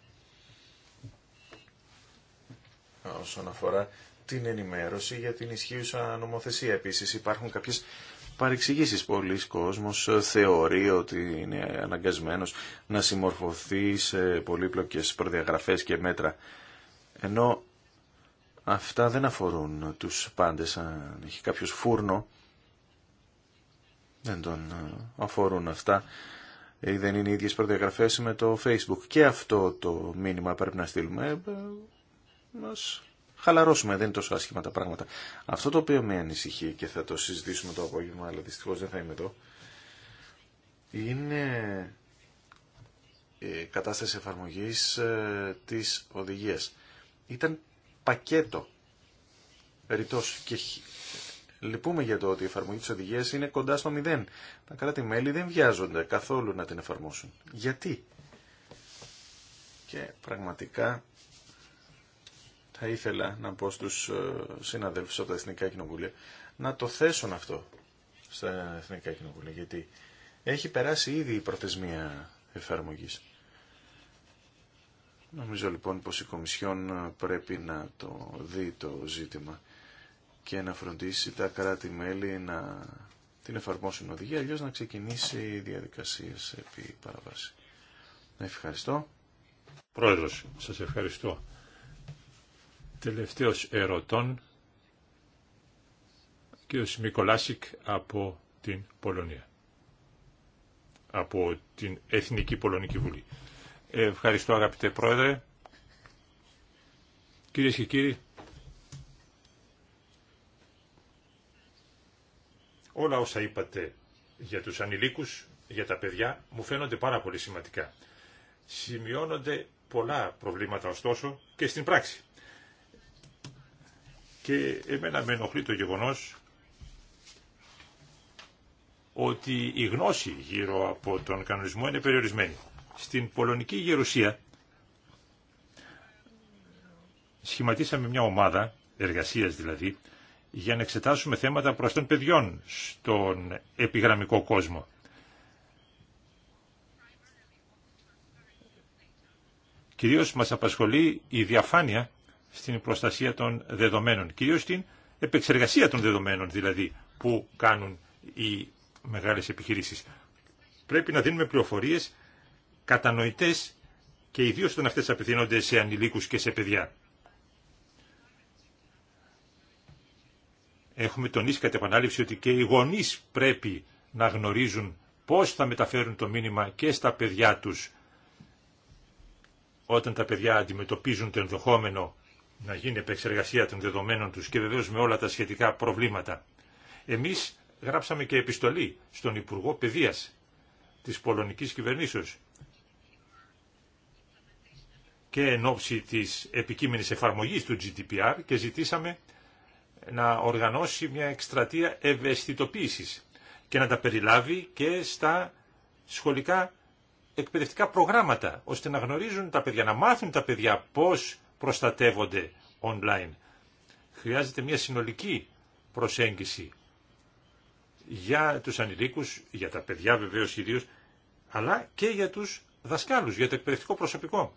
Speaker 2: Όσον αφορά την ενημέρωση για την ισχύουσα νομοθεσία. Επίσης υπάρχουν κάποιες παρεξηγήσεις. Πολλοί κόσμος θεωρεί ότι είναι αναγκασμένος να συμμορφωθεί σε πολύπλοκες προδιαγραφές και μέτρα. Ενώ αυτά δεν αφορούν τους πάντες. Αν έχει κάποιος φούρνο, δεν τον αφορούν αυτά. Ή δεν είναι οι ίδιες προδιαγραφές με το Facebook. Και αυτό το μήνυμα πρέπει να στείλουμε. Ε, μας χαλαρώσουμε, δεν είναι τόσο άσχημα τα πράγματα. Αυτό το οποίο με ανησυχεί και θα το συζητήσουμε το απόγευμα, αλλά δυστυχώ δεν θα είμαι εδώ, είναι η κατάσταση εφαρμογής ε, της οδηγίας. Ήταν πακέτο ρητός και λυπούμε για το ότι η εφαρμογή της οδηγίας είναι κοντά στο μηδέν. Τα κράτη-μέλη δεν βιάζονται καθόλου να την εφαρμόσουν. Γιατί? Και πραγματικά θα ήθελα να πω στους ε, συναδέλφους από τα Εθνικά Κοινοβούλια να το θέσουν αυτό στα Εθνικά Κοινοβούλια, γιατί έχει περάσει ήδη η προθεσμία εφαρμογής. Νομίζω λοιπόν πως η Κομισιόν ε, πρέπει να το δει το ζήτημα και να φροντίσει τα κράτη-μέλη να την εφαρμόσουν οδηγία, αλλιώς να ξεκινήσει η διαδικασία επί παραβάση. Ευχαριστώ. Πρόεδρος, σας ευχαριστώ.
Speaker 3: Τελευταίος ερωτών, κύριος Μικολάσικ από την Πολωνία. Από την Εθνική Πολωνική Βουλή. Ευχαριστώ αγαπητέ Πρόεδρε. Κυρίες και κύριοι, όλα όσα είπατε για τους ανηλίκους, για τα παιδιά, μου φαίνονται πάρα πολύ σημαντικά. Σημειώνονται πολλά προβλήματα ωστόσο και στην πράξη. Και εμένα με ενοχλεί το γεγονός ότι η γνώση γύρω από τον κανονισμό είναι περιορισμένη. Στην Πολωνική Γερουσία σχηματίσαμε μια ομάδα, εργασίας δηλαδή, για να εξετάσουμε θέματα προς των παιδιών στον επιγραμμικό κόσμο. Κυρίως μας απασχολεί η διαφάνεια στην προστασία των δεδομένων, κυρίως στην επεξεργασία των δεδομένων δηλαδή που κάνουν οι μεγάλες επιχειρήσεις. Πρέπει να δίνουμε πληροφορίες κατανοητές και ιδίως όταν αυτές απευθύνονται σε ανηλίκους και σε παιδιά. Έχουμε τονίσει κατά επανάληψη ότι και οι γονείς πρέπει να γνωρίζουν πώς θα μεταφέρουν το μήνυμα και στα παιδιά τους όταν τα παιδιά αντιμετωπίζουν το ενδεχόμενο να γίνει επεξεργασία των δεδομένων τους και βεβαίως με όλα τα σχετικά προβλήματα. Εμείς γράψαμε και επιστολή στον Υπουργό Παιδείας της Πολωνικής Κυβερνήσεως και εν ώψη της επικείμενης εφαρμογής του GDPR και ζητήσαμε να οργανώσει μια εκστρατεία ευαισθητοποίησης και να τα περιλάβει και στα σχολικά εκπαιδευτικά προγράμματα, ώστε να γνωρίζουν τα παιδιά, να μάθουν τα παιδιά πώς προστατεύονται online. Χρειάζεται μια συνολική προσέγγιση για τους ανηλίκους, για τα παιδιά βεβαίως ιδίως, αλλά και για τους δασκάλους, για το εκπαιδευτικό προσωπικό.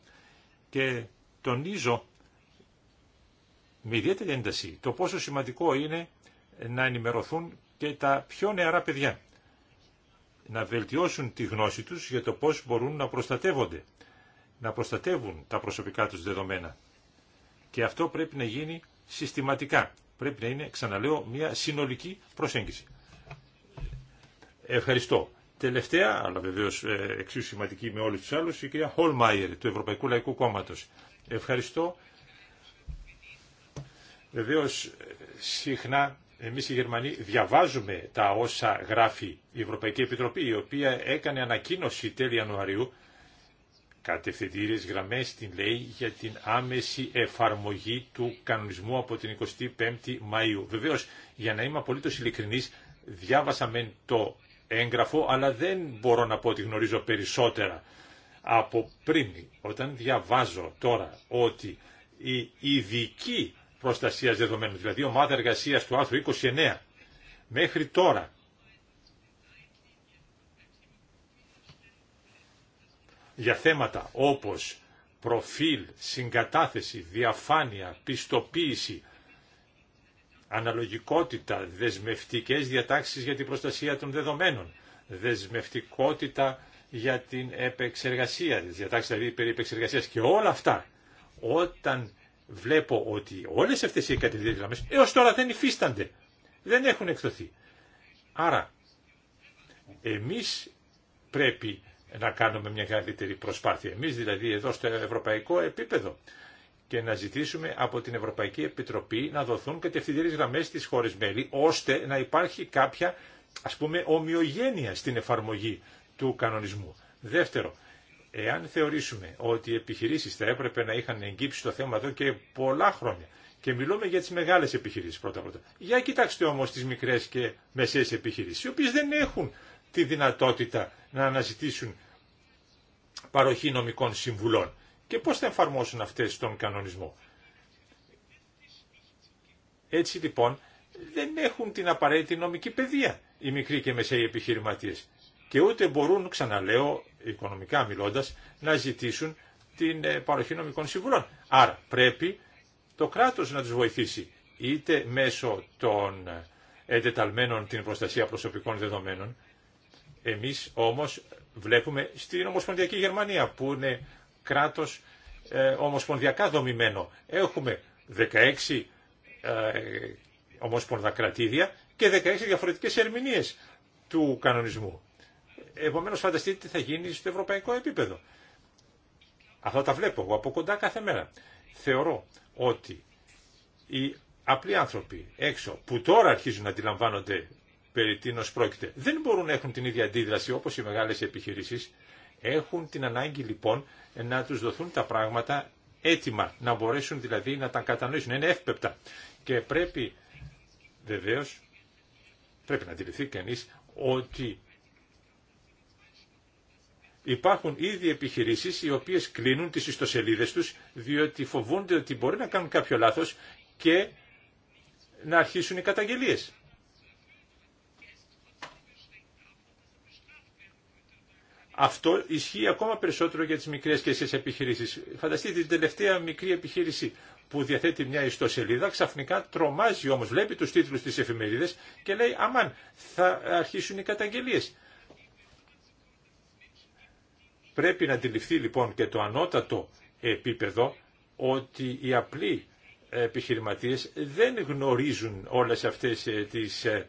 Speaker 3: Και τονίζω με ιδιαίτερη ένταση το πόσο σημαντικό είναι να ενημερωθούν και τα πιο νεαρά παιδιά. Να βελτιώσουν τη γνώση τους για το πώς μπορούν να προστατεύονται, να προστατεύουν τα προσωπικά τους δεδομένα. Και αυτό πρέπει να γίνει συστηματικά. Πρέπει να είναι, ξαναλέω, μια συνολική προσέγγιση. Ευχαριστώ. Τελευταία, αλλά βεβαίω ε, εξίσου σημαντική με όλου του άλλου, η κυρία Χολμάιερ του Ευρωπαϊκού Λαϊκού Κόμματο. Ευχαριστώ. Βεβαίω, συχνά εμείς οι Γερμανοί διαβάζουμε τα όσα γράφει η Ευρωπαϊκή Επιτροπή, η οποία έκανε ανακοίνωση τέλη Ιανουαρίου κατευθυντήριες γραμμές την λέει για την άμεση εφαρμογή του κανονισμού από την 25η Μαΐου. Βεβαίως, για να είμαι απολύτως ειλικρινής, διάβασα μεν το έγγραφο, αλλά δεν μπορώ να πω ότι γνωρίζω περισσότερα από πριν. Όταν διαβάζω τώρα ότι η ειδική προστασία δεδομένων, δηλαδή ομάδα εργασία του άρθρου 29, μέχρι τώρα για θέματα όπως προφίλ, συγκατάθεση, διαφάνεια, πιστοποίηση, αναλογικότητα, δεσμευτικές διατάξεις για την προστασία των δεδομένων, δεσμευτικότητα για την επεξεργασία, διατάξεις δηλαδή περί επεξεργασίας και όλα αυτά. Όταν βλέπω ότι όλες αυτές οι κατηγορίες γραμμές έως τώρα δεν υφίστανται, δεν έχουν εκδοθεί. Άρα, εμείς πρέπει να κάνουμε μια καλύτερη προσπάθεια. Εμείς δηλαδή εδώ στο ευρωπαϊκό επίπεδο και να ζητήσουμε από την Ευρωπαϊκή Επιτροπή να δοθούν κατευθυντήριες γραμμές στις χώρες μέλη, ώστε να υπάρχει κάποια ας πούμε ομοιογένεια στην εφαρμογή του κανονισμού. Δεύτερο, εάν θεωρήσουμε ότι οι επιχειρήσεις θα έπρεπε να είχαν εγκύψει το θέμα εδώ και πολλά χρόνια, και μιλούμε για τι μεγάλε επιχειρήσει επιχειρήσεις πρώτα-πρώτα. Για κοιτάξτε όμω τι μικρέ και μεσαίε επιχειρήσει, οι οποίε δεν έχουν τη δυνατότητα να αναζητήσουν παροχή νομικών συμβουλών και πώς θα εφαρμόσουν αυτές τον κανονισμό. Έτσι λοιπόν δεν έχουν την απαραίτητη νομική παιδεία οι μικροί και μεσαίοι επιχειρηματίες και ούτε μπορούν, ξαναλέω, οικονομικά μιλώντας, να ζητήσουν την ε, παροχή νομικών συμβουλών. Άρα πρέπει το κράτος να τους βοηθήσει είτε μέσω των ε, εντεταλμένων την προστασία προσωπικών δεδομένων, εμείς όμως βλέπουμε στην Ομοσπονδιακή Γερμανία που είναι κράτος ε, ομοσπονδιακά δομημένο. Έχουμε 16 ε, κρατήδια και 16 διαφορετικές ερμηνείες του κανονισμού. Επομένως φανταστείτε τι θα γίνει στο ευρωπαϊκό επίπεδο. Αυτό τα βλέπω εγώ από κοντά κάθε μέρα. Θεωρώ ότι οι απλοί άνθρωποι έξω που τώρα αρχίζουν να αντιλαμβάνονται περί πρόκειται. Δεν μπορούν να έχουν την ίδια αντίδραση όπως οι μεγάλες επιχειρήσεις. Έχουν την ανάγκη λοιπόν να τους δοθούν τα πράγματα έτοιμα, να μπορέσουν δηλαδή να τα κατανοήσουν. Είναι εύπεπτα. Και πρέπει βεβαίως, πρέπει να αντιληφθεί κανείς ότι υπάρχουν ήδη επιχειρήσεις οι οποίες κλείνουν τις ιστοσελίδες τους διότι φοβούνται ότι μπορεί να κάνουν κάποιο λάθος και να αρχίσουν οι καταγγελίες. Αυτό ισχύει ακόμα περισσότερο για τις μικρές και εσεί επιχειρήσεις. Φανταστείτε την τελευταία μικρή επιχείρηση που διαθέτει μια ιστοσελίδα, ξαφνικά τρομάζει όμως, βλέπει του τίτλους τη εφημερίδα και λέει «Αμάν, θα αρχίσουν οι καταγγελίες». Πρέπει να αντιληφθεί λοιπόν και το ανώτατο επίπεδο ότι οι απλοί επιχειρηματίες δεν γνωρίζουν όλες αυτές ε, τις ε,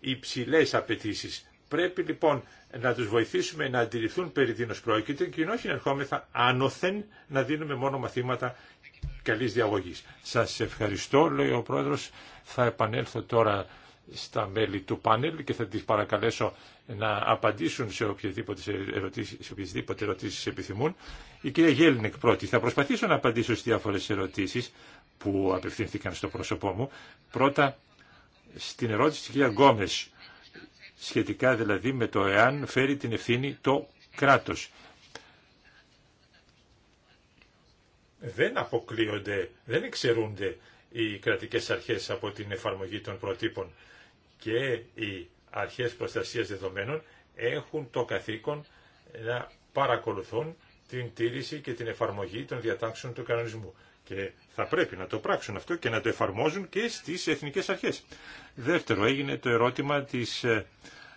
Speaker 3: υψηλές απαιτήσει. Πρέπει λοιπόν να τους βοηθήσουμε να αντιληφθούν περί τίνος πρόκειται και όχι να ερχόμεθα άνωθεν να δίνουμε μόνο μαθήματα καλής διαγωγής. Σας ευχαριστώ, λέει ο Πρόεδρος. Θα επανέλθω τώρα στα μέλη του πάνελ και θα τις παρακαλέσω να απαντήσουν σε οποιασδήποτε ερωτήσεις, σε επιθυμούν. Η κυρία Γέλνεκ πρώτη. Θα προσπαθήσω να απαντήσω στις διάφορες ερωτήσεις που απευθύνθηκαν στο πρόσωπό μου. Πρώτα στην ερώτηση της κυρία Γκόμες σχετικά δηλαδή με το εάν φέρει την ευθύνη το κράτος. Δεν αποκλείονται, δεν εξαιρούνται οι κρατικές αρχές από την εφαρμογή των προτύπων και οι αρχές προστασίας δεδομένων έχουν το καθήκον να παρακολουθούν την τήρηση και την εφαρμογή των διατάξεων του κανονισμού και θα πρέπει να το πράξουν αυτό και να το εφαρμόζουν και στις εθνικές αρχές. Δεύτερο έγινε το ερώτημα της ε,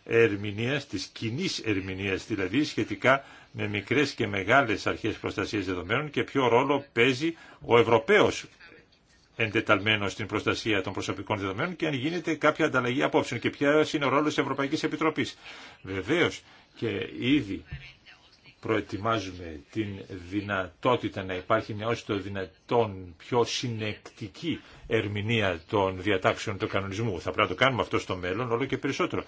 Speaker 3: ερμηνείας, της κοινή ερμηνείας, δηλαδή σχετικά με μικρές και μεγάλες αρχές προστασίας δεδομένων και ποιο ρόλο παίζει ο Ευρωπαίος εντεταλμένο στην προστασία των προσωπικών δεδομένων και αν γίνεται κάποια ανταλλαγή απόψεων και ποιο είναι ο ρόλος της Ευρωπαϊκής Επιτροπής. Βεβαίως και ήδη προετοιμάζουμε την δυνατότητα να υπάρχει μια όσο το δυνατόν πιο συνεκτική ερμηνεία των διατάξεων του κανονισμού. Θα πρέπει να το κάνουμε αυτό στο μέλλον όλο και περισσότερο.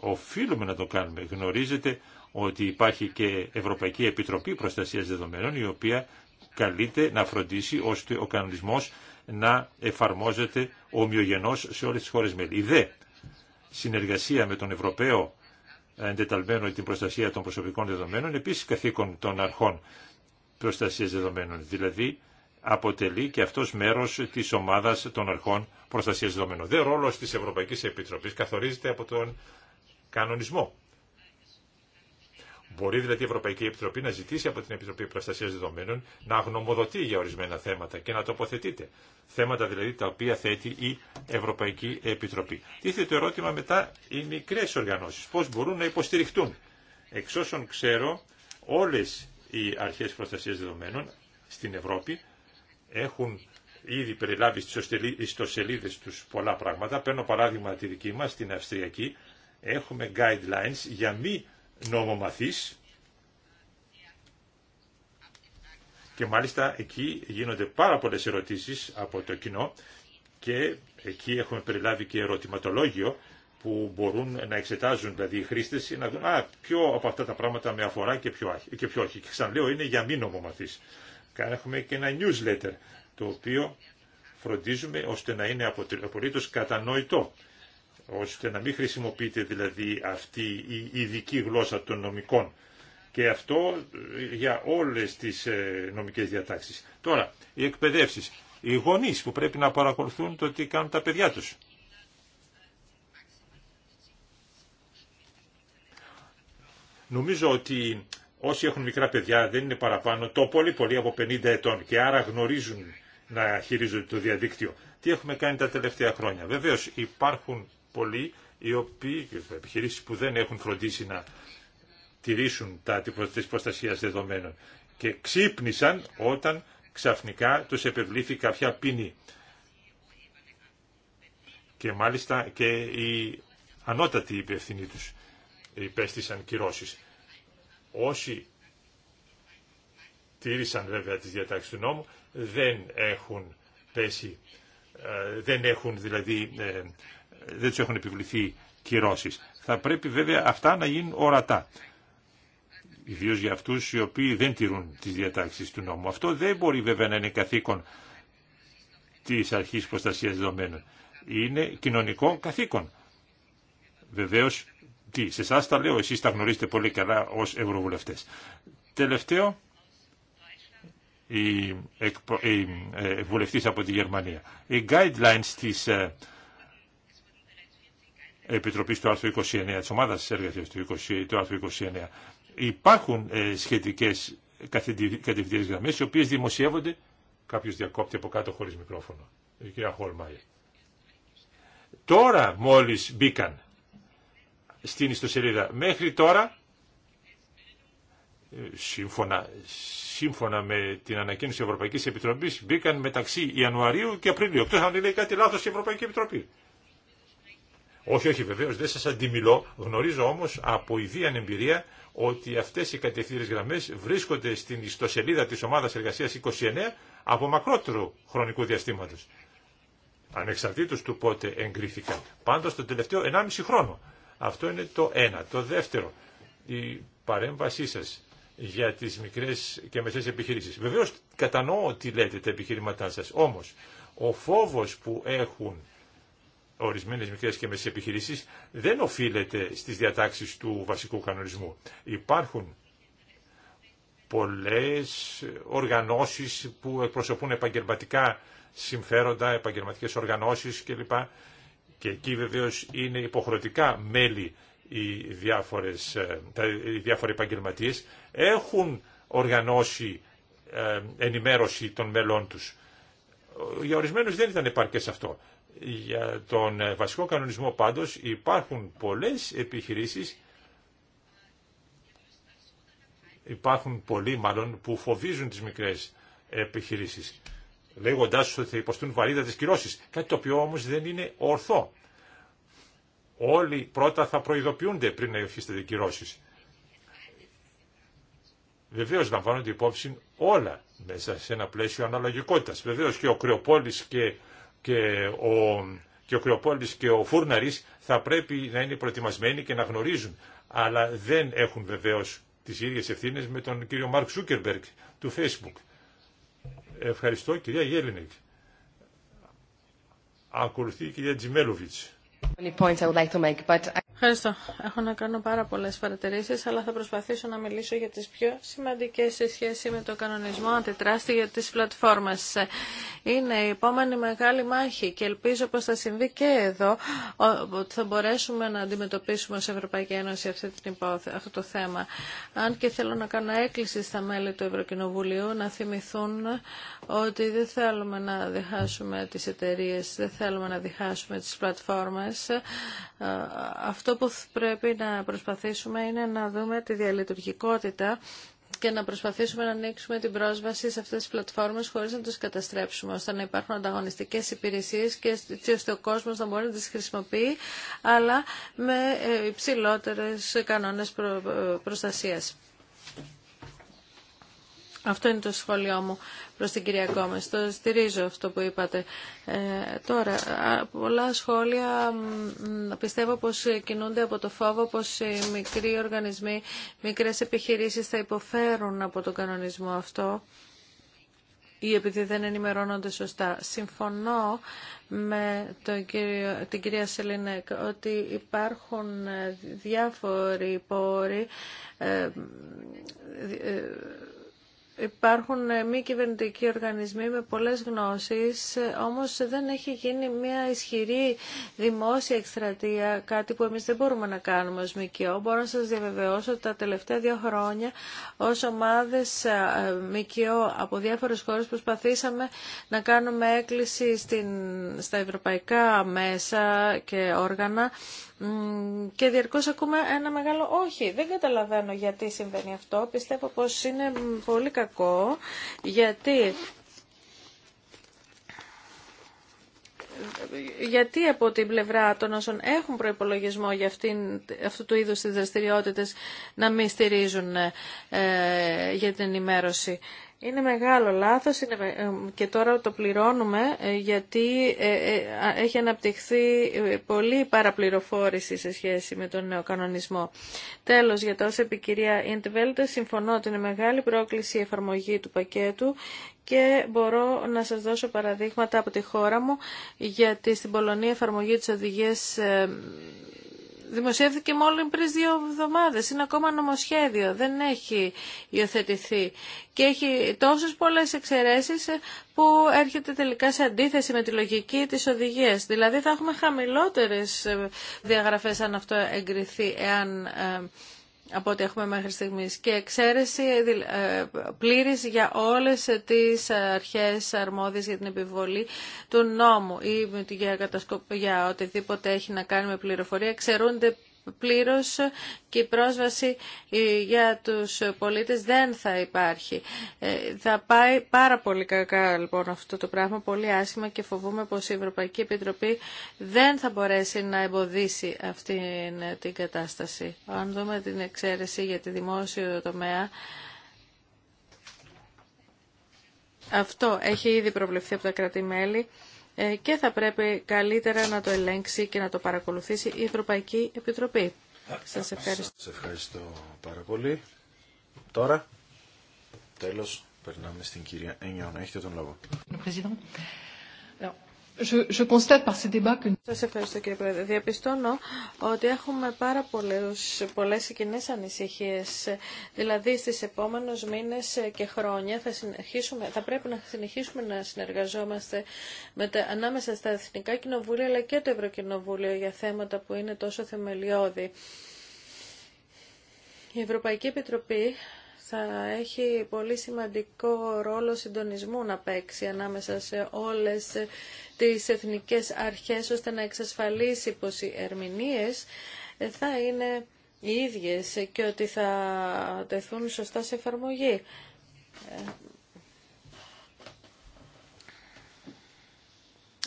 Speaker 3: Οφείλουμε να το κάνουμε. Γνωρίζετε ότι υπάρχει και Ευρωπαϊκή Επιτροπή Προστασίας Δεδομένων η οποία καλείται να φροντίσει ώστε ο κανονισμός να εφαρμόζεται ομοιογενώς σε όλες τις χώρες μέλη. Η δε συνεργασία με τον Ευρωπαίο εντεταλμένο την προστασία των προσωπικών δεδομένων, επίσης καθήκον των αρχών προστασίας δεδομένων. Δηλαδή, αποτελεί και αυτός μέρος της ομάδας των αρχών προστασίας δεδομένων. Δεν ρόλος της Ευρωπαϊκής Επιτροπής καθορίζεται από τον κανονισμό. Μπορεί δηλαδή η Ευρωπαϊκή Επιτροπή να ζητήσει από την Επιτροπή Προστασία Δεδομένων να γνωμοδοτεί για ορισμένα θέματα και να τοποθετείται. Θέματα δηλαδή τα οποία θέτει η Ευρωπαϊκή Επιτροπή. Τίθεται το ερώτημα μετά οι μικρέ οργανώσει. Πώ μπορούν να υποστηριχτούν. Εξ όσων ξέρω, όλε οι αρχέ προστασία δεδομένων στην Ευρώπη έχουν ήδη περιλάβει στι ιστοσελίδε του πολλά πράγματα. Παίρνω παράδειγμα τη δική μα, την Αυστριακή. Έχουμε guidelines για μη νομομαθής και μάλιστα εκεί γίνονται πάρα πολλές ερωτήσεις από το κοινό και εκεί έχουμε περιλάβει και ερωτηματολόγιο που μπορούν να εξετάζουν δηλαδή οι χρήστες να δουν α, ποιο από αυτά τα πράγματα με αφορά και ποιο, και ποιο όχι. Και ξαναλέω είναι για μη νομομαθείς. Έχουμε και ένα newsletter το οποίο φροντίζουμε ώστε να είναι απολύτως κατανοητό ώστε να μην χρησιμοποιείται δηλαδή αυτή η ειδική γλώσσα των νομικών. Και αυτό ε, για όλες τις ε, νομικές διατάξεις. Τώρα, οι εκπαιδεύσεις. Οι γονείς που πρέπει να παρακολουθούν το τι κάνουν τα παιδιά τους. Νομίζω ότι όσοι έχουν μικρά παιδιά δεν είναι παραπάνω το πολύ πολύ από 50 ετών και άρα γνωρίζουν να χειρίζονται το διαδίκτυο. Τι έχουμε κάνει τα τελευταία χρόνια. Βεβαίως υπάρχουν πολλοί οι οποίοι, επιχειρήσεις που δεν έχουν φροντίσει να τηρήσουν τα της προστασία δεδομένων και ξύπνησαν όταν ξαφνικά τους επευλήθη κάποια ποινή. Και μάλιστα και οι ανώτατοι υπευθυνοί τους υπέστησαν κυρώσεις. Όσοι τήρησαν βέβαια τις διατάξεις του νόμου δεν έχουν πέσει, ε, δεν έχουν δηλαδή ε, δεν τους έχουν επιβληθεί κυρώσεις. Θα πρέπει βέβαια αυτά να γίνουν ορατά. Ιδίω για αυτούς οι οποίοι δεν τηρούν τις διατάξεις του νόμου. Αυτό δεν μπορεί βέβαια να είναι καθήκον της αρχής προστασίας δεδομένων. Είναι κοινωνικό καθήκον. Βεβαίως, τι, σε εσά τα λέω, εσείς τα γνωρίζετε πολύ καλά ως ευρωβουλευτές. Τελευταίο, η, εκπο... Ε, από τη Γερμανία. Οι guidelines της ε, Επιτροπή του άρθρου 29, τη ομάδα τη έργασια του, άρθρου 29. Υπάρχουν ε, σχετικές κατευθυντήριε γραμμές, οι οποίε δημοσιεύονται, κάποιο διακόπτει από κάτω χωρίς μικρόφωνο, η κυρία Τώρα μόλις μπήκαν στην ιστοσελίδα. Μέχρι τώρα, ε, σύμφωνα, με την ανακοίνωση Ευρωπαϊκής Επιτροπής, μπήκαν μεταξύ Ιανουαρίου και Απριλίου. Εκτό αν λέει κάτι λάθο η Ευρωπαϊκή Επιτροπή. Όχι, όχι, βεβαίω δεν σα αντιμιλώ. Γνωρίζω όμω από ιδίαν εμπειρία ότι αυτέ οι κατευθύνε γραμμέ βρίσκονται στην ιστοσελίδα τη ομάδα εργασία 29 από μακρότερου χρονικού διαστήματο. Ανεξαρτήτω του πότε εγκρίθηκαν. Πάντω το τελευταίο 1,5 χρόνο. Αυτό είναι το ένα. Το δεύτερο, η παρέμβασή σα για τι μικρέ και μεσαίε επιχειρήσει. Βεβαίω κατανοώ τι λέτε τα επιχειρήματά σα. Όμω, ο φόβο που έχουν ορισμένες μικρές και μεσές επιχειρήσει δεν οφείλεται στις διατάξεις του βασικού κανονισμού. Υπάρχουν πολλέ οργανώσεις που εκπροσωπούν επαγγελματικά συμφέροντα, επαγγελματικέ οργανώσεις κλπ. Και εκεί βεβαίω είναι υποχρεωτικά μέλη οι, διάφορες, ε, τα, διάφοροι επαγγελματίες. Έχουν οργανώσει ε, ενημέρωση των μελών τους. Ε, για ορισμένους δεν ήταν επαρκές αυτό. Για τον ε, βασικό κανονισμό πάντως υπάρχουν πολλές επιχειρήσεις, υπάρχουν πολλοί μάλλον που φοβίζουν τις μικρές επιχειρήσεις, λέγοντάς ότι θα υποστούν βαρύδα τις κυρώσεις, κάτι το οποίο όμως δεν είναι ορθό. Όλοι πρώτα θα προειδοποιούνται πριν να υφίστανται κυρώσεις. Βεβαίως λαμβάνονται υπόψη όλα μέσα σε ένα πλαίσιο αναλογικότητας. Βεβαίως και ο Κρεοπόλης και και ο, και και ο Φούρναρης θα πρέπει να είναι προετοιμασμένοι και να γνωρίζουν. Αλλά δεν έχουν βεβαίως τις ίδιες ευθύνες με τον κύριο Μάρκ Ζούκερμπεργκ του Facebook. Ευχαριστώ κυρία Γέλινεκ. Ακολουθεί η κυρία Τζιμέλοβιτς.
Speaker 4: Ευχαριστώ. Έχω να κάνω πάρα πολλέ παρατηρήσει, αλλά θα προσπαθήσω να μιλήσω για τι πιο σημαντικέ σε σχέση με το κανονισμό αντιτράστη για τι πλατφόρμε. Είναι η επόμενη μεγάλη μάχη και ελπίζω πω θα συμβεί και εδώ, ότι θα μπορέσουμε να αντιμετωπίσουμε ω Ευρωπαϊκή Ένωση αυτή την αυτό το θέμα. Αν και θέλω να κάνω έκκληση στα μέλη του Ευρωκοινοβουλίου να θυμηθούν ότι δεν θέλουμε να διχάσουμε τι εταιρείε, δεν θέλουμε να διχάσουμε τι πλατφόρμε αυτό που πρέπει να προσπαθήσουμε είναι να δούμε τη διαλειτουργικότητα και να προσπαθήσουμε να ανοίξουμε την πρόσβαση σε αυτές τις πλατφόρμες χωρίς να τους καταστρέψουμε, ώστε να υπάρχουν ανταγωνιστικές υπηρεσίες και έτσι ώστε ο κόσμος να μπορεί να τις χρησιμοποιεί, αλλά με ε, υψηλότερες κανόνες ε, προστασίας. Αυτό είναι το σχόλιο μου προς την κυρία Κόμες. Το στηρίζω αυτό που είπατε. Ε, τώρα, πολλά σχόλια πιστεύω πως κινούνται από το φόβο πως οι μικροί οργανισμοί, μικρές επιχειρήσεις θα υποφέρουν από τον κανονισμό αυτό ή επειδή δεν ενημερώνονται σωστά. Συμφωνώ με τον κύριο, την κυρία Σελινέκ ότι υπάρχουν ε, διάφοροι πόροι ε, ε Υπάρχουν ε, μη κυβερνητικοί οργανισμοί με πολλές γνώσεις, ε, όμως δεν έχει γίνει μια ισχυρή δημόσια εκστρατεία, κάτι που εμείς δεν μπορούμε να κάνουμε ως ΜΚΟ. Μπορώ να σας διαβεβαιώσω ότι τα τελευταία δύο χρόνια ως ομάδες ε, ΜΚΟ από διάφορες χώρες προσπαθήσαμε να κάνουμε έκκληση στην, στα ευρωπαϊκά μέσα και όργανα και διαρκώς ακούμε ένα μεγάλο όχι. Δεν καταλαβαίνω γιατί συμβαίνει αυτό. Πιστεύω πως είναι πολύ κακό κακό γιατί γιατί από την πλευρά των όσων έχουν προπολογισμό για αυτήν, αυτού του είδους τις δραστηριότητες να μην στηρίζουν ε, για την ενημέρωση. Είναι μεγάλο λάθος ε, και τώρα το πληρώνουμε ε, γιατί ε, έχει αναπτυχθεί πολύ παραπληροφόρηση σε σχέση με τον νέο κανονισμό. Τέλος, για τα όσα κυρία Ιντβέλτε, συμφωνώ ότι είναι μεγάλη πρόκληση η εφαρμογή του πακέτου και μπορώ να σας δώσω παραδείγματα από τη χώρα μου γιατί στην Πολωνία η εφαρμογή της οδηγίας δημοσιεύθηκε μόλι πριν δύο εβδομάδες. Είναι ακόμα νομοσχέδιο, δεν έχει υιοθετηθεί. Και έχει τόσε πολλέ εξαιρέσει που έρχεται τελικά σε αντίθεση με τη λογική της οδηγίας. Δηλαδή θα έχουμε χαμηλότερε ε, διαγραφές αν αυτό εγκριθεί, εάν ε, από ό,τι έχουμε μέχρι στιγμής και εξαίρεση ε, πλήρης για όλες τις αρχές αρμόδιες για την επιβολή του νόμου ή για, οτιδήποτε έχει να κάνει με πληροφορία ξερούνται πλήρως και η πρόσβαση ε, για τους πολίτες δεν θα υπάρχει. Ε, θα πάει πάρα πολύ κακά λοιπόν αυτό το πράγμα, πολύ άσχημα και φοβούμε πως η Ευρωπαϊκή Επιτροπή δεν θα μπορέσει να εμποδίσει αυτή την κατάσταση. Αν δούμε την εξαίρεση για τη δημόσιο τομέα, αυτό έχει ήδη προβλεφθεί από τα κρατημέλη. Ε, και θα πρέπει καλύτερα να το ελέγξει και να το παρακολουθήσει η Ευρωπαϊκή Επιτροπή.
Speaker 2: Σας ευχαριστώ. Σας ευχαριστώ πάρα πολύ. Τώρα, τέλος, περνάμε στην κυρία Ένιον. Έχετε τον λόγο.
Speaker 4: Σα ευχαριστώ κύριε Πρόεδρε. Διαπιστώνω ότι έχουμε πάρα πολλές, εκείνες κοινέ ανησυχίες. Δηλαδή στις επόμενους μήνες και χρόνια θα, συνεχίσουμε, θα πρέπει να συνεχίσουμε να συνεργαζόμαστε με τα, ανάμεσα στα Εθνικά Κοινοβούλια αλλά και το Ευρωκοινοβούλιο για θέματα που είναι τόσο θεμελιώδη. Η Ευρωπαϊκή Επιτροπή θα έχει πολύ σημαντικό ρόλο συντονισμού να παίξει ανάμεσα σε όλες τις εθνικές αρχές ώστε να εξασφαλίσει πως οι ερμηνείες θα είναι οι ίδιες και ότι θα τεθούν σωστά σε εφαρμογή. Ε,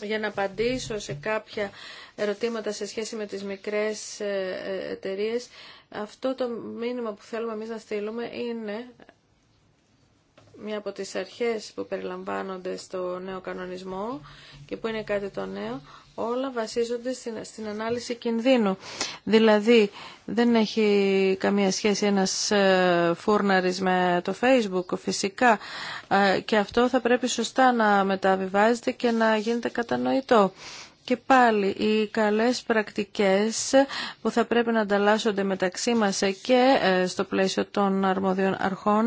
Speaker 4: για να απαντήσω σε κάποια ερωτήματα σε σχέση με τις μικρές ε, ε, εταιρείε. Αυτό το μήνυμα που θέλουμε εμείς να στείλουμε είναι μια από τις αρχές που περιλαμβάνονται στο νέο κανονισμό και που είναι κάτι το νέο, όλα βασίζονται στην, ανάλυση κινδύνου. Δηλαδή, δεν έχει καμία σχέση ένας ε, φούρναρης με το facebook φυσικά ε, και αυτό θα πρέπει σωστά να μεταβιβάζεται και να γίνεται κατανοητό. Και πάλι οι καλές πρακτικές που θα πρέπει να ανταλλάσσονται μεταξύ μας και ε, στο πλαίσιο των αρμόδιων αρχών.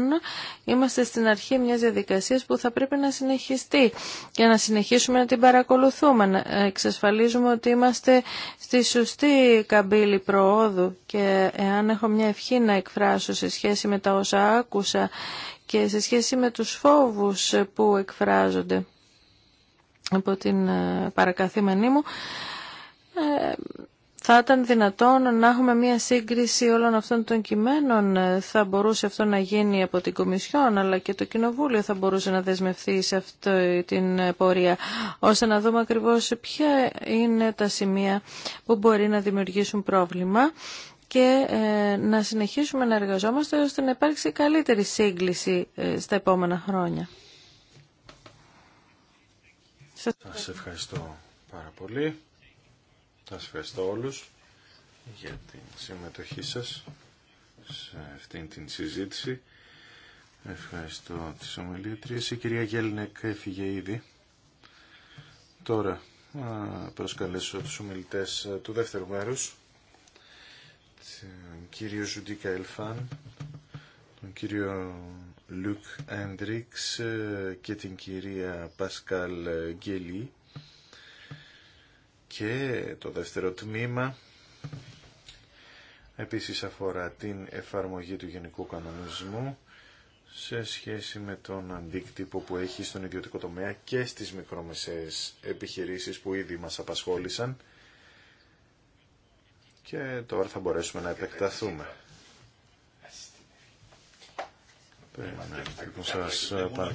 Speaker 4: Είμαστε στην αρχή μιας διαδικασίας που θα πρέπει να συνεχιστεί και να συνεχίσουμε να την παρακολουθούμε. Να εξασφαλίζουμε ότι είμαστε στη σωστή καμπύλη προόδου και εάν έχω μια ευχή να εκφράσω σε σχέση με τα όσα άκουσα και σε σχέση με τους φόβους που εκφράζονται από την ε, παρακαθήμενή μου, ε, θα ήταν δυνατόν να έχουμε μία σύγκριση όλων αυτών των κειμένων. Ε, θα μπορούσε αυτό να γίνει από την Κομισιόν, αλλά και το Κοινοβούλιο θα μπορούσε να δεσμευθεί σε αυτή την πορεία, ώστε να δούμε ακριβώς ποια είναι τα σημεία που μπορεί να δημιουργήσουν πρόβλημα και να συνεχίσουμε να εργαζόμαστε ώστε να υπάρξει καλύτερη σύγκληση στα επόμενα χρόνια. Σας ευχαριστώ.
Speaker 2: πάρα πολύ. Σας ευχαριστώ όλους για την συμμετοχή σας σε αυτήν την συζήτηση. Ευχαριστώ τις ομιλήτριες. Η κυρία Γέλνεκ έφυγε ήδη. Τώρα προσκαλέσω τους ομιλητές του δεύτερου μέρους. Τον κύριο Ζουντίκα Ελφάν, τον κύριο Λουκ Έντριξ ε, και την κυρία Πασκάλ Γκέλη και το δεύτερο τμήμα επίσης αφορά την εφαρμογή του Γενικού Κανονισμού σε σχέση με τον αντίκτυπο που έχει στον ιδιωτικό τομέα και στις μικρομεσαίες επιχειρήσεις που ήδη μας απασχόλησαν και τώρα θα μπορέσουμε να επεκταθούμε. Πρέπει λοιπόν, να σας παρακαλώ.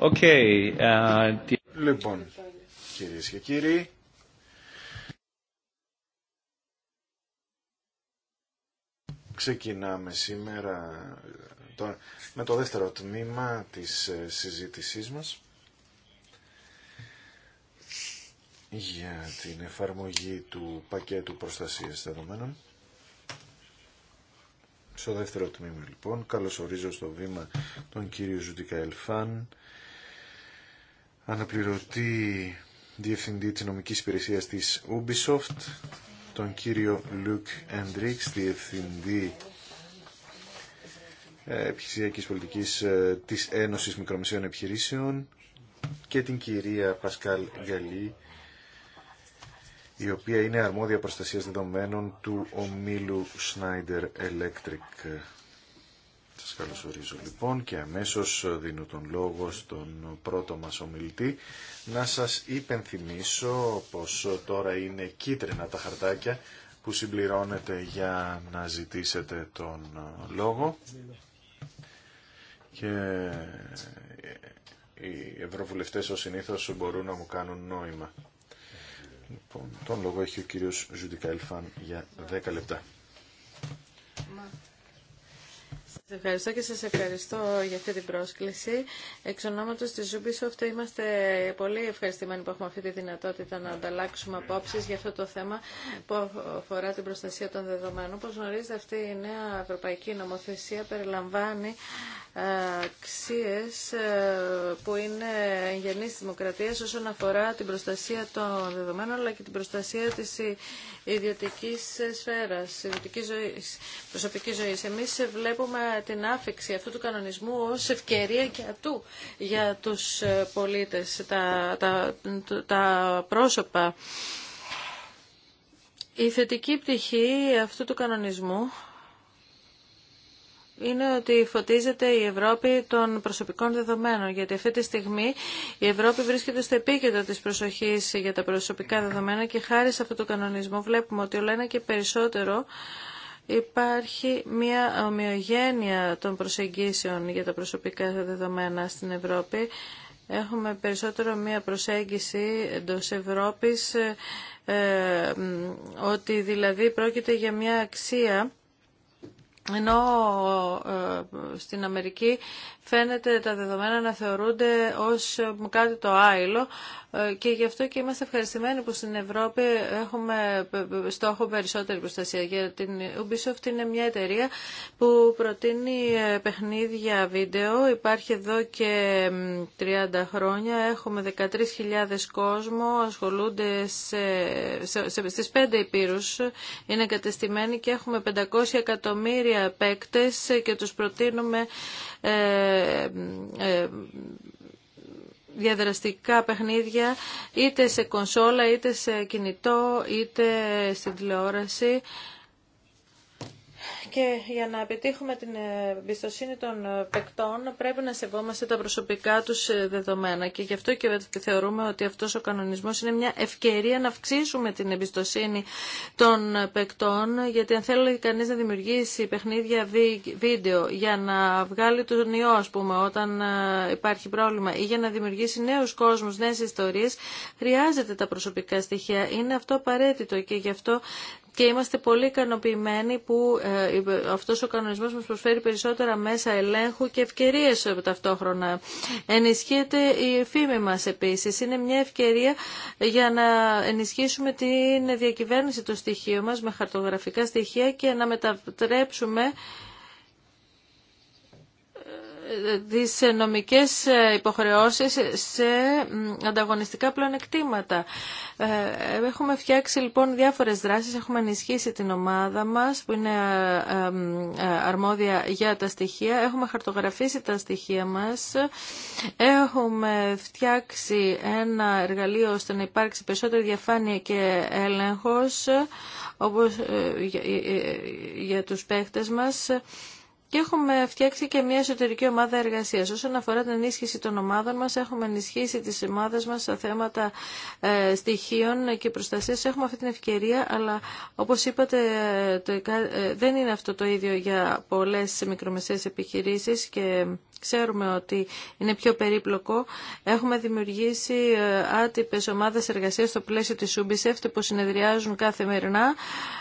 Speaker 1: Okay, uh,
Speaker 2: Λοιπόν, κυρίε και κύριοι, ξεκινάμε σήμερα με το δεύτερο τμήμα της ε, συζήτησής μας για την εφαρμογή του πακέτου προστασίας δεδομένων. Στο δεύτερο τμήμα λοιπόν καλωσορίζω στο βήμα τον κύριο Ζουτικά Ελφάν, αναπληρωτή διευθυντή της νομικής υπηρεσίας της Ubisoft, τον κύριο Λουκ Εντρίξ, διευθυντή ε, επιχειρησιακής πολιτικής ε, της Ένωσης Μικρομεσαίων Επιχειρήσεων και την κυρία Πασκάλ Γκαλή, η οποία είναι αρμόδια προστασίας δεδομένων του ομίλου Schneider Electric. Σας καλωσορίζω λοιπόν και αμέσως δίνω τον λόγο στον πρώτο μας ομιλητή να σας υπενθυμίσω πως τώρα είναι κίτρινα τα χαρτάκια που συμπληρώνετε για να ζητήσετε τον λόγο και οι ευρωβουλευτές ως συνήθως μπορούν να μου κάνουν νόημα. Λοιπόν, τον λόγο έχει ο κύριος Ελφάν για 10 λεπτά.
Speaker 4: Σας ευχαριστώ και σας ευχαριστώ για αυτή την πρόσκληση. Εξ ονόματος της Ubisoft είμαστε πολύ ευχαριστημένοι που έχουμε αυτή τη δυνατότητα να ανταλλάξουμε απόψεις για αυτό το θέμα που αφορά την προστασία των δεδομένων. Όπως γνωρίζετε αυτή η νέα ευρωπαϊκή νομοθεσία περιλαμβάνει ε, αξίε ε, που είναι γεννή δημοκρατία δημοκρατίας όσον αφορά την προστασία των δεδομένων αλλά και την προστασία τη ιδιωτική σφαίρα, ιδιωτική ζωή, προσωπικής ζωής. βλέπουμε την άφηξη αυτού του κανονισμού ως ευκαιρία και ατού για τους ε, πολίτες, τα, τα, τα πρόσωπα. Η θετική πτυχή αυτού του κανονισμού είναι ότι φωτίζεται η Ευρώπη των προσωπικών δεδομένων, γιατί αυτή τη στιγμή η Ευρώπη βρίσκεται στο επίκεντρο της προσοχής για τα προσωπικά δεδομένα και χάρη σε αυτό το κανονισμό βλέπουμε ότι όλα ένα και περισσότερο υπάρχει μια ομοιογένεια των προσεγγίσεων για τα προσωπικά δεδομένα στην Ευρώπη. Έχουμε περισσότερο μια προσέγγιση εντό Ευρώπης ε, ότι δηλαδή πρόκειται για μια αξία ενώ ε, στην Αμερική φαίνεται τα δεδομένα να θεωρούνται ως κάτι το άειλο ε, και γι' αυτό και είμαστε ευχαριστημένοι που στην Ευρώπη έχουμε ε, ε, στόχο περισσότερη προστασία. γιατί την Ubisoft είναι μια εταιρεία που προτείνει παιχνίδια βίντεο. Υπάρχει εδώ και 30 χρόνια. Έχουμε 13.000 κόσμο, ασχολούνται σε, σε, σε, στις 5 υπήρους. Είναι εγκατεστημένοι και έχουμε 500 εκατομμύρια παίκτες και τους προτείνουμε ε, ε, διαδραστικά παιχνίδια είτε σε κονσόλα, είτε σε κινητό, είτε στην τηλεόραση και για να επιτύχουμε την εμπιστοσύνη των παικτών πρέπει να σεβόμαστε τα προσωπικά τους δεδομένα και γι' αυτό και θεωρούμε ότι αυτός ο κανονισμός είναι μια ευκαιρία να αυξήσουμε την εμπιστοσύνη των παικτών γιατί αν θέλει κανείς να δημιουργήσει παιχνίδια βίντεο για να βγάλει τον ιό πούμε όταν ε, υπάρχει πρόβλημα ή για να δημιουργήσει νέους κόσμους, νέες ιστορίες χρειάζεται τα προσωπικά στοιχεία. Είναι αυτό απαραίτητο και γι' αυτό και είμαστε πολύ ικανοποιημένοι που ε, αυτός ο κανονισμός μας προσφέρει περισσότερα μέσα ελέγχου και ευκαιρίες ε, ταυτόχρονα. Ενισχύεται η φήμη μας επίσης. Είναι μια ευκαιρία για να ενισχύσουμε την διακυβέρνηση των στοιχείων μας με χαρτογραφικά στοιχεία και να μετατρέψουμε τις νομικές ε, υποχρεώσεις σε ανταγωνιστικά πλεονεκτήματα. Ε, έχουμε φτιάξει λοιπόν διάφορες δράσεις, έχουμε ενισχύσει την ομάδα μας που είναι ε, αρμόδια για τα στοιχεία, έχουμε χαρτογραφήσει τα στοιχεία μας, έχουμε φτιάξει ένα εργαλείο ώστε να υπάρξει περισσότερη διαφάνεια και έλεγχος όπως για τους παίχτες μας και έχουμε φτιάξει και μια εσωτερική ομάδα εργασία. Όσον αφορά την ενίσχυση των ομάδων μα, έχουμε ενισχύσει τι ομάδε μα σε θέματα ε, στοιχείων και προστασία. Έχουμε αυτή την ευκαιρία, αλλά όπω είπατε, ε, ε, δεν είναι αυτό το ίδιο για πολλέ μικρομεσαίε επιχειρήσει και Ξέρουμε ότι είναι πιο περίπλοκο. Έχουμε δημιουργήσει ε, άτυπες ομάδες εργασίας στο πλαίσιο της Ubisoft που συνεδριάζουν κάθε μερινά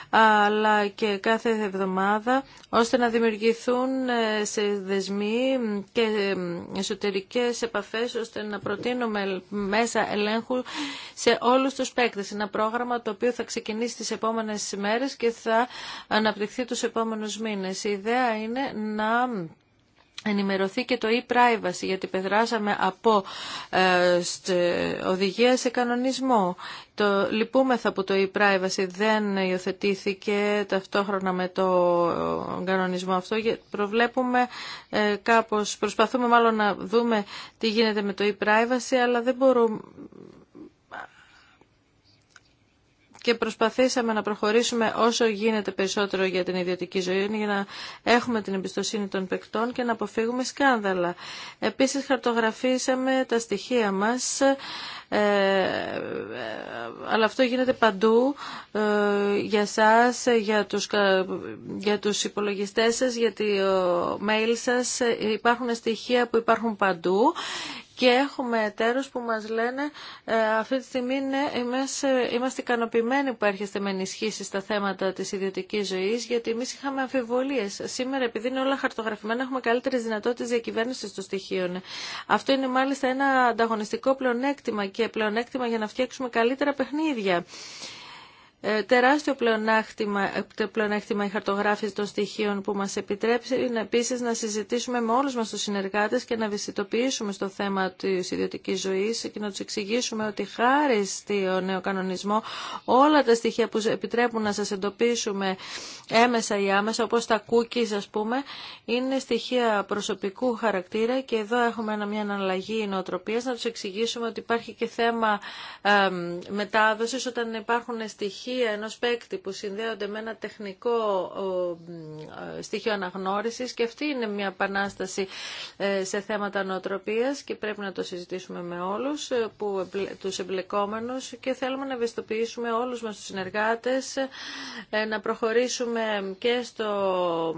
Speaker 4: αλλά και κάθε εβδομάδα ώστε να δημιουργηθούν ε, σε δεσμοί και ε, εσωτερικές επαφές ώστε να προτείνουμε μέσα ελέγχου σε όλους τους παίκτες. Ένα πρόγραμμα το οποίο θα ξεκινήσει τις επόμενες ημέρες και θα αναπτυχθεί τους επόμενους μήνες. Η ιδέα είναι να ενημερωθεί και το e-privacy γιατί πεδράσαμε από ε, οδηγία σε κανονισμό. Το λυπούμεθα που το e-privacy δεν υιοθετήθηκε ταυτόχρονα με το κανονισμό αυτό. Προβλέπουμε ε, κάπως, προσπαθούμε μάλλον να δούμε τι γίνεται με το e-privacy αλλά δεν μπορούμε και προσπαθήσαμε να προχωρήσουμε όσο γίνεται περισσότερο για την ιδιωτική ζωή για να έχουμε την εμπιστοσύνη των παικτών και να αποφύγουμε σκάνδαλα. Επίσης χαρτογραφήσαμε τα στοιχεία μας ε, αλλά αυτό γίνεται παντού ε, για σας, για τους, για τους υπολογιστές σας, για το mail σας. Υπάρχουν στοιχεία που υπάρχουν παντού και έχουμε εταίρου που μας λένε ε, αυτή τη στιγμή είμαστε ικανοποιημένοι που έρχεστε με ενισχύσει στα θέματα της ιδιωτική ζωής γιατί εμεί είχαμε αμφιβολίες. Σήμερα επειδή είναι όλα χαρτογραφημένα έχουμε καλύτερες δυνατότητες διακυβέρνηση των στοιχείων. Αυτό είναι μάλιστα ένα ανταγωνιστικό πλεονέκτημα και πλεονέκτημα για να φτιάξουμε καλύτερα παιχνίδια. Ε, τεράστιο πλεονάκτημα, ε, η χαρτογράφηση των στοιχείων που μας επιτρέψει είναι επίσης να συζητήσουμε με όλους μας τους συνεργάτες και να ευαισθητοποιήσουμε στο θέμα της ιδιωτικής ζωής και να τους εξηγήσουμε ότι χάρη στο νέο κανονισμό όλα τα στοιχεία που επιτρέπουν να σας εντοπίσουμε έμεσα ή άμεσα όπως τα cookies ας πούμε είναι στοιχεία προσωπικού χαρακτήρα και εδώ έχουμε ένα, μια αναλλαγή νοοτροπίας να τους εξηγήσουμε ότι υπάρχει και θέμα ε, όταν υπάρχουν στοιχεία στοιχεία ενός παίκτη που συνδέονται με ένα τεχνικό ε, στοιχείο αναγνώρισης και αυτή είναι μια επανάσταση ε, σε θέματα νοοτροπίας και πρέπει να το συζητήσουμε με όλους ε, που, τους εμπλεκόμενους και θέλουμε να ευαισθητοποιήσουμε όλους μας τους συνεργάτες να προχωρήσουμε και στο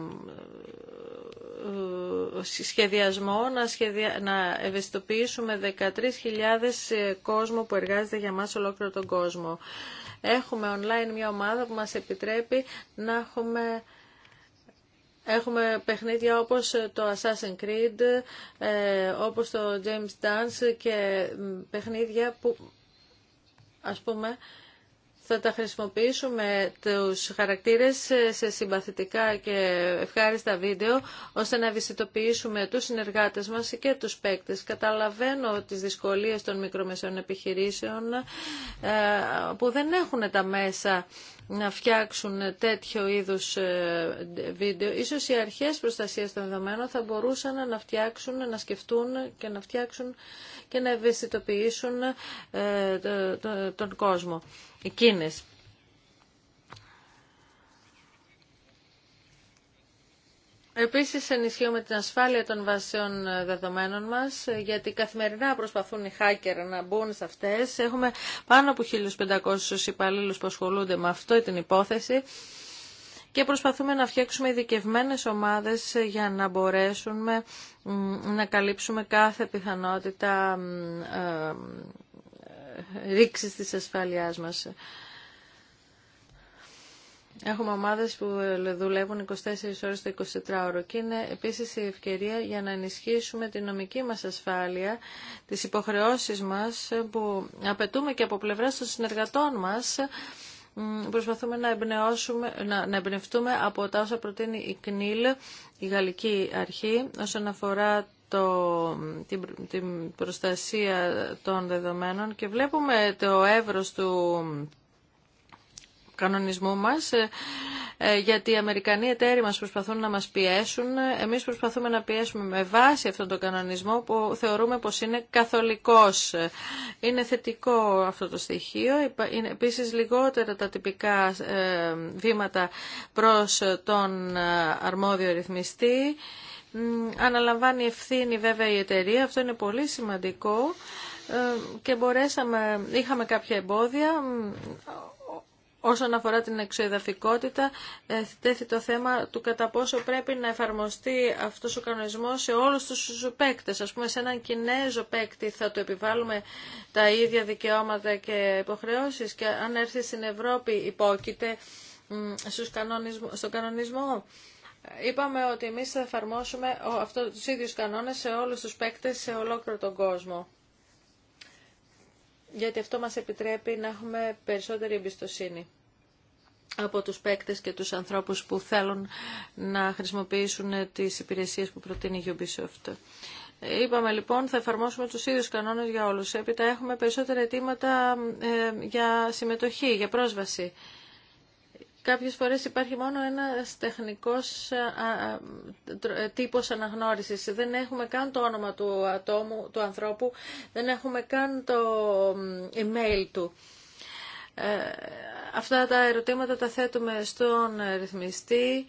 Speaker 4: σχεδιασμό να, σχεδια... να ευαισθητοποιήσουμε 13.000 κόσμο που εργάζεται για μας ολόκληρο τον κόσμο. Έχουμε online μια ομάδα που μας επιτρέπει να έχουμε... Έχουμε παιχνίδια όπως το Assassin's Creed, ε, όπως το James Dance και παιχνίδια που, ας πούμε, θα τα χρησιμοποιήσουμε τους χαρακτήρες σε συμπαθητικά και ευχάριστα βίντεο, ώστε να ευαισθητοποιήσουμε τους συνεργάτες μας και τους παίκτες. Καταλαβαίνω τις δυσκολίες των μικρομεσαίων επιχειρήσεων ε, που δεν έχουν τα μέσα να φτιάξουν τέτοιο είδους ε, βίντεο. Ίσως οι αρχές προστασίας των δεδομένων θα μπορούσαν να φτιάξουν, να σκεφτούν και να φτιάξουν και να ευαισθητοποιήσουν ε, τον κόσμο εκείνες. Επίσης ενισχύουμε την ασφάλεια των βασιών ε, δεδομένων μας, ε, γιατί καθημερινά προσπαθούν οι hacker να μπουν σε αυτές. Έχουμε πάνω από 1.500 υπαλλήλου που ασχολούνται με αυτό την υπόθεση και προσπαθούμε να φτιάξουμε ειδικευμένε ομάδες ε, για να μπορέσουμε να καλύψουμε κάθε πιθανότητα ρήξη της ασφάλειάς μας. Έχουμε ομάδες που δουλεύουν 24 ώρες το 24ωρο και είναι επίσης η ευκαιρία για να ενισχύσουμε την νομική μας ασφάλεια, τις υποχρεώσεις μας που απαιτούμε και από πλευράς των συνεργατών μας προσπαθούμε να, εμπνεώσουμε, να, να εμπνευτούμε από τα όσα προτείνει η ΚΝΙΛ, η Γαλλική Αρχή, όσον αφορά το, την, προστασία των δεδομένων και βλέπουμε το εύρος του κανονισμού μας ε, ε, γιατί οι Αμερικανοί εταίροι μας προσπαθούν να μας πιέσουν. Εμείς προσπαθούμε να πιέσουμε με βάση αυτόν τον κανονισμό που θεωρούμε πως είναι καθολικός. Είναι θετικό αυτό το στοιχείο. Είναι επίσης λιγότερα τα τυπικά ε, βήματα προς τον αρμόδιο ρυθμιστή αναλαμβάνει ευθύνη βέβαια η εταιρεία, αυτό είναι πολύ σημαντικό ε, και μπορέσαμε, είχαμε κάποια εμπόδια Όσον αφορά την εξοεδαφικότητα, ε, τέθη το θέμα του κατά πόσο πρέπει να εφαρμοστεί αυτός ο κανονισμός σε όλους τους παίκτες. Ας πούμε, σε έναν Κινέζο παίκτη θα του επιβάλλουμε τα ίδια δικαιώματα και υποχρεώσεις και αν έρθει στην Ευρώπη υπόκειται στον κανονισμό. Είπαμε ότι εμεί θα εφαρμόσουμε αυτό, τους ίδιους κανόνες σε όλους τους παίκτε, σε ολόκληρο τον κόσμο. Γιατί αυτό μας επιτρέπει να έχουμε περισσότερη εμπιστοσύνη από τους παίκτες και τους ανθρώπους που θέλουν να χρησιμοποιήσουν τις υπηρεσίες που προτείνει η Ubisoft. Είπαμε λοιπόν θα εφαρμόσουμε τους ίδιους κανόνες για όλους. Έπειτα έχουμε περισσότερα αιτήματα ε, για συμμετοχή, για πρόσβαση κάποιες φορές υπάρχει μόνο ένας τεχνικός ε, τύπος αναγνώρισης. Δεν έχουμε καν το όνομα του ατόμου, του ανθρώπου, δεν έχουμε καν το email του. Ε, αυτά τα ερωτήματα τα θέτουμε στον ρυθμιστή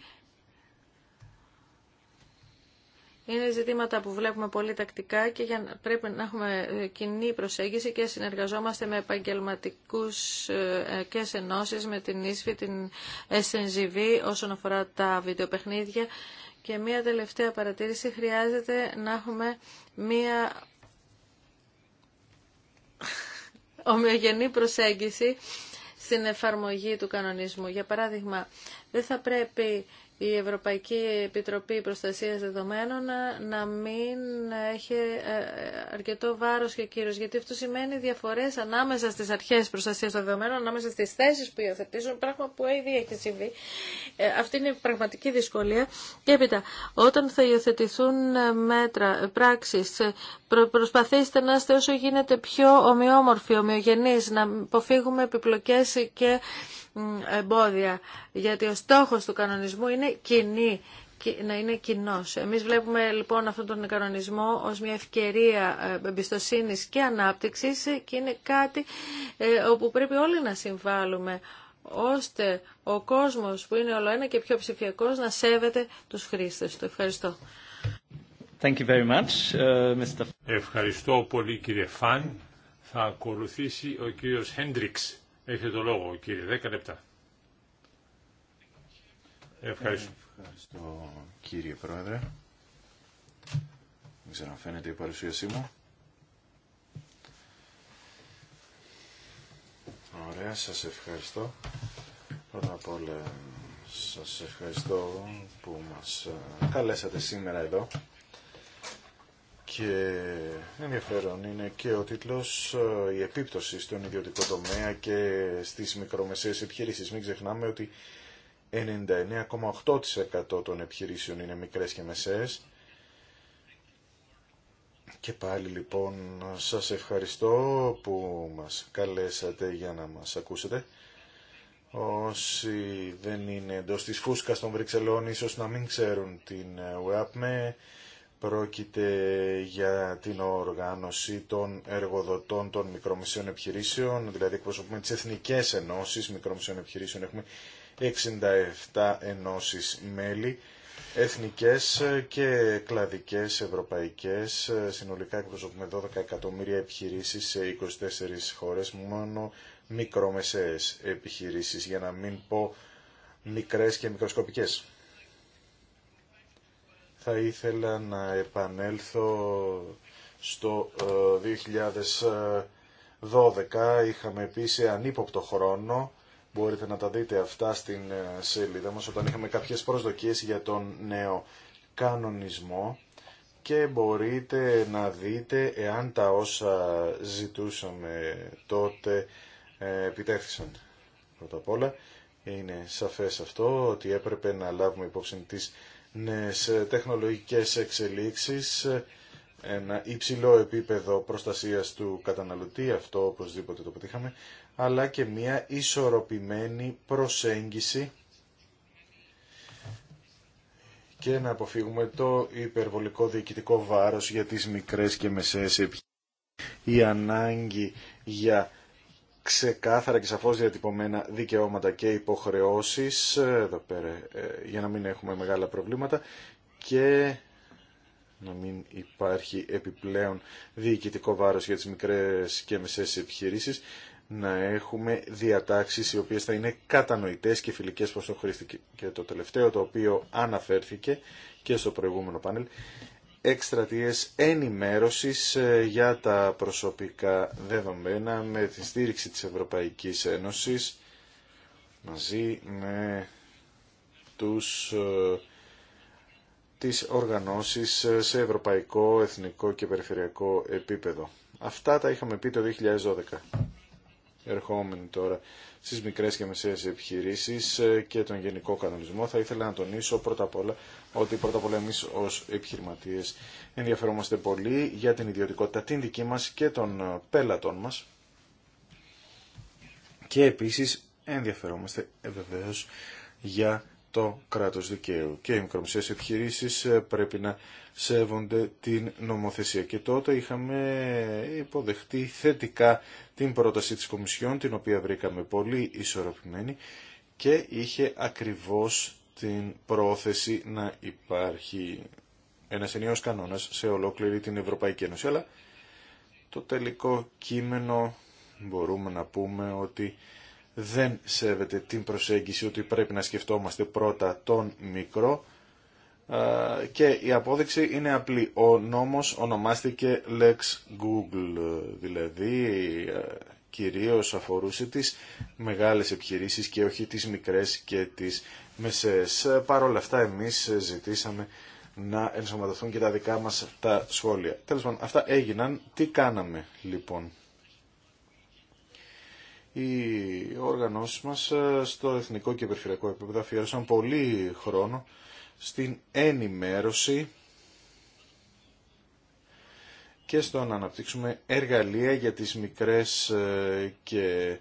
Speaker 4: είναι ζητήματα που βλέπουμε πολύ τακτικά και για, πρέπει να έχουμε ε, κοινή προσέγγιση και συνεργαζόμαστε με επαγγελματικού ε, ε, και ενώσει, με την ίση την SNGV όσον αφορά τα βιντεοπαιχνίδια. Και μία τελευταία παρατήρηση χρειάζεται να έχουμε μία ομοιογενή προσέγγιση στην εφαρμογή του κανονισμού. Για παράδειγμα, δεν θα πρέπει η Ευρωπαϊκή Επιτροπή Προστασίας Δεδομένων να μην έχει ε, ε, αρκετό βάρος και κύρος, γιατί αυτό σημαίνει διαφορές ανάμεσα στις αρχές προστασίας των δεδομένων, ανάμεσα στις θέσεις που υιοθετήσουν, πράγμα που ήδη έχει συμβεί. Ε, αυτή είναι η πραγματική δυσκολία. Και έπειτα, όταν θα υιοθετηθούν μέτρα, πράξεις, προσπαθήστε να είστε όσο γίνεται πιο ομοιόμορφοι, ομοιογενείς, να αποφύγουμε επιπλοκές και εμπόδια. Γιατί ο στόχος του κανονισμού είναι κοινή να είναι κοινό. Εμείς βλέπουμε λοιπόν αυτόν τον κανονισμό ως μια ευκαιρία ε, εμπιστοσύνη και ανάπτυξης και είναι κάτι ε, όπου πρέπει όλοι να συμβάλλουμε ώστε ο κόσμος που είναι όλο ένα και πιο ψηφιακός να σέβεται τους χρήστες Το Ευχαριστώ.
Speaker 3: Thank you very much, uh, Mr. Ευχαριστώ πολύ κύριε Φαν. Θα ακολουθήσει ο κύριος Χέντριξ. Έχετε το λόγο κύριε, 10 λεπτά.
Speaker 2: Ευχαριστώ. Ευχαριστώ κύριε Πρόεδρε. Δεν ξέρω αν φαίνεται η παρουσίασή μου. Ωραία, σας ευχαριστώ. Πρώτα απ' όλα σας ευχαριστώ που μας ε, καλέσατε σήμερα εδώ και ενδιαφέρον είναι και ο τίτλος ε, «Η επίπτωση στον ιδιωτικό τομέα και στις μικρομεσαίες επιχειρήσεις». Μην ξεχνάμε ότι 99,8% των επιχειρήσεων είναι μικρές και μεσαίες. Και πάλι λοιπόν σας ευχαριστώ που μας καλέσατε για να μας ακούσετε. Όσοι δεν είναι εντός της φούσκας των Βρυξελών ίσως να μην ξέρουν την ΟΕΑΠΜΕ. Πρόκειται για την οργάνωση των εργοδοτών των μικρομεσαίων επιχειρήσεων, δηλαδή εκπροσωπούμε τις εθνικές ενώσεις μικρομεσαίων επιχειρήσεων. Έχουμε 67 ενώσεις μέλη, εθνικές και κλαδικές ευρωπαϊκές. Συνολικά εκπροσωπούμε 12 εκατομμύρια επιχειρήσεις σε 24 χώρες, μόνο μικρομεσαίες επιχειρήσεις, για να μην πω μικρές και μικροσκοπικές θα ήθελα να επανέλθω στο 2012. Ε, είχαμε επίσης ανύποπτο χρόνο. Μπορείτε να τα δείτε αυτά στην ε, σελίδα μας όταν είχαμε κάποιες προσδοκίες για τον νέο κανονισμό και μπορείτε να δείτε εάν τα όσα ζητούσαμε τότε ε, επιτέχθησαν. Πρώτα απ' όλα είναι σαφές αυτό ότι έπρεπε να λάβουμε υπόψη τις νέες ε, τεχνολογικές εξελίξεις, ε, ένα υψηλό επίπεδο προστασίας του καταναλωτή, αυτό οπωσδήποτε το πετύχαμε, αλλά και μια ισορροπημένη προσέγγιση και να αποφύγουμε το υπερβολικό διοικητικό βάρος για τις μικρές και μεσαίες επιχειρήσεις. Η ανάγκη για ξεκάθαρα και σαφώς διατυπωμένα δικαιώματα και υποχρεώσεις, ε, εδώ πέρα, ε, για να μην έχουμε μεγάλα προβλήματα και να μην υπάρχει επιπλέον διοικητικό βάρος για τις μικρές και μεσές επιχειρήσεις, να έχουμε διατάξεις οι οποίες θα είναι κατανοητές και φιλικές προς τον χρήστη. Και το τελευταίο το οποίο αναφέρθηκε και στο προηγούμενο πάνελ εκστρατείες ενημέρωσης ε, για τα προσωπικά δεδομένα με τη στήριξη της Ευρωπαϊκής Ένωσης μαζί με τους, ε, τις οργανώσεις ε, σε ευρωπαϊκό, εθνικό και περιφερειακό επίπεδο. Αυτά τα είχαμε πει το 2012 ερχόμενοι τώρα στις μικρές και μεσαίες επιχειρήσεις ε, και τον γενικό κανονισμό, θα ήθελα να τονίσω πρώτα απ' όλα ότι πρώτα απ' όλα εμείς ως επιχειρηματίες ενδιαφερόμαστε πολύ για την ιδιωτικότητα την δική μας και των ε, πέλατων μας και επίσης ενδιαφερόμαστε ε, βεβαίω για το κράτος δικαίου. Και οι μικρομεσαίες επιχειρήσεις ε, πρέπει να σέβονται την νομοθεσία. Και τότε είχαμε υποδεχτεί θετικά την πρόταση της Κομισιόν, την οποία βρήκαμε πολύ ισορροπημένη και είχε ακριβώς την πρόθεση να υπάρχει ένας ενιαίος κανόνας σε ολόκληρη την Ευρωπαϊκή Ένωση. Αλλά το τελικό κείμενο μπορούμε να πούμε ότι δεν σέβεται την προσέγγιση ότι πρέπει να σκεφτόμαστε πρώτα τον μικρό και η απόδειξη είναι απλή. Ο νόμος ονομάστηκε Lex Google, δηλαδή ε, κυρίως αφορούσε τις μεγάλες επιχειρήσεις και όχι τις μικρές και τις μεσαίες. Ε, παρ' όλα αυτά εμείς ζητήσαμε να ενσωματωθούν και τα δικά μας τα σχόλια. Τέλος πάντων, αυτά έγιναν. Τι κάναμε λοιπόν οι οργανώσεις μας ε, στο εθνικό και περιφερειακό επίπεδο αφιέρωσαν πολύ χρόνο στην ενημέρωση και στο να αναπτύξουμε εργαλεία για τις μικρές ε, και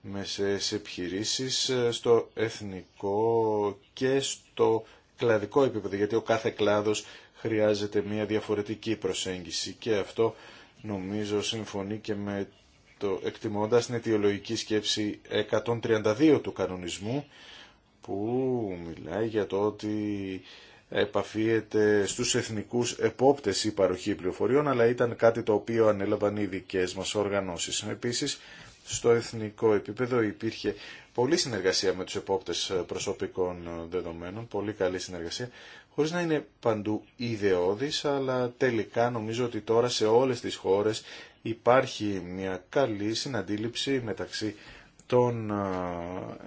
Speaker 2: μεσαίες επιχειρήσεις ε, στο εθνικό και στο κλαδικό επίπεδο, γιατί ο κάθε κλάδος χρειάζεται μια διαφορετική προσέγγιση και αυτό νομίζω συμφωνεί και με το εκτιμώντας την αιτιολογική σκέψη 132 του κανονισμού που μιλάει για το ότι επαφίεται στους εθνικούς επόπτες η παροχή πληροφοριών, αλλά ήταν κάτι το οποίο ανέλαβαν οι δικές μας οργανώσεις. Επίσης, στο εθνικό επίπεδο υπήρχε πολλή συνεργασία με τους επόπτες προσωπικών δεδομένων, πολύ καλή συνεργασία, χωρίς να είναι παντού ιδεώδης, αλλά τελικά νομίζω ότι τώρα σε όλες τις χώρες υπάρχει μια καλή συναντήληψη μεταξύ των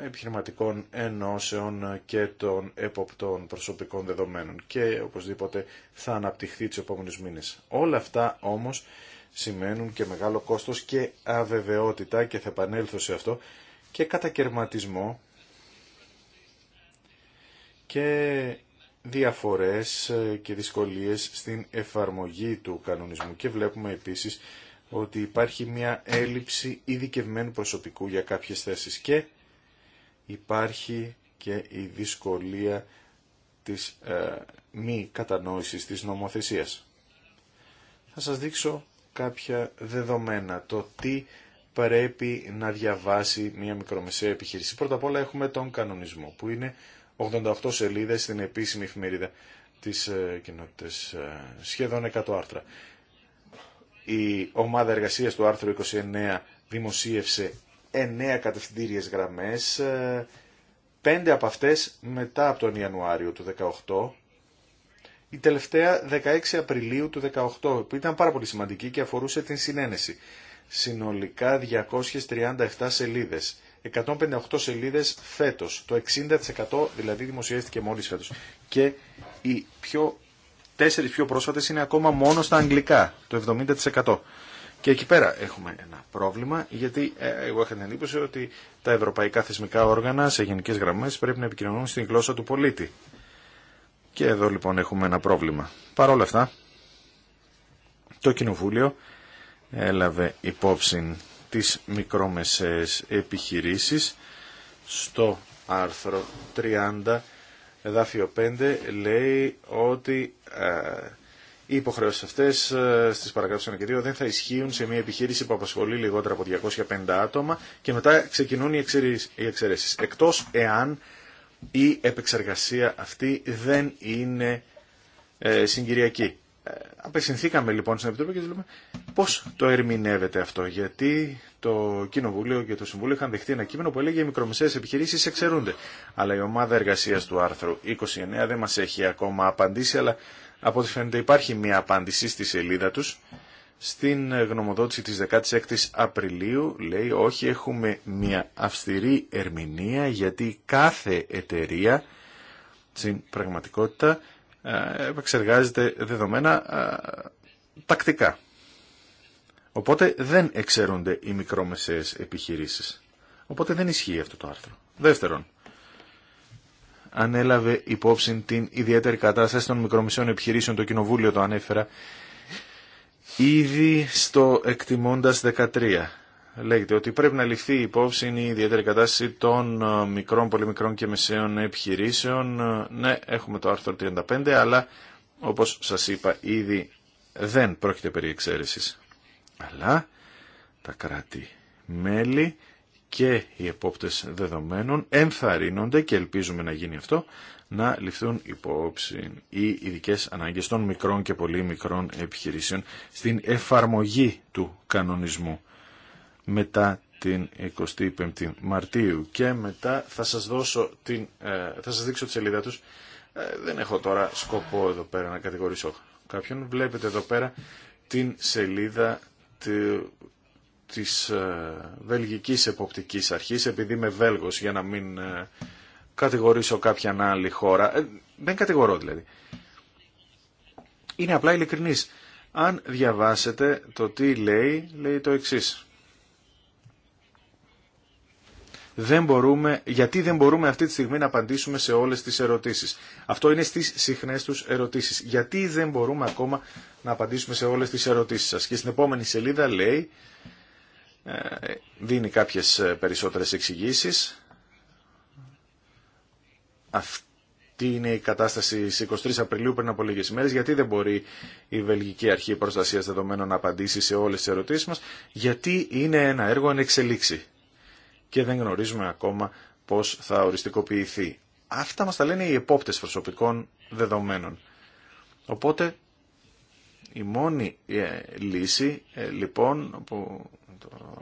Speaker 2: επιχειρηματικών ενώσεων και των εποπτών προσωπικών δεδομένων και οπωσδήποτε θα αναπτυχθεί τις επόμενους μήνες. Όλα αυτά όμως σημαίνουν και μεγάλο κόστος και αβεβαιότητα και θα επανέλθω σε αυτό και κατακαιρματισμό και διαφορές και δυσκολίες στην εφαρμογή του κανονισμού και βλέπουμε επίσης ότι υπάρχει μια έλλειψη ειδικευμένου προσωπικού για κάποιες θέσεις και υπάρχει και η δυσκολία της ε, μη κατανόησης της νομοθεσίας. Θα σας δείξω κάποια δεδομένα, το τι πρέπει να διαβάσει μια μικρομεσαία επιχείρηση. Πρώτα απ' όλα έχουμε τον κανονισμό που είναι 88 σελίδες στην επίσημη εφημερίδα της ε, κοινότητας, ε, σχεδόν 100 άρθρα η ομάδα εργασίας του άρθρου 29 δημοσίευσε 9 κατευθυντήριε γραμμές, ε, πέντε από αυτές μετά από τον Ιανουάριο του 18, η τελευταία 16 Απριλίου του 18, που ήταν πάρα πολύ σημαντική και αφορούσε την συνένεση. Συνολικά 237 σελίδες. 158 σελίδες φέτος. Το 60% δηλαδή δημοσιεύτηκε μόλις φέτος. Και η πιο τέσσερις πιο πρόσφατες είναι ακόμα μόνο στα αγγλικά, το 70%. Και εκεί πέρα έχουμε ένα πρόβλημα, γιατί ε, εγώ είχα την εντύπωση ότι τα ευρωπαϊκά θεσμικά όργανα σε γενικές γραμμές πρέπει να επικοινωνούν στην γλώσσα του πολίτη. Και εδώ λοιπόν έχουμε ένα πρόβλημα. Παρ' όλα αυτά, το Κοινοβούλιο έλαβε υπόψη τις μικρόμεσες επιχειρήσεις στο άρθρο 30 εδάφιο 5 λέει ότι ε, οι υποχρεώσει αυτέ ε, στι παραγράφου 1 και 2 δεν θα ισχύουν σε μια επιχείρηση που απασχολεί λιγότερα από 250 άτομα και μετά ξεκινούν οι εξαιρέσει. Εκτό εάν η επεξεργασία αυτή δεν είναι ε, συγκυριακή. Ε, απευθυνθήκαμε λοιπόν στην Επιτροπή και λέμε πώ το ερμηνεύεται αυτό. Γιατί το Κοινοβούλιο και το Συμβούλιο είχαν δεχτεί ένα κείμενο που έλεγε οι μικρομεσαίε επιχειρήσει εξαιρούνται. Αλλά η ομάδα εργασία του άρθρου 29 δεν μα έχει ακόμα απαντήσει, αλλά από ό,τι φαίνεται υπάρχει μια απάντηση στη σελίδα του. Στην γνωμοδότηση της 16ης Απριλίου λέει όχι έχουμε μια αυστηρή ερμηνεία γιατί κάθε εταιρεία στην πραγματικότητα ε, επεξεργάζεται δεδομένα ε, τακτικά. Οπότε δεν εξαιρούνται οι μικρόμεσαίες επιχειρήσεις. Οπότε δεν ισχύει αυτό το άρθρο. Δεύτερον, ανέλαβε υπόψη την ιδιαίτερη κατάσταση των μικρομεσαίων επιχειρήσεων, το Κοινοβούλιο το ανέφερα, ήδη στο εκτιμώντας 13 λέγεται ότι πρέπει να ληφθεί υπόψη η ιδιαίτερη κατάσταση των ε, μικρών, πολύ μικρών και μεσαίων επιχειρήσεων. Ε, ναι, έχουμε το άρθρο 35, αλλά όπως σας είπα ήδη δεν πρόκειται περί εξαίρεσης. Αλλά τα κράτη-μέλη και οι επόπτες δεδομένων ενθαρρύνονται και ελπίζουμε να γίνει αυτό να ληφθούν υπόψη οι ειδικέ ανάγκες των μικρών και πολύ μικρών επιχειρήσεων στην εφαρμογή του κανονισμού μετά την 25η Μαρτίου και μετά θα σας, δώσω την, ε, θα σας δείξω τη σελίδα τους. Ε, δεν έχω τώρα σκοπό εδώ πέρα να κατηγορήσω κάποιον. Βλέπετε εδώ πέρα την σελίδα της ε, Βελγικής Εποπτικής Αρχής επειδή είμαι Βέλγος για να μην κατηγορήσω κάποια άλλη χώρα. δεν κατηγορώ δηλαδή. Είναι απλά ειλικρινής. Αν διαβάσετε το τι λέει, λέει το εξής. δεν μπορούμε, γιατί δεν μπορούμε αυτή τη στιγμή να απαντήσουμε σε όλες τις ερωτήσεις. Αυτό είναι στις συχνές τους ερωτήσεις. Γιατί δεν μπορούμε ακόμα να απαντήσουμε σε όλες τις ερωτήσεις σας. Και στην επόμενη σελίδα λέει, ε, δίνει κάποιες ε, περισσότερες εξηγήσει. Αυτή είναι η κατάσταση στις 23 Απριλίου πριν από λίγες μέρες. Γιατί δεν μπορεί η Βελγική Αρχή Προστασίας Δεδομένων να απαντήσει σε όλες τις ερωτήσεις μας. Γιατί είναι ένα έργο εν εξελίξη και δεν γνωρίζουμε ακόμα πώς θα οριστικοποιηθεί. Αυτά μας τα λένε οι επόπτες προσωπικών δεδομένων. Οπότε η μόνη ε, λύση ε, λοιπόν που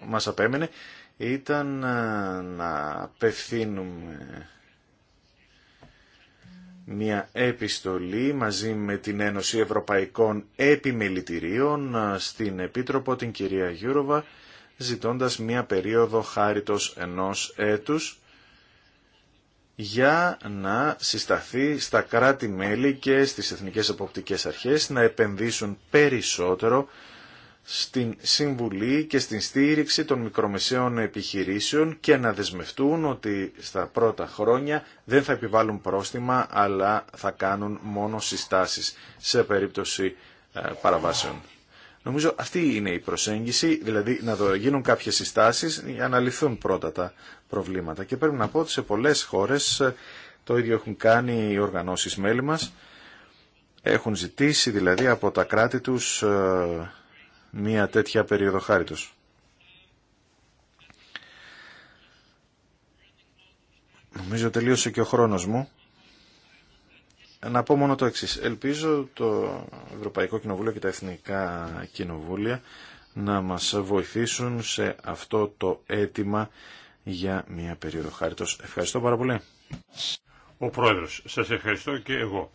Speaker 2: μας απέμενε ήταν ε, να απευθύνουμε μια επιστολή μαζί με την Ένωση Ευρωπαϊκών Επιμελητηρίων στην Επίτροπο την κυρία Γιούροβα ζητώντας μία περίοδο χάριτος ενός έτους για να συσταθεί στα κράτη-μέλη και στις εθνικές εποπτικές αρχές να επενδύσουν περισσότερο στην συμβουλή και στην στήριξη των μικρομεσαίων επιχειρήσεων και να δεσμευτούν ότι στα πρώτα χρόνια δεν θα επιβάλλουν πρόστιμα αλλά θα κάνουν μόνο συστάσεις σε περίπτωση ε, παραβάσεων. Νομίζω αυτή είναι η προσέγγιση, δηλαδή να γίνουν κάποιες συστάσεις για να λυθούν πρώτα τα προβλήματα. Και πρέπει να πω ότι σε πολλές χώρες ε, το ίδιο έχουν κάνει οι οργανώσεις μέλη μας. Έχουν ζητήσει δηλαδή από τα κράτη τους ε, μία τέτοια περίοδο χάριτος. Νομίζω τελείωσε και ο χρόνος μου. Να πω μόνο το εξή. Ελπίζω το Ευρωπαϊκό Κοινοβούλιο και τα Εθνικά Κοινοβούλια να μας βοηθήσουν σε αυτό το αίτημα για μια περίοδο χάριτος. Ευχαριστώ πάρα πολύ.
Speaker 3: Ο Πρόεδρος, σας ευχαριστώ και εγώ.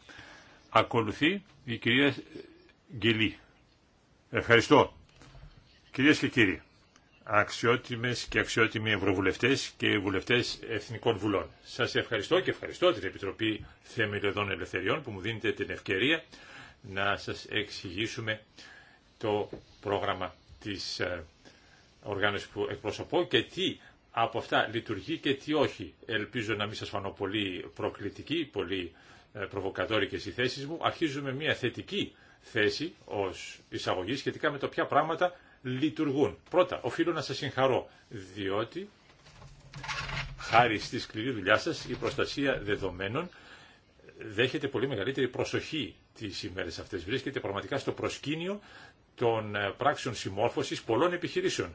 Speaker 3: Ακολουθεί η κυρία Γκελή. Ευχαριστώ. Κυρίες και κύριοι, αξιότιμες και αξιότιμοι ευρωβουλευτές και βουλευτές εθνικών βουλών. Σας ευχαριστώ και ευχαριστώ την Επιτροπή Θεμελιωδών Ελευθεριών που μου δίνετε την ευκαιρία να σας εξηγήσουμε το πρόγραμμα της ε, οργάνωσης που εκπροσωπώ και τι από αυτά λειτουργεί και τι όχι. Ελπίζω να μην σας φανώ πολύ προκλητική, πολύ ε, προβοκατόρικες οι θέσεις μου. Αρχίζουμε μια θετική θέση ως εισαγωγή σχετικά με το ποια πράγματα λειτουργούν. Πρώτα, οφείλω να σας συγχαρώ, διότι χάρη στη σκληρή δουλειά σας η προστασία δεδομένων δέχεται πολύ μεγαλύτερη προσοχή τις ημέρες αυτές. Βρίσκεται πραγματικά στο προσκήνιο των ε, πράξεων συμμόρφωσης πολλών επιχειρήσεων.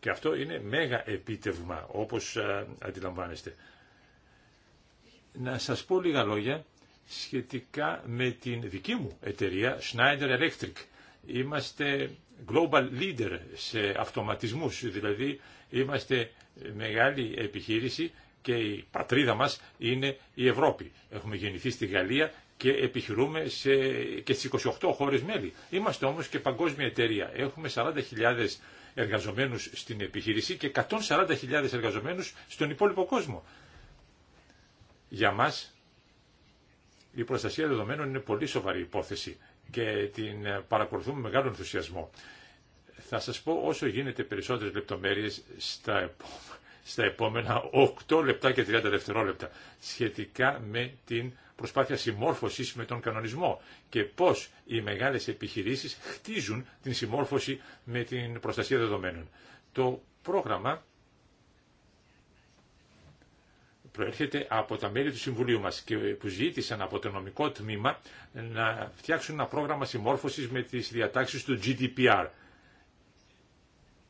Speaker 3: Και αυτό είναι μέγα επίτευγμα, όπως ε, αντιλαμβάνεστε. Να σας πω λίγα λόγια σχετικά με την δική μου εταιρεία Schneider Electric. Είμαστε global leader σε αυτοματισμούς, δηλαδή είμαστε μεγάλη επιχείρηση και η πατρίδα μας είναι η Ευρώπη. Έχουμε γεννηθεί στη Γαλλία και επιχειρούμε σε, και στις 28 χώρες μέλη. Είμαστε όμως και παγκόσμια εταιρεία. Έχουμε 40.000 εργαζομένους στην επιχείρηση και 140.000 εργαζομένους στον υπόλοιπο κόσμο. Για μας η προστασία δεδομένων είναι πολύ σοβαρή υπόθεση και την ε, παρακολουθούμε με μεγάλο ενθουσιασμό. Θα σας πω όσο γίνεται περισσότερες λεπτομέρειες στα επόμενα 8 λεπτά και 30 δευτερόλεπτα σχετικά με την προσπάθεια συμμόρφωσης με τον κανονισμό και πώς οι μεγάλες επιχειρήσεις χτίζουν την συμμόρφωση με την προστασία δεδομένων. Το πρόγραμμα προέρχεται από τα μέλη του Συμβουλίου μας και που ζήτησαν από το νομικό τμήμα να φτιάξουν ένα πρόγραμμα συμμόρφωσης με τις διατάξεις του GDPR.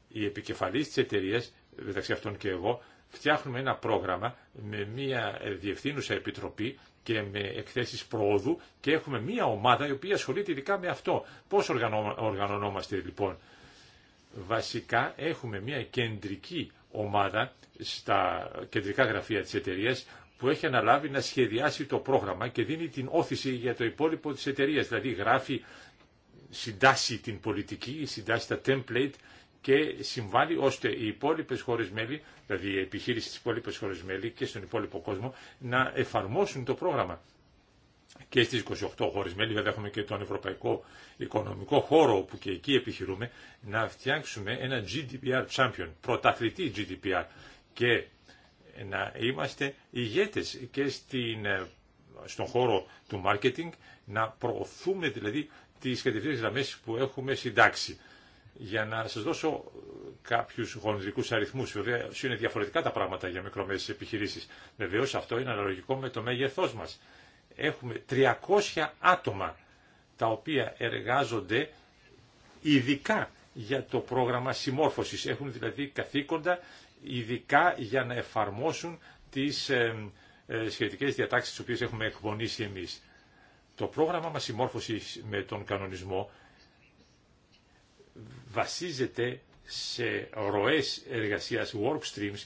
Speaker 3: Οι επικεφαλής της εταιρεία, μεταξύ αυτών και εγώ, φτιάχνουμε ένα πρόγραμμα με μια διευθύνουσα επιτροπή και με εκθέσεις προόδου και έχουμε μια ομάδα η οποία ασχολείται ειδικά με αυτό. Πώς οργανωνόμαστε λοιπόν. Βασικά έχουμε μια κεντρική ομάδα στα κεντρικά γραφεία της εταιρείας που έχει αναλάβει να σχεδιάσει το πρόγραμμα και δίνει την όθηση για το υπόλοιπο της εταιρείας. Δηλαδή γράφει, συντάσσει την πολιτική, συντάσσει τα template και συμβάλλει ώστε οι υπόλοιπε χώρε μέλη, δηλαδή η επιχείρηση τη υπόλοιπε χώρε μέλη και στον υπόλοιπο κόσμο, να εφαρμόσουν το πρόγραμμα και στις 28 χώρες μέλη, βέβαια έχουμε και τον Ευρωπαϊκό Οικονομικό Χώρο που και εκεί επιχειρούμε, να φτιάξουμε ένα GDPR champion, πρωταθλητή GDPR και να είμαστε ηγέτες και στην, ε, στον χώρο του marketing, να προωθούμε δηλαδή τις κατευθύνσεις γραμμές που έχουμε συντάξει. Για να σας δώσω ε, κάποιους γονιδικούς αριθμούς, βέβαια είναι διαφορετικά τα πράγματα για μικρομεσαίες επιχειρήσεις. Βεβαίως αυτό είναι αναλογικό με το μέγεθός μας έχουμε 300 άτομα τα οποία εργάζονται ειδικά για το πρόγραμμα συμμόρφωσης. Έχουν δηλαδή καθήκοντα ειδικά για να εφαρμόσουν τις ε, ε, σχετικές διατάξεις τις οποίες έχουμε εκπονήσει εμείς. Το πρόγραμμα μας συμμόρφωσης με τον κανονισμό βασίζεται σε ροές εργασίας work streams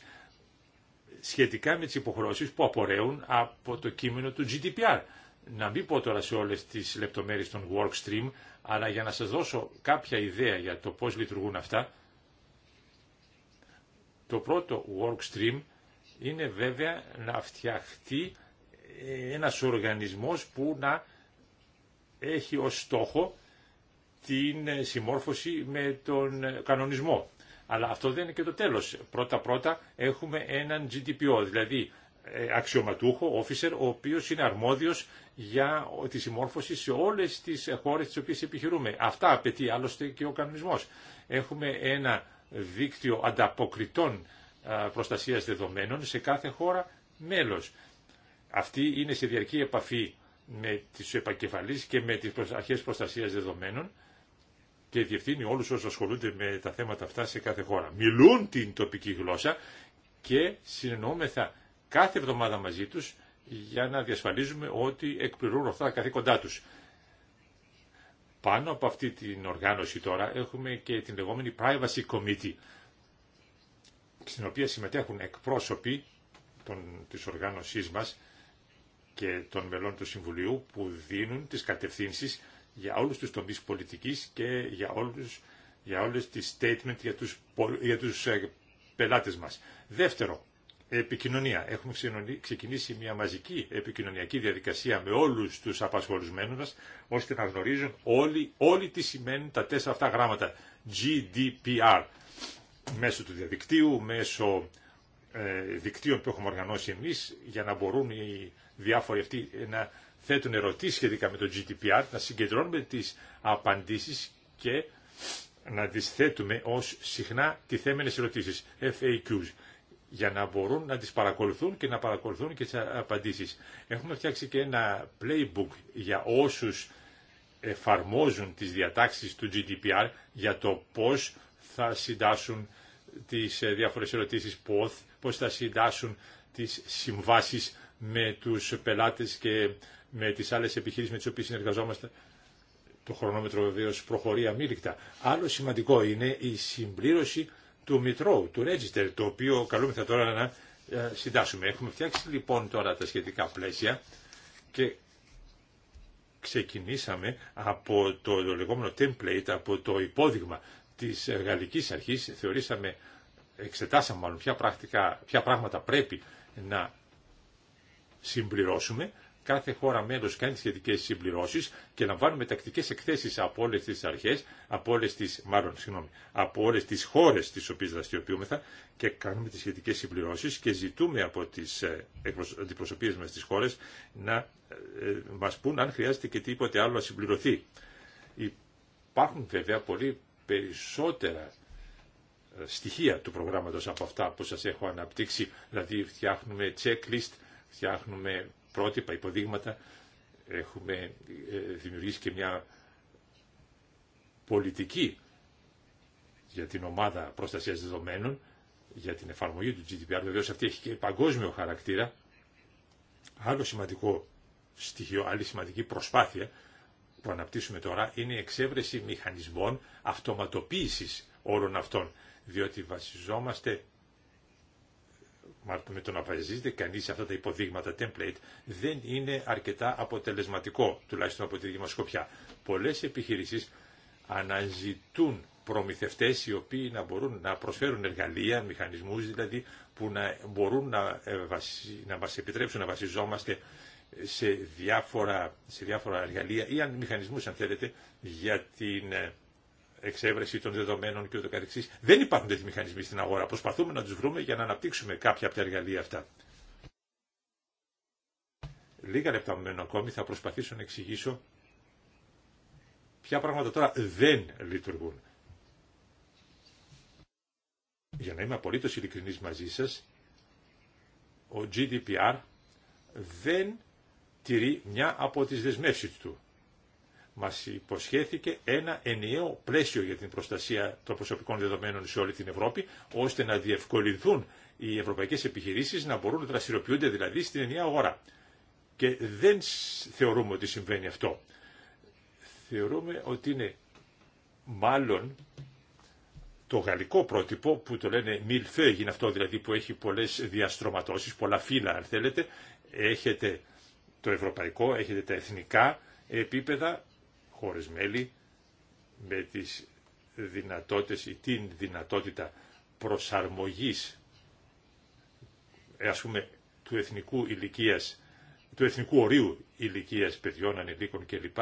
Speaker 3: σχετικά με τις υποχρεώσεις που απορρέουν από το κείμενο του GDPR. Να μην πω τώρα σε όλες τις λεπτομέρειες των workstream, αλλά για να σας δώσω κάποια ιδέα για το πώς λειτουργούν αυτά, το πρώτο workstream είναι βέβαια να φτιαχτεί ε, ένας οργανισμός που να έχει ως στόχο την ε, συμμόρφωση με τον ε, κανονισμό. Αλλά αυτό δεν είναι και το τέλος. Πρώτα-πρώτα έχουμε έναν GDPO, δηλαδή ε, αξιωματούχο, officer, ο οποίος είναι αρμόδιος για τη συμμόρφωση σε όλες τις χώρες τις οποίες επιχειρούμε. Αυτά απαιτεί άλλωστε και ο κανονισμός. Έχουμε ένα δίκτυο ανταποκριτών προστασίας δεδομένων σε κάθε χώρα μέλος. Αυτή είναι σε διαρκή επαφή με τις επακεφαλείς και με τις αρχές προστασίας δεδομένων και διευθύνει όλους όσους ασχολούνται με τα θέματα αυτά σε κάθε χώρα. Μιλούν την τοπική γλώσσα και συνεννοούμεθα κάθε εβδομάδα μαζί τους για να διασφαλίζουμε ότι εκπληρούν αυτά τα καθήκοντά τους. Πάνω από αυτή την οργάνωση τώρα έχουμε και την λεγόμενη Privacy Committee, στην οποία συμμετέχουν εκπρόσωποι των, της οργάνωσής μας και των μελών του Συμβουλίου που δίνουν τις κατευθύνσεις για όλους τους τομείς πολιτικής και για, όλους, για όλες τις statement για τους, για τους ε, πελάτες μας. Δεύτερο, επικοινωνία. Έχουμε ξεκινήσει μια μαζική επικοινωνιακή διαδικασία με όλους τους απασχολουμένους μας, ώστε να γνωρίζουν όλοι, όλοι τι σημαίνουν τα τέσσερα αυτά γράμματα. GDPR. Μέσω του διαδικτύου, μέσω ε, δικτύων που έχουμε οργανώσει εμείς για να μπορούν οι διάφοροι αυτοί να θέτουν ερωτήσεις σχετικά με το GDPR, να συγκεντρώνουμε τις απαντήσεις και να τις θέτουμε ως συχνά τιθέμενες ερωτήσεις, FAQs, για να μπορούν να τις παρακολουθούν και να παρακολουθούν και τις απαντήσεις. Έχουμε φτιάξει και ένα playbook για όσους εφαρμόζουν τις διατάξεις του GDPR για το πώς θα συντάσσουν τις ε, διάφορες ερωτήσεις, πώς θα συντάσσουν τις συμβάσεις με τους πελάτες και με τις άλλες επιχειρήσεις με τι οποίε συνεργαζόμαστε. Το χρονόμετρο βεβαίω προχωρεί αμήλικτα. Άλλο σημαντικό είναι η συμπλήρωση του Μητρώου, του Register, το οποίο καλούμεθα τώρα να ε, συντάσσουμε. Έχουμε φτιάξει λοιπόν τώρα τα σχετικά πλαίσια και ξεκινήσαμε από το λεγόμενο template, από το υπόδειγμα της γαλλικής αρχής. Θεωρήσαμε, εξετάσαμε μάλλον ποια πράγματα πρέπει να συμπληρώσουμε κάθε χώρα μέλο κάνει σχετικέ συμπληρώσει και λαμβάνουμε τακτικέ εκθέσει από όλε τι αρχές, από όλες τις, μάλλον, συγγνώμη, από χώρες τις οποίες δραστηριοποιούμεθα και κάνουμε τι σχετικέ συμπληρώσει και ζητούμε από τις ε, αντιπροσωπείε μα στις χώρε να ε, μα πούν αν χρειάζεται και τίποτε άλλο να συμπληρωθεί. Υπάρχουν βέβαια πολύ περισσότερα ε, στοιχεία του προγράμματος από αυτά που σας έχω αναπτύξει, δηλαδή φτιάχνουμε checklist, φτιάχνουμε πρότυπα, υποδείγματα. Έχουμε ε, δημιουργήσει και μια πολιτική για την ομάδα προστασίας δεδομένων, για την εφαρμογή του GDPR. Βεβαίως αυτή έχει και παγκόσμιο χαρακτήρα. Άλλο σημαντικό στοιχείο, άλλη σημαντική προσπάθεια που αναπτύσσουμε τώρα είναι η εξέβρεση μηχανισμών αυτοματοποίησης όλων αυτών, διότι βασιζόμαστε με το να βασίζεται κανείς σε αυτά τα υποδείγματα template δεν είναι αρκετά αποτελεσματικό, τουλάχιστον από τη δική μας σκοπιά. Πολλές επιχειρήσεις αναζητούν προμηθευτές οι οποίοι να μπορούν να προσφέρουν εργαλεία, μηχανισμούς δηλαδή, που να μπορούν να, ε, να μας επιτρέψουν να βασιζόμαστε σε διάφορα, σε διάφορα εργαλεία ή αν μηχανισμούς αν θέλετε για την ε, εξέβρεση των δεδομένων και ούτω καθεξής. Δεν υπάρχουν τέτοιοι μηχανισμοί στην αγορά. Προσπαθούμε να τους βρούμε για να αναπτύξουμε κάποια από τα εργαλεία αυτά. Λίγα λεπτά μου μένουν ακόμη, θα προσπαθήσω να εξηγήσω ποια πράγματα τώρα δεν λειτουργούν. Για να είμαι απολύτως ειλικρινής μαζί σας, ο GDPR δεν τηρεί μια από τις δεσμεύσεις του μας υποσχέθηκε ένα ενιαίο πλαίσιο για την προστασία των προσωπικών δεδομένων σε όλη την Ευρώπη, ώστε να διευκολυνθούν οι ευρωπαϊκές επιχειρήσεις να μπορούν να δραστηριοποιούνται δηλαδή στην ενιαία αγορά. Και δεν θεωρούμε ότι συμβαίνει αυτό. Θεωρούμε ότι είναι μάλλον το γαλλικό πρότυπο που το λένε «milfeuille» είναι αυτό δηλαδή που έχει πολλές διαστρωματώσεις, πολλά φύλλα αν θέλετε. Έχετε το ευρωπαϊκό, έχετε τα εθνικά επίπεδα χώρες μέλη με τις δυνατότητες ή την δυνατότητα προσαρμογής ε, ας πούμε του εθνικού ηλικίας, του εθνικού ορίου ηλικίας παιδιών, ανηλίκων κλπ.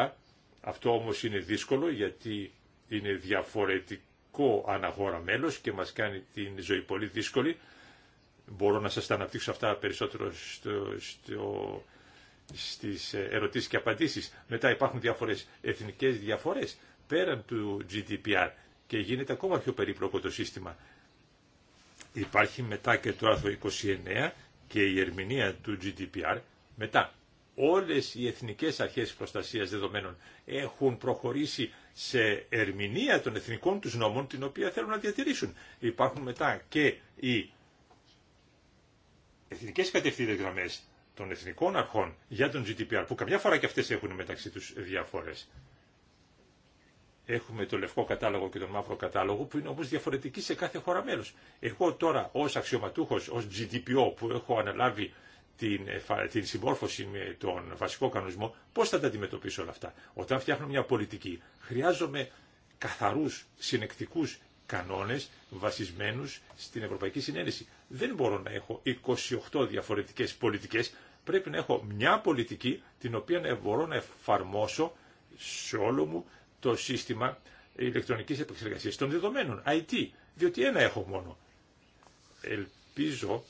Speaker 3: Αυτό όμως είναι δύσκολο γιατί είναι διαφορετικό αναχώρα μέλος και μας κάνει την ζωή πολύ δύσκολη. Μπορώ να σας τα αναπτύξω αυτά περισσότερο στο, στο στις ε, ερωτήσεις και απαντήσεις. Μετά υπάρχουν διάφορες εθνικές διαφορές πέραν του GDPR και γίνεται ακόμα πιο περίπλοκο το σύστημα. Υπάρχει μετά και το άρθρο 29 και η ερμηνεία του GDPR. Μετά όλες οι εθνικές αρχές προστασίας δεδομένων έχουν προχωρήσει σε ερμηνεία των εθνικών τους νόμων την οποία θέλουν να διατηρήσουν. Υπάρχουν μετά και οι εθνικές κατευθύνες γραμμές των εθνικών αρχών για τον GDPR, που καμιά φορά και αυτές έχουν μεταξύ τους διαφορές. Έχουμε το λευκό κατάλογο και τον μαύρο κατάλογο, που είναι όμως διαφορετικοί σε κάθε χώρα μέλος. Εγώ τώρα ως αξιωματούχος, ως GDPO που έχω αναλάβει την, ε, την συμμόρφωση με τον βασικό κανονισμό, πώς θα τα αντιμετωπίσω όλα αυτά. Όταν φτιάχνω μια πολιτική, χρειάζομαι καθαρούς, συνεκτικούς κανόνες βασισμένους στην Ευρωπαϊκή Συνένεση. Δεν μπορώ να έχω 28 διαφορετικέ πολιτικέ πρέπει να έχω μια πολιτική την οποία μπορώ να εφαρμόσω σε όλο μου το σύστημα ηλεκτρονικής επεξεργασίας των δεδομένων, IT, διότι ένα έχω μόνο. Ελπίζω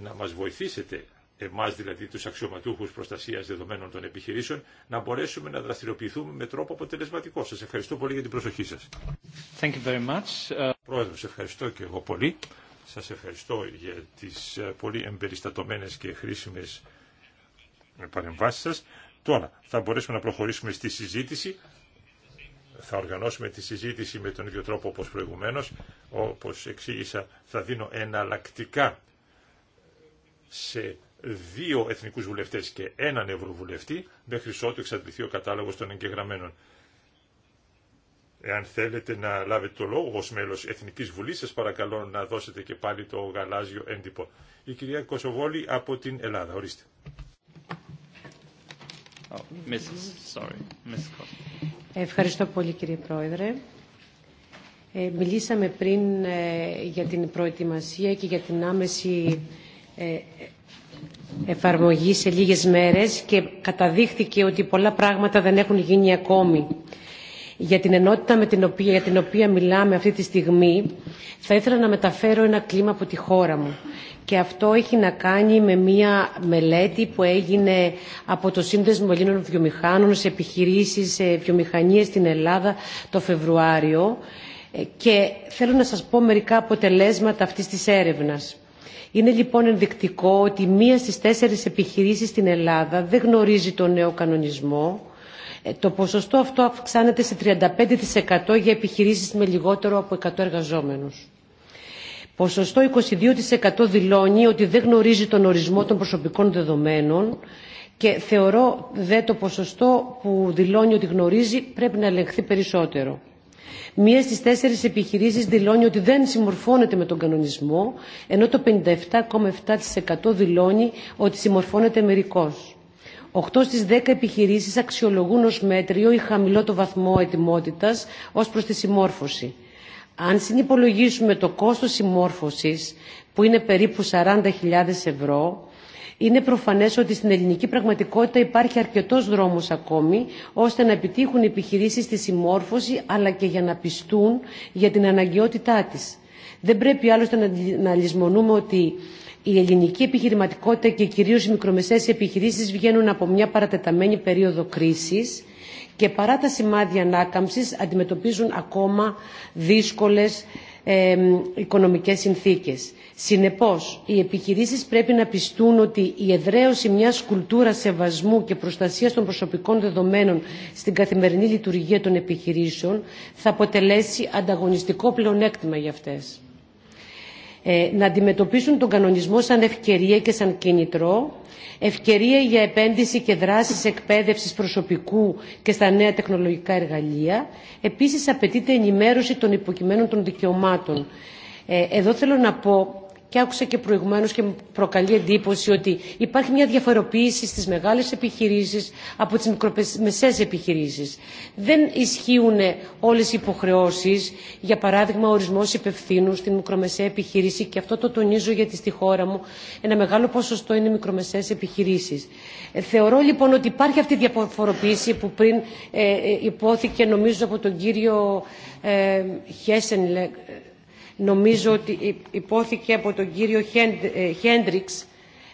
Speaker 3: να μας βοηθήσετε, εμάς δηλαδή τους αξιωματούχους προστασίας δεδομένων των επιχειρήσεων, να μπορέσουμε να δραστηριοποιηθούμε με τρόπο αποτελεσματικό. Σας ευχαριστώ πολύ για την προσοχή σας. Thank you very much. Πρόεδρος, ευχαριστώ και εγώ πολύ. Σας ευχαριστώ για τις ε, πολύ εμπεριστατωμένες και χρήσιμες παρεμβάσεις σας. Τώρα θα μπορέσουμε να προχωρήσουμε στη συζήτηση. Θα οργανώσουμε τη συζήτηση με τον ίδιο τρόπο όπως προηγουμένως. Όπως εξήγησα θα δίνω εναλλακτικά σε δύο εθνικούς βουλευτές και έναν ευρωβουλευτή μέχρι ότου εξαντληθεί ο κατάλογος των εγγεγραμμένων. Εάν θέλετε να λάβετε το λόγο ως μέλος Εθνικής Βουλής, σας παρακαλώ να δώσετε και πάλι το γαλάζιο έντυπο. Η κυρία Κοσοβόλη από την Ελλάδα. Ορίστε. Oh,
Speaker 1: Ευχαριστώ πολύ κύριε Πρόεδρε. Ε, μιλήσαμε πριν ε, για την προετοιμασία και για την άμεση ε, εφαρμογή σε λίγες μέρες και καταδείχθηκε ότι πολλά πράγματα δεν έχουν γίνει ακόμη για την ενότητα με την οποία, για την οποία μιλάμε αυτή τη στιγμή, θα ήθελα να μεταφέρω ένα κλίμα από τη χώρα μου. Και αυτό έχει να κάνει με μία μελέτη που έγινε από το Σύνδεσμο Ελλήνων Βιομηχάνων σε επιχειρήσεις, σε βιομηχανίες στην Ελλάδα το Φεβρουάριο ε, και θέλω να σας πω μερικά αποτελέσματα αυτής της έρευνας. Είναι λοιπόν ενδεικτικό ότι μία στις τέσσερις επιχειρήσεις στην Ελλάδα δεν γνωρίζει τον νέο κανονισμό ε, το ποσοστό αυτό αυξάνεται σε 35% για επιχειρήσεις με λιγότερο από 100 εργαζόμενους. Ποσοστό 22% δηλώνει ότι δεν γνωρίζει τον ορισμό των προσωπικών δεδομένων και θεωρώ δε το ποσοστό που δηλώνει ότι γνωρίζει πρέπει να ελεγχθεί περισσότερο. Μία στις τέσσερις επιχειρήσεις δηλώνει ότι δεν συμμορφώνεται με τον κανονισμό, ενώ το 57,7% δηλώνει ότι συμμορφώνεται μερικώς. 8 στις 10 επιχειρήσεις αξιολογούν ως μέτριο ή χαμηλό το βαθμό ετοιμότητας ως προς τη συμμόρφωση. Αν συνυπολογίσουμε το κόστος συμμόρφωσης, που είναι περίπου 40.000 ευρώ, είναι προφανές ότι στην ελληνική πραγματικότητα υπάρχει αρκετός δρόμος ακόμη ώστε να επιτύχουν οι επιχειρήσεις τη συμμόρφωση αλλά και για να πιστούν για την αναγκαιότητά της. Δεν πρέπει άλλωστε να λησμονούμε ότι η ελληνική επιχειρηματικότητα και κυρίως οι μικρομεσαίες επιχειρήσεις βγαίνουν από μια παρατεταμένη περίοδο κρίσης και παρά τα σημάδια ανάκαμψης αντιμετωπίζουν ακόμα δύσκολες ε, οικονομικές συνθήκες. Συνεπώς, οι επιχειρήσεις πρέπει να πιστούν ότι η εδραίωση μιας κουλτούρας σεβασμού και προστασίας των προσωπικών δεδομένων στην καθημερινή λειτουργία των επιχειρήσεων θα αποτελέσει ανταγωνιστικό πλεονέκτημα για αυτές. Ε, να αντιμετωπίσουν τον κανονισμό σαν ευκαιρία και σαν κίνητρο, ευκαιρία για επένδυση και δράσεις εκπαίδευσης προσωπικού και στα νέα τεχνολογικά εργαλεία. Επίσης απαιτείται ενημέρωση των υποκειμένων των δικαιωμάτων. Ε, εδώ θέλω να πω και άκουσα και προηγουμένως και μου προκαλεί εντύπωση ότι υπάρχει μια διαφοροποίηση στις μεγάλες επιχειρήσεις από τις μικρομεσαίες επιχειρήσεις. Δεν ισχύουν όλες οι υποχρεώσεις, για παράδειγμα ο ορισμός υπευθύνου στην μικρομεσαία επιχείρηση και αυτό το τονίζω γιατί στη χώρα μου ένα μεγάλο ποσοστό είναι μικρομεσαίες επιχειρήσεις. Ε, θεωρώ λοιπόν ότι υπάρχει αυτή η διαφοροποίηση που πριν ε, ε υπόθηκε νομίζω από τον κύριο ε, νομίζω ότι υπόθηκε από τον κύριο ε, Χέντριξ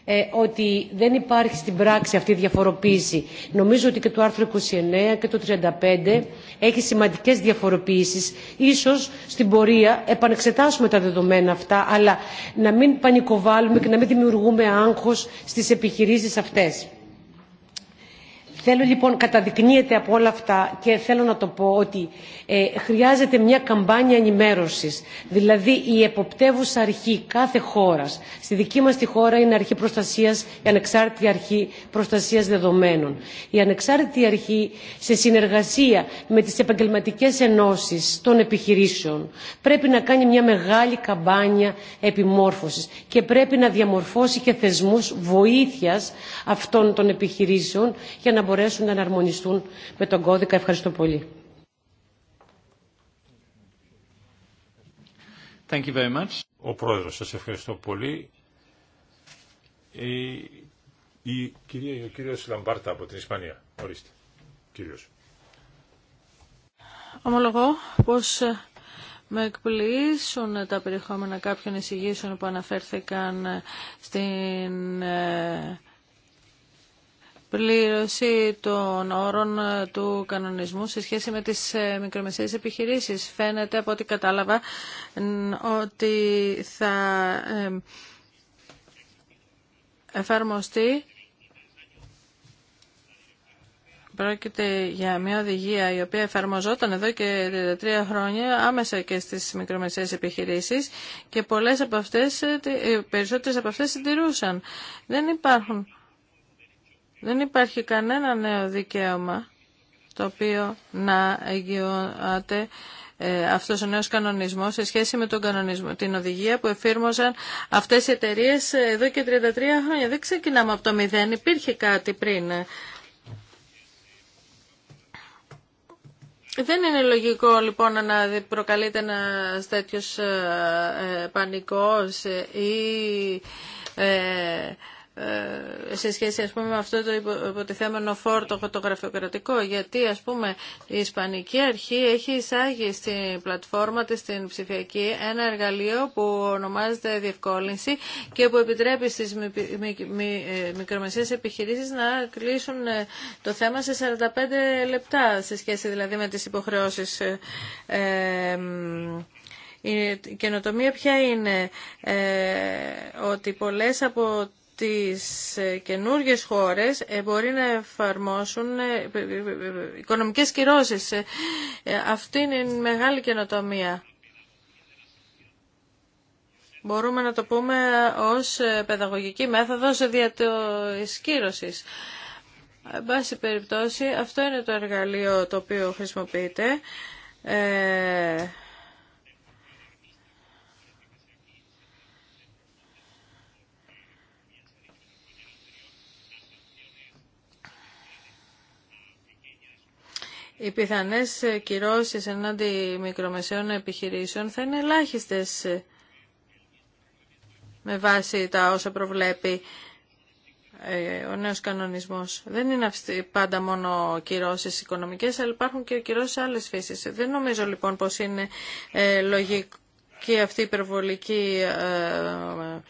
Speaker 1: ε, ότι δεν υπάρχει στην πράξη αυτή η διαφοροποίηση. Νομίζω ότι και το άρθρο 29 και το 35 έχει σημαντικές διαφοροποίησεις. Ίσως στην πορεία επανεξετάσουμε τα δεδομένα αυτά, αλλά να μην πανικοβάλλουμε και να μην δημιουργούμε άγχος στις επιχειρήσεις αυτές. Θέλω λοιπόν, καταδεικνύεται από όλα αυτά και θέλω να το πω ότι ε, χρειάζεται μια καμπάνια ενημέρωσης. Δηλαδή η εποπτεύουσα αρχή κάθε χώρας, στη δική μας τη χώρα είναι αρχή προστασίας, η ανεξάρτητη αρχή προστασίας δεδομένων. Η ανεξάρτητη αρχή σε συνεργασία με τις επαγγελματικές ενώσεις των επιχειρήσεων πρέπει να κάνει μια μεγάλη καμπάνια επιμόρφωσης και πρέπει να διαμορφώσει και θεσμούς βοήθειας αυτών των επιχειρήσεων για μπορέσουν να εναρμονιστούν με τον κώδικα. Ευχαριστώ πολύ.
Speaker 3: Thank you very much. Ο Πρόεδρος, σας ευχαριστώ πολύ. Η, ε, η κυρία, ο κύριος Λαμπάρτα από την Ισπανία. Ορίστε, κύριος.
Speaker 4: Ομολογώ πως ε, με εκπλήσουν τα περιεχόμενα κάποιων εισηγήσεων που αναφέρθηκαν ε, στην πλήρωση των όρων ε, του κανονισμού σε σχέση με τις ε, μικρομεσαίες επιχειρήσεις. Φαίνεται από ό,τι κατάλαβα ότι θα ε, εφαρμοστεί Πρόκειται για μια οδηγία η οποία εφαρμοζόταν εδώ και 33 χρόνια άμεσα και στις μικρομεσαίες επιχειρήσεις και πολλές από αυτές, περισσότερες από αυτές συντηρούσαν. Δεν υπάρχουν δεν υπάρχει κανένα νέο δικαίωμα το οποίο να ε, αυτός ο νέος κανονισμός σε σχέση με τον κανονισμό, την οδηγία που εφήρμοζαν αυτές οι εταιρείε ε, εδώ και 33 χρόνια. Δεν ξεκινάμε από το μηδέν, υπήρχε κάτι πριν. Δεν είναι λογικό λοιπόν να προκαλείται ένα τέτοιο ε, ε, πανικός ή ε, σε σχέση ας πούμε με αυτό το υποτιθέμενο φόρτο το γραφειοκρατικό γιατί ας πούμε η Ισπανική Αρχή έχει εισάγει στην πλατφόρμα της στην ψηφιακή ένα εργαλείο που ονομάζεται διευκόλυνση και που επιτρέπει στις ε, μικρομεσαίες επιχειρήσεις να κλείσουν ε, το θέμα σε 45 λεπτά σε σχέση δηλαδή με τις υποχρεώσεις η καινοτομία ποια είναι ότι πολλές από στις ε, καινούργιες χώρες ε, μπορεί να εφαρμόσουν ε, οικονομικές κυρώσεις. Αυτή είναι η μεγάλη καινοτομία. Μπορούμε να το πούμε ως παιδαγωγική μέθοδος διατοσκύρωσης. Εν πάση περιπτώσει, αυτό είναι το εργαλείο το οποίο χρησιμοποιείται. Ε, οι πιθανές κυρώσεις ενάντια μικρομεσαίων επιχειρήσεων θα είναι ελάχιστες με βάση τα όσα προβλέπει ε, ο νέος κανονισμός. Δεν είναι πάντα μόνο κυρώσεις οικονομικές, αλλά υπάρχουν και κυρώσεις άλλες φύσεις. Δεν νομίζω λοιπόν πως είναι ε, λογική αυτή η υπερβολική ε,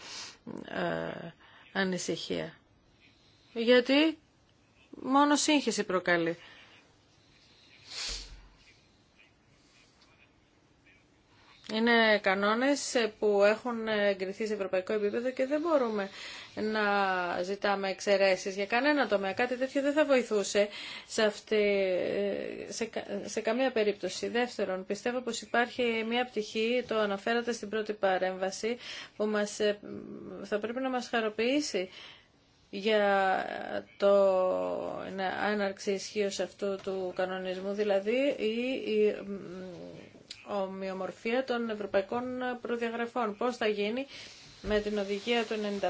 Speaker 4: ανησυχία. Γιατί μόνο σύγχυση προκαλεί. Είναι κανόνες που έχουν εγκριθεί σε ευρωπαϊκό επίπεδο και δεν μπορούμε να ζητάμε εξαιρέσεις για κανένα τομέα. Κάτι τέτοιο δεν θα βοηθούσε σε, αυτή, σε, σε καμία περίπτωση. Δεύτερον, πιστεύω πως υπάρχει μια πτυχή, το αναφέρατε στην πρώτη παρέμβαση, που μας, ε, θα πρέπει να μας χαροποιήσει για το έναρξη ισχύω αυτού του κανονισμού, δηλαδή η ομοιομορφία των ευρωπαϊκών προδιαγραφών. Πώς θα γίνει με την οδηγία του 95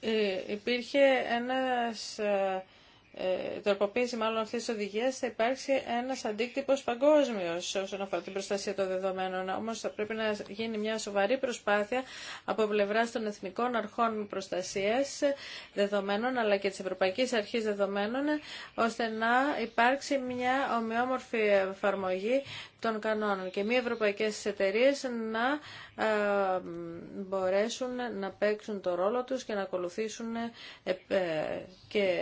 Speaker 4: ε, υπήρχε ένας ε, ε, τροποποίηση μάλλον αυτής της οδηγίας θα υπάρξει ένας αντίκτυπος παγκόσμιο όσον αφορά την προστασία των δεδομένων. Όμως θα πρέπει να γίνει μια σοβαρή προσπάθεια από πλευρά των εθνικών αρχών προστασίας δεδομένων αλλά και της Ευρωπαϊκής αρχή Δεδομένων ώστε να υπάρξει μια ομοιόμορφη εφαρμογή των κανόνων και μη ευρωπαϊκές εταιρείε να ε, μπορέσουν να παίξουν το ρόλο τους και να ακολουθήσουν ε, και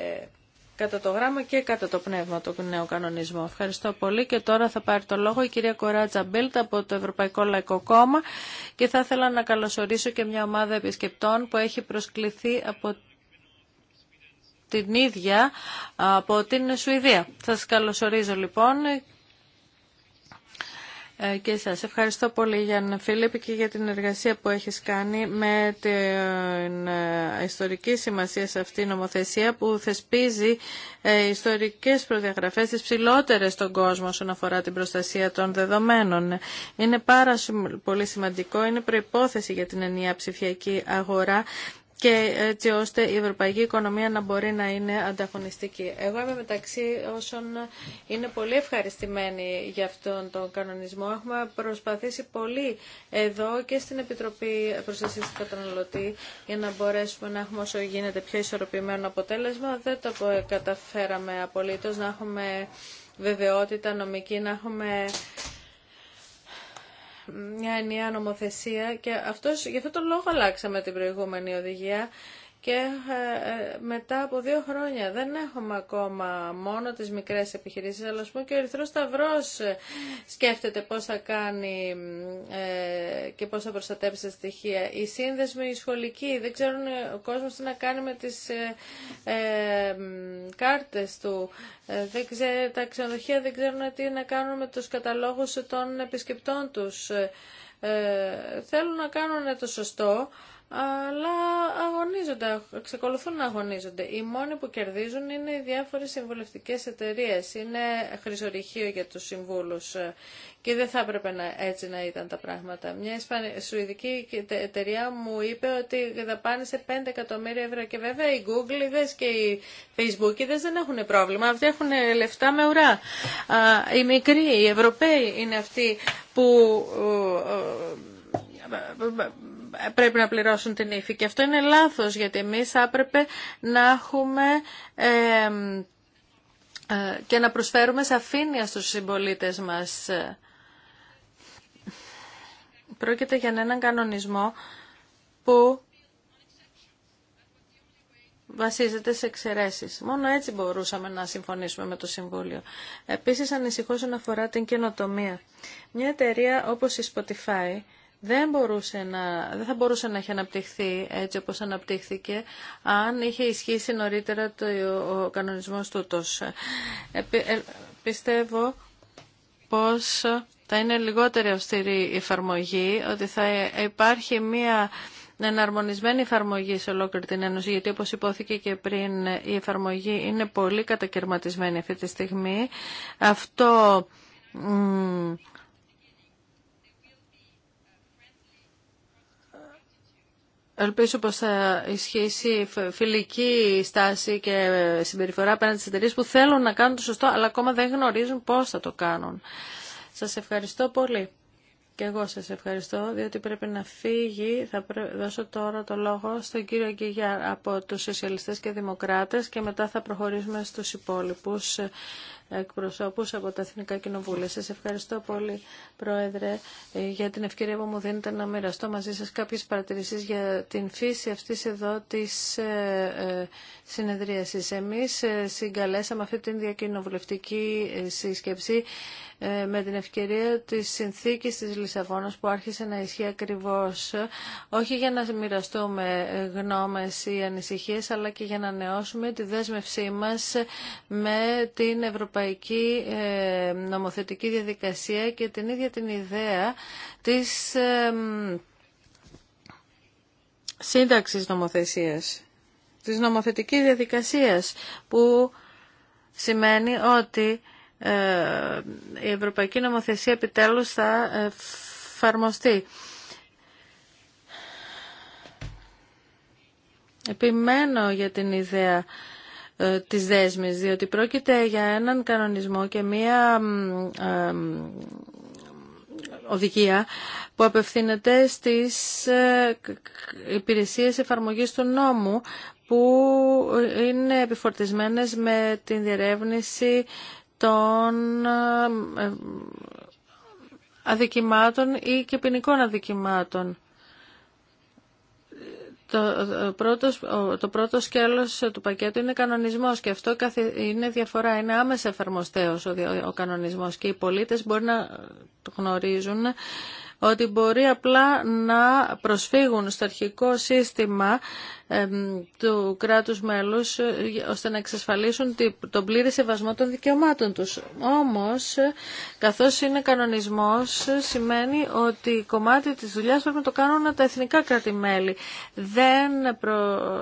Speaker 4: κατά το γράμμα και κατά το πνεύμα του νέου κανονισμού. Ευχαριστώ πολύ και τώρα θα πάρει το λόγο η κυρία Κοράτζα Μπίλτ από το Ευρωπαϊκό Λαϊκό Κόμμα και θα ήθελα να καλωσορίσω και μια ομάδα επισκεπτών που έχει προσκληθεί από την ίδια από την Σουηδία. Θα Σας καλωσορίζω λοιπόν ε, και σας. Ευχαριστώ πολύ Γιάννα Φίλιππ και για την εργασία που έχεις κάνει με την ε, ιστορική σημασία σε αυτή η νομοθεσία που θεσπίζει ε, ιστορικές προδιαγραφές τις ψηλότερες στον κόσμο όσον αφορά την προστασία των δεδομένων. Είναι πάρα πολύ σημαντικό, είναι προϋπόθεση για την ενιαία ψηφιακή αγορά και έτσι ώστε η ευρωπαϊκή οικονομία να μπορεί να είναι ανταγωνιστική. Εγώ είμαι μεταξύ όσων είναι πολύ ευχαριστημένοι για αυτόν τον κανονισμό. Έχουμε προσπαθήσει πολύ εδώ και στην Επιτροπή προστασία του Καταναλωτή για να μπορέσουμε να έχουμε όσο γίνεται πιο ισορροπημένο αποτέλεσμα. Δεν το καταφέραμε απολύτως να έχουμε βεβαιότητα νομική, να έχουμε μια ενιαία νομοθεσία και αυτός, γι' αυτό τον λόγο αλλάξαμε την προηγούμενη οδηγία και ε, ε, μετά από δύο χρόνια δεν έχουμε ακόμα μόνο τις μικρές επιχειρήσεις αλλά πούμε και ο Ερυθρός Σταυρός ε, σκέφτεται πώς θα κάνει και πώς θα προστατέψει τα στοιχεία. Οι σύνδεσμοι, οι σχολικοί δεν ξέρουν ο κόσμος τι να κάνει με τις κάρτες του. δεν τα ξενοδοχεία δεν ξέρουν τι να κάνουν με τους καταλόγους των επισκεπτών τους. θέλουν να κάνουν το σωστό αλλά αγωνίζονται, εξακολουθούν να αγωνίζονται. Οι μόνοι που κερδίζουν είναι οι διάφορες συμβουλευτικές εταιρείες. Είναι χρυσορυχείο για τους συμβούλους και δεν θα έπρεπε να, έτσι να ήταν τα πράγματα. Μια σουηδική εταιρεία μου είπε ότι δαπάνησε 5 εκατομμύρια ευρώ και βέβαια οι Google και οι Facebook δεν έχουν πρόβλημα, αυτοί έχουν λεφτά με ουρά. Οι μικροί, οι Ευρωπαίοι είναι αυτοί που πρέπει να πληρώσουν την ύφη. Και αυτό είναι λάθος, γιατί εμείς άπρεπε έπρεπε να έχουμε ε, και να προσφέρουμε σαφήνεια στους συμπολίτες μας. Πρόκειται για έναν κανονισμό που βασίζεται σε εξαιρέσεις. Μόνο έτσι μπορούσαμε να συμφωνήσουμε με το Συμβούλιο. Επίσης ανησυχώ όσον αφορά την καινοτομία. Μια εταιρεία όπως η Spotify δεν, μπορούσε να, δεν θα μπορούσε να έχει αναπτυχθεί έτσι όπως αναπτύχθηκε αν είχε ισχύσει νωρίτερα το, ο κανονισμός τούτος. Ε, πιστεύω πως θα είναι λιγότερη αυστηρή η εφαρμογή, ότι θα υπάρχει μία εναρμονισμένη εφαρμογή σε ολόκληρη την Ένωση, γιατί όπως υπόθηκε και πριν η εφαρμογή είναι πολύ κατακαιρματισμένη αυτή τη στιγμή. Αυτό Ελπίζω πως θα ισχύσει φιλική στάση και συμπεριφορά απέναντι στι εταιρείε που θέλουν να κάνουν το σωστό, αλλά ακόμα δεν γνωρίζουν πώς θα το κάνουν. Σας ευχαριστώ πολύ. Και εγώ σας ευχαριστώ, διότι πρέπει να φύγει. Θα δώσω τώρα το λόγο στον κύριο Γκίγια από τους Σοσιαλιστές και Δημοκράτες και μετά θα προχωρήσουμε στους υπόλοιπους εκπροσώπους από τα Εθνικά Κοινοβούλια. Σας ευχαριστώ πολύ, Πρόεδρε, ε, για την ευκαιρία που μου δίνετε να μοιραστώ μαζί σας κάποιες παρατηρήσεις για την φύση αυτής εδώ της ε, ε, συνεδρίασης. Εμείς συγκαλέσαμε αυτή την διακοινοβουλευτική σύσκεψη με την ευκαιρία της συνθήκης της Λισαβόνας που άρχισε να ισχύει ακριβώς όχι για να μοιραστούμε γνώμες ή ανησυχίες αλλά και για να νεώσουμε τη δέσμευσή μας με την Ευρωπαϊκή ευρωπαϊκή ε, νομοθετική διαδικασία και την ίδια την ιδέα της ε, σύνταξης νομοθεσίας, της νομοθετικής διαδικασίας που σημαίνει ότι ε, η ευρωπαϊκή νομοθεσία επιτέλους θα εφαρμοστεί. Επιμένω για την ιδέα ε, της δέσμης, διότι πρόκειται για έναν κανονισμό και μία ε, οδηγία που απευθύνεται στις ε, υπηρεσίες εφαρμογής του νόμου που είναι επιφορτισμένες με την διερεύνηση των αδικημάτων ή και ποινικών αδικημάτων. Το ε, πρώτο, το πρώτο σκέλος του πακέτου είναι κανονισμός και αυτό είναι διαφορά, είναι άμεσα εφαρμοστέος ο κανονισμός και οι πολίτες μπορεί να το γνωρίζουν ότι μπορεί απλά να προσφύγουν στο αρχικό σύστημα του κράτους μέλους ε, ώστε να εξασφαλίσουν τον πλήρη σεβασμό των δικαιωμάτων τους. Όμως, καθώς είναι κανονισμός, σημαίνει ότι κομμάτι της δουλειάς πρέπει να το κάνουν τα εθνικά κράτη-μέλη. Δεν,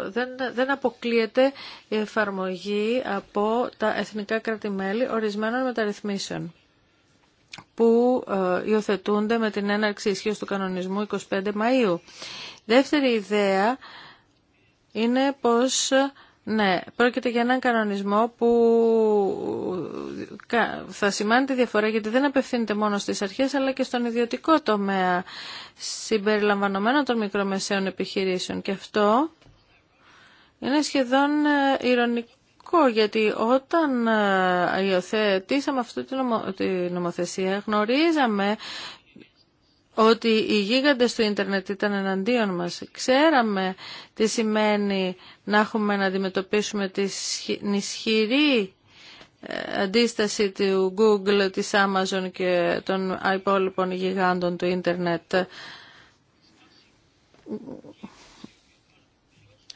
Speaker 4: δεν, δεν αποκλείεται η εφαρμογή από τα εθνικά κράτη-μέλη ορισμένων μεταρρυθμίσεων που ε, υιοθετούνται με την έναρξη ισχύω του κανονισμού 25 Μαΐου. Δεύτερη ιδέα είναι πως ναι, πρόκειται για έναν κανονισμό που θα σημάνει τη διαφορά γιατί δεν απευθύνεται μόνο στις αρχές αλλά και στον ιδιωτικό τομέα συμπεριλαμβανομένων των μικρομεσαίων επιχειρήσεων και αυτό είναι σχεδόν ε, ηρωνικό γιατί όταν ε, υιοθετήσαμε αυτή τη νομοθεσία γνωρίζαμε ότι οι γίγαντες του ίντερνετ ήταν εναντίον μας. Ξέραμε τι σημαίνει να έχουμε να αντιμετωπίσουμε την ισχυρή ε, αντίσταση του Google, της Amazon και των υπόλοιπων γιγάντων του ίντερνετ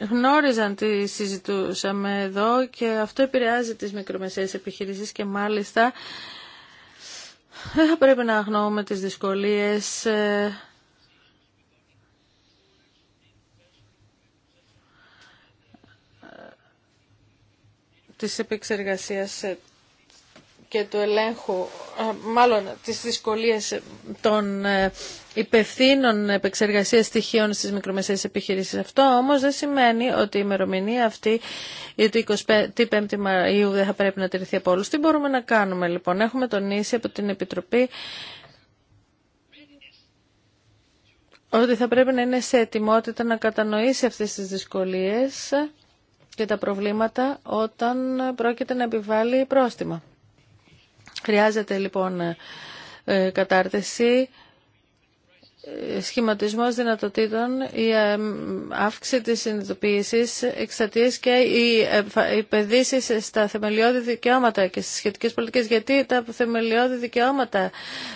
Speaker 4: γνώριζαν τι συζητούσαμε εδώ και αυτό επηρεάζει τις μικρομεσαίες επιχειρήσεις και μάλιστα δεν θα πρέπει να αγνοούμε τις δυσκολίες ε, ε, της επεξεργασίας ε, και του ελέγχου, ε, μάλλον τις δυσκολίες των ε, υπευθύνων επεξεργασίας στοιχείων στις μικρομεσαίες επιχειρήσεις. Αυτό όμως δεν σημαίνει ότι η ημερομηνία αυτή το 25η Μαΐου δεν θα πρέπει να τηρηθεί από όλους. Τι μπορούμε να κάνουμε λοιπόν. Έχουμε τονίσει από την Επιτροπή ότι θα πρέπει να είναι σε ετοιμότητα να κατανοήσει αυτές τις δυσκολίες και τα προβλήματα όταν πρόκειται να επιβάλλει πρόστιμα. Χρειάζεται λοιπόν ε, ε, κατάρτιση ε, σχηματισμός δυνατοτήτων, η αύξηση της συνειδητοποίησης εξατίας και οι επενδύσεις στα θεμελιώδη δικαιώματα και στις σχετικές πολιτικές. Γιατί τα θεμελιώδη δικαιώματα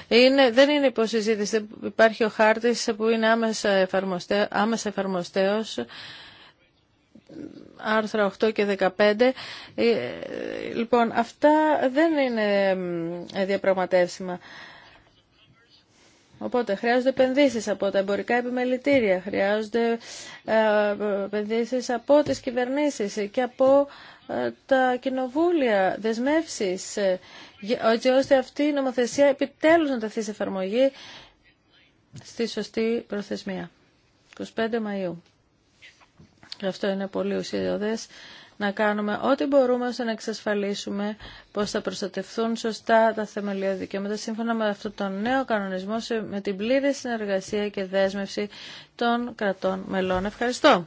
Speaker 4: είναι, δεν είναι υποσυζήτηση. Υπάρχει ο χάρτης που είναι άμεσα, εφαρμοστέ, άμεσα εφαρμοστέος άρθρα 8 και 15. Ε, λοιπόν, αυτά δεν είναι διαπραγματεύσιμα. Οπότε χρειάζονται επενδύσει από τα εμπορικά επιμελητήρια, χρειάζονται ε, επενδύσει από τις κυβερνήσεις και από ε, τα κοινοβούλια, δεσμεύσεις, έτσι ώστε αυτή η νομοθεσία επιτέλους να ταθεί σε εφαρμογή στη σωστή προθεσμία. 25 Μαΐου. Γι' αυτό είναι πολύ ουσιαδές να κάνουμε ό,τι μπορούμε ώστε να εξασφαλίσουμε πως θα προστατευθούν σωστά τα θεμελιώδη δικαιώματα σύμφωνα με αυτόν τον νέο κανονισμό με την πλήρη συνεργασία και δέσμευση των κρατών μελών. Ευχαριστώ.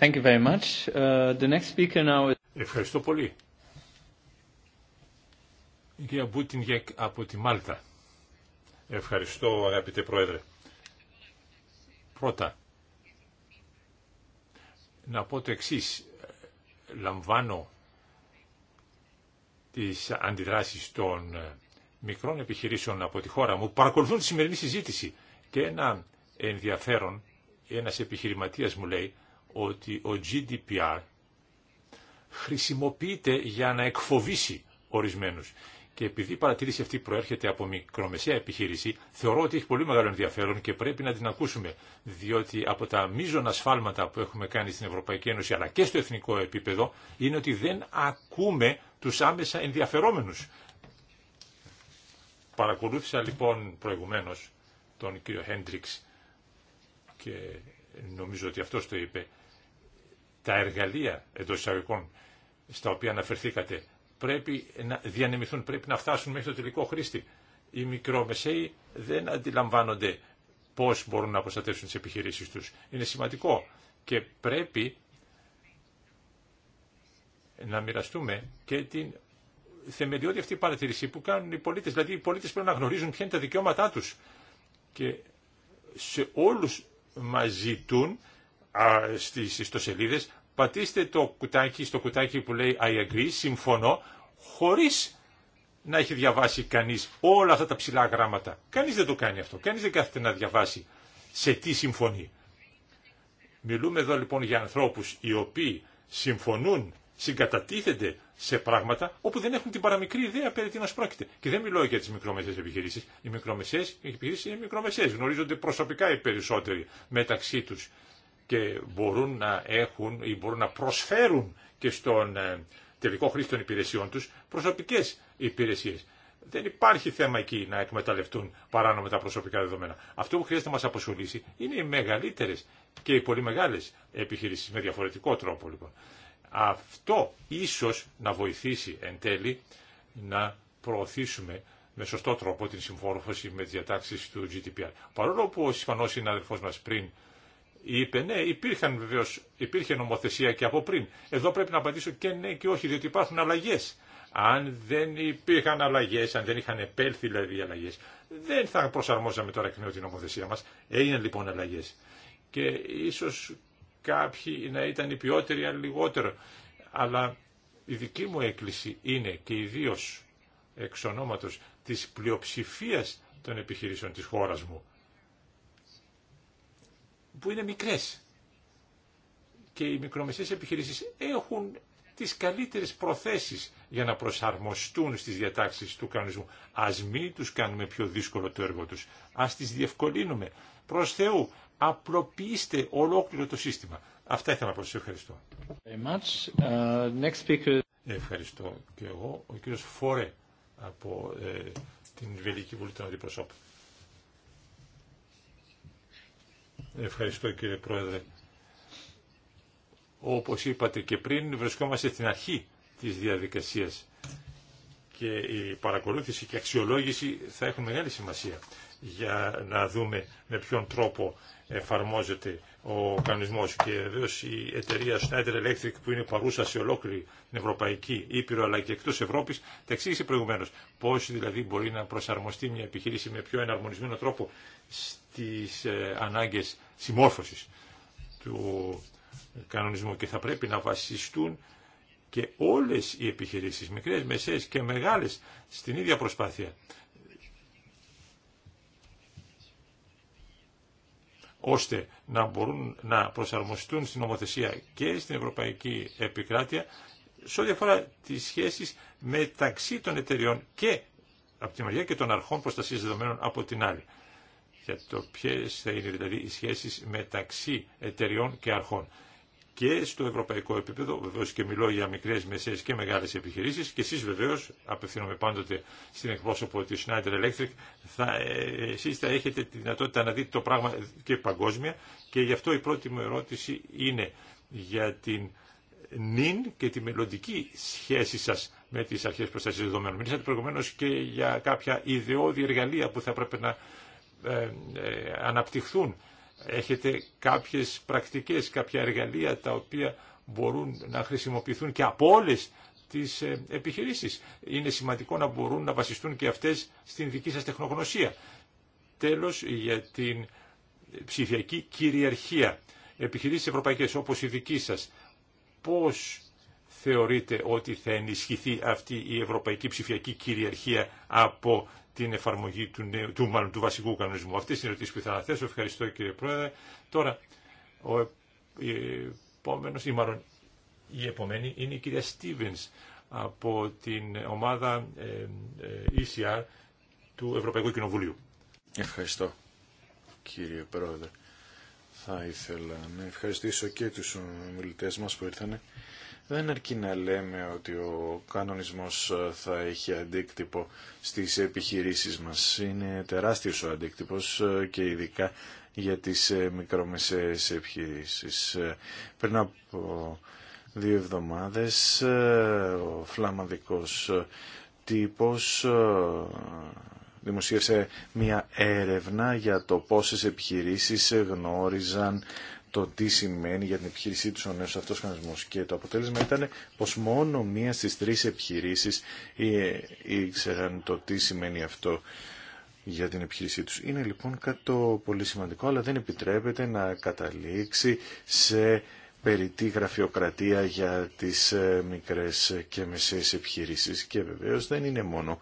Speaker 2: Thank you very much. Uh, the next speaker now...
Speaker 3: Ευχαριστώ πολύ. Η κυρία Μπούτινγκεκ από τη Μάλτα. Ευχαριστώ αγαπητέ Πρόεδρε. Πρώτα, να πω το εξής. Λαμβάνω τις αντιδράσεις των ε, μικρών επιχειρήσεων από τη χώρα μου, παρακολουθούν τη σημερινή συζήτηση και ένα ενδιαφέρον, ένας επιχειρηματίας μου λέει ότι ο GDPR χρησιμοποιείται για να εκφοβήσει ορισμένους και επειδή η παρατήρηση αυτή προέρχεται από μικρομεσαία επιχείρηση, θεωρώ ότι έχει πολύ μεγάλο ενδιαφέρον και πρέπει να την ακούσουμε, διότι από τα μείζωνα σφάλματα που έχουμε κάνει στην Ευρωπαϊκή Ένωση αλλά και στο εθνικό επίπεδο είναι ότι δεν ακούμε τους άμεσα ενδιαφερόμενους. Παρακολούθησα λοιπόν προηγουμένω τον κύριο Χέντριξ και νομίζω ότι αυτό το είπε, τα εργαλεία εντό εισαγωγικών στα οποία αναφερθήκατε πρέπει να διανεμηθούν, πρέπει να φτάσουν μέχρι το τελικό χρήστη. Οι μικρομεσαίοι δεν αντιλαμβάνονται πώς μπορούν να προστατεύσουν τις επιχειρήσεις τους. Είναι σημαντικό και πρέπει να μοιραστούμε και την θεμελιώδη αυτή παρατηρήση που κάνουν οι πολίτες. Δηλαδή οι πολίτες πρέπει να γνωρίζουν ποια είναι τα δικαιώματά τους. Και σε όλους μας ζητούν στις ιστοσελίδες πατήστε το κουτάκι στο κουτάκι που λέει I agree, συμφωνώ, χωρίς να έχει διαβάσει κανείς όλα αυτά τα ψηλά γράμματα. Κανείς δεν το κάνει αυτό, κανείς δεν κάθεται να διαβάσει σε τι συμφωνεί. Μιλούμε εδώ λοιπόν για ανθρώπους οι οποίοι συμφωνούν, συγκατατίθενται σε πράγματα όπου δεν έχουν την παραμικρή ιδέα περί τίνος πρόκειται. Και δεν μιλώ για τις μικρομεσαίες επιχειρήσεις. Οι μικρομεσαίες επιχειρήσεις είναι μικρομεσαίες. Γνωρίζονται προσωπικά οι περισσότεροι μεταξύ τους και μπορούν να έχουν ή μπορούν να προσφέρουν και στον ε, τελικό χρήστη των υπηρεσιών τους προσωπικές υπηρεσίες. Δεν υπάρχει θέμα εκεί να εκμεταλλευτούν παράνομα τα προσωπικά δεδομένα. Αυτό που χρειάζεται να μας αποσχολήσει είναι οι μεγαλύτερες και οι πολύ μεγάλες επιχειρήσεις, με διαφορετικό τρόπο λοιπόν. Αυτό ίσως να βοηθήσει εν τέλει να προωθήσουμε με σωστό τρόπο την συμφόρφωση με τις διατάξεις του GDPR. Παρόλο που ο Ισπανός συναδελφός μας πριν είπε ναι, υπήρχαν βεβαίω, υπήρχε νομοθεσία και από πριν. Εδώ πρέπει να απαντήσω και ναι και όχι, διότι υπάρχουν αλλαγέ. Αν δεν υπήρχαν αλλαγέ, αν δεν είχαν επέλθει δηλαδή οι αλλαγέ, δεν θα προσαρμόζαμε τώρα εκ νέου την νομοθεσία μα. Έγιναν λοιπόν αλλαγέ. Και ίσω κάποιοι να ήταν οι ποιότεροι, αν λιγότερο. Αλλά η δική μου έκκληση είναι και ιδίω εξ ονόματο της πλειοψηφίας των επιχειρήσεων τη χώρα μου που είναι μικρές και οι μικρομεσαίες επιχειρήσεις έχουν τις καλύτερες προθέσεις για να προσαρμοστούν στις διατάξεις του κανονισμού. Ας μην τους κάνουμε πιο δύσκολο το έργο τους, ας τις διευκολύνουμε. Προς Θεού, απλοποιήστε ολόκληρο το σύστημα. Αυτά ήθελα να πω. Σας ευχαριστώ.
Speaker 2: Uh,
Speaker 3: ευχαριστώ και εγώ. Ο κύριος Φόρε από ε, την Βελική Βουλή των Αντιπροσώπων. Ευχαριστώ κύριε Πρόεδρε. Όπως είπατε και πριν, βρισκόμαστε στην αρχή της διαδικασίας και η παρακολούθηση και αξιολόγηση θα έχουν μεγάλη σημασία για να δούμε με ποιον τρόπο εφαρμόζεται ο κανονισμός και βεβαίω η εταιρεία Schneider Electric που είναι παρούσα σε ολόκληρη την Ευρωπαϊκή Ήπειρο αλλά και εκτό Ευρώπης τα εξήγησε προηγουμένω. πώς δηλαδή μπορεί να προσαρμοστεί μια επιχείρηση με πιο εναρμονισμένο τρόπο στις ε, ανάγκες συμμόρφωσης του κανονισμού και θα πρέπει να βασιστούν και όλες οι επιχειρήσεις, μικρές, μεσαίες και μεγάλες στην ίδια προσπάθεια. ώστε να μπορούν να προσαρμοστούν στην νομοθεσία και στην ευρωπαϊκή επικράτεια σε ό,τι αφορά τις σχέσεις μεταξύ των εταιριών και από τη μεριά και των αρχών προστασίας δεδομένων από την άλλη. Για το ποιε θα είναι δηλαδή οι σχέσεις μεταξύ εταιριών και αρχών και στο ευρωπαϊκό επίπεδο, βεβαίω και μιλώ για μικρέ, μεσαίε και μεγάλε επιχειρήσει και εσεί βεβαίω, απευθύνομαι πάντοτε στην εκπρόσωπο τη Schneider Electric, θα, ε, εσεί θα έχετε τη δυνατότητα να δείτε το πράγμα και παγκόσμια και γι' αυτό η πρώτη μου ερώτηση είναι για την νυν και τη μελλοντική σχέση σα με τι αρχέ προστασία δεδομένων. Μιλήσατε προηγουμένω και για κάποια ιδεώδη εργαλεία που θα έπρεπε να ε, ε αναπτυχθούν Έχετε κάποιες πρακτικές, κάποια εργαλεία τα οποία μπορούν να χρησιμοποιηθούν και από όλε τις ε, επιχειρήσεις. Είναι σημαντικό να μπορούν να βασιστούν και αυτές στην δική σας τεχνογνωσία. Τέλος, για την ψηφιακή κυριαρχία. Επιχειρήσεις ευρωπαϊκές όπως η δική σας, πώς θεωρείτε ότι θα ενισχυθεί αυτή η ευρωπαϊκή ψηφιακή κυριαρχία από την εφαρμογή του, νέου, του, βασικού κανονισμού. Αυτέ είναι οι ερωτήσει που θα θέσω. Ευχαριστώ κύριε Πρόεδρε. Τώρα, ο επόμενος, ή μάλλον η επομένη είναι η κυρία Στίβενς από την ομάδα ε, ε, ECR του Ευρωπαϊκού Κοινοβουλίου.
Speaker 2: Ευχαριστώ κύριε Πρόεδρε. Θα ήθελα να ευχαριστήσω και τους ομιλητές μας που ήρθανε δεν αρκεί να λέμε ότι ο κανονισμός ε, θα έχει αντίκτυπο στις επιχειρήσεις μας. Είναι τεράστιος ο αντίκτυπος ε, και ειδικά για τις ε, μικρομεσαίες επιχειρήσεις. Πριν από δύο εβδομάδες ο φλαμανδικός τύπος δημοσίευσε μια έρευνα για το πόσες επιχειρήσεις γνώριζαν το τι σημαίνει για την επιχείρησή του, ο νέο αυτός κανονισμός. Και το αποτέλεσμα ήταν πω μόνο μία στι τρει επιχειρήσει ε, ήξεραν το τι σημαίνει αυτό για την επιχείρησή τους. Είναι λοιπόν κάτι το πολύ σημαντικό, αλλά δεν επιτρέπεται να καταλήξει σε περιττή γραφειοκρατία για τις ε, μικρές και μεσαίες επιχειρήσεις. Και βεβαίω δεν είναι μόνο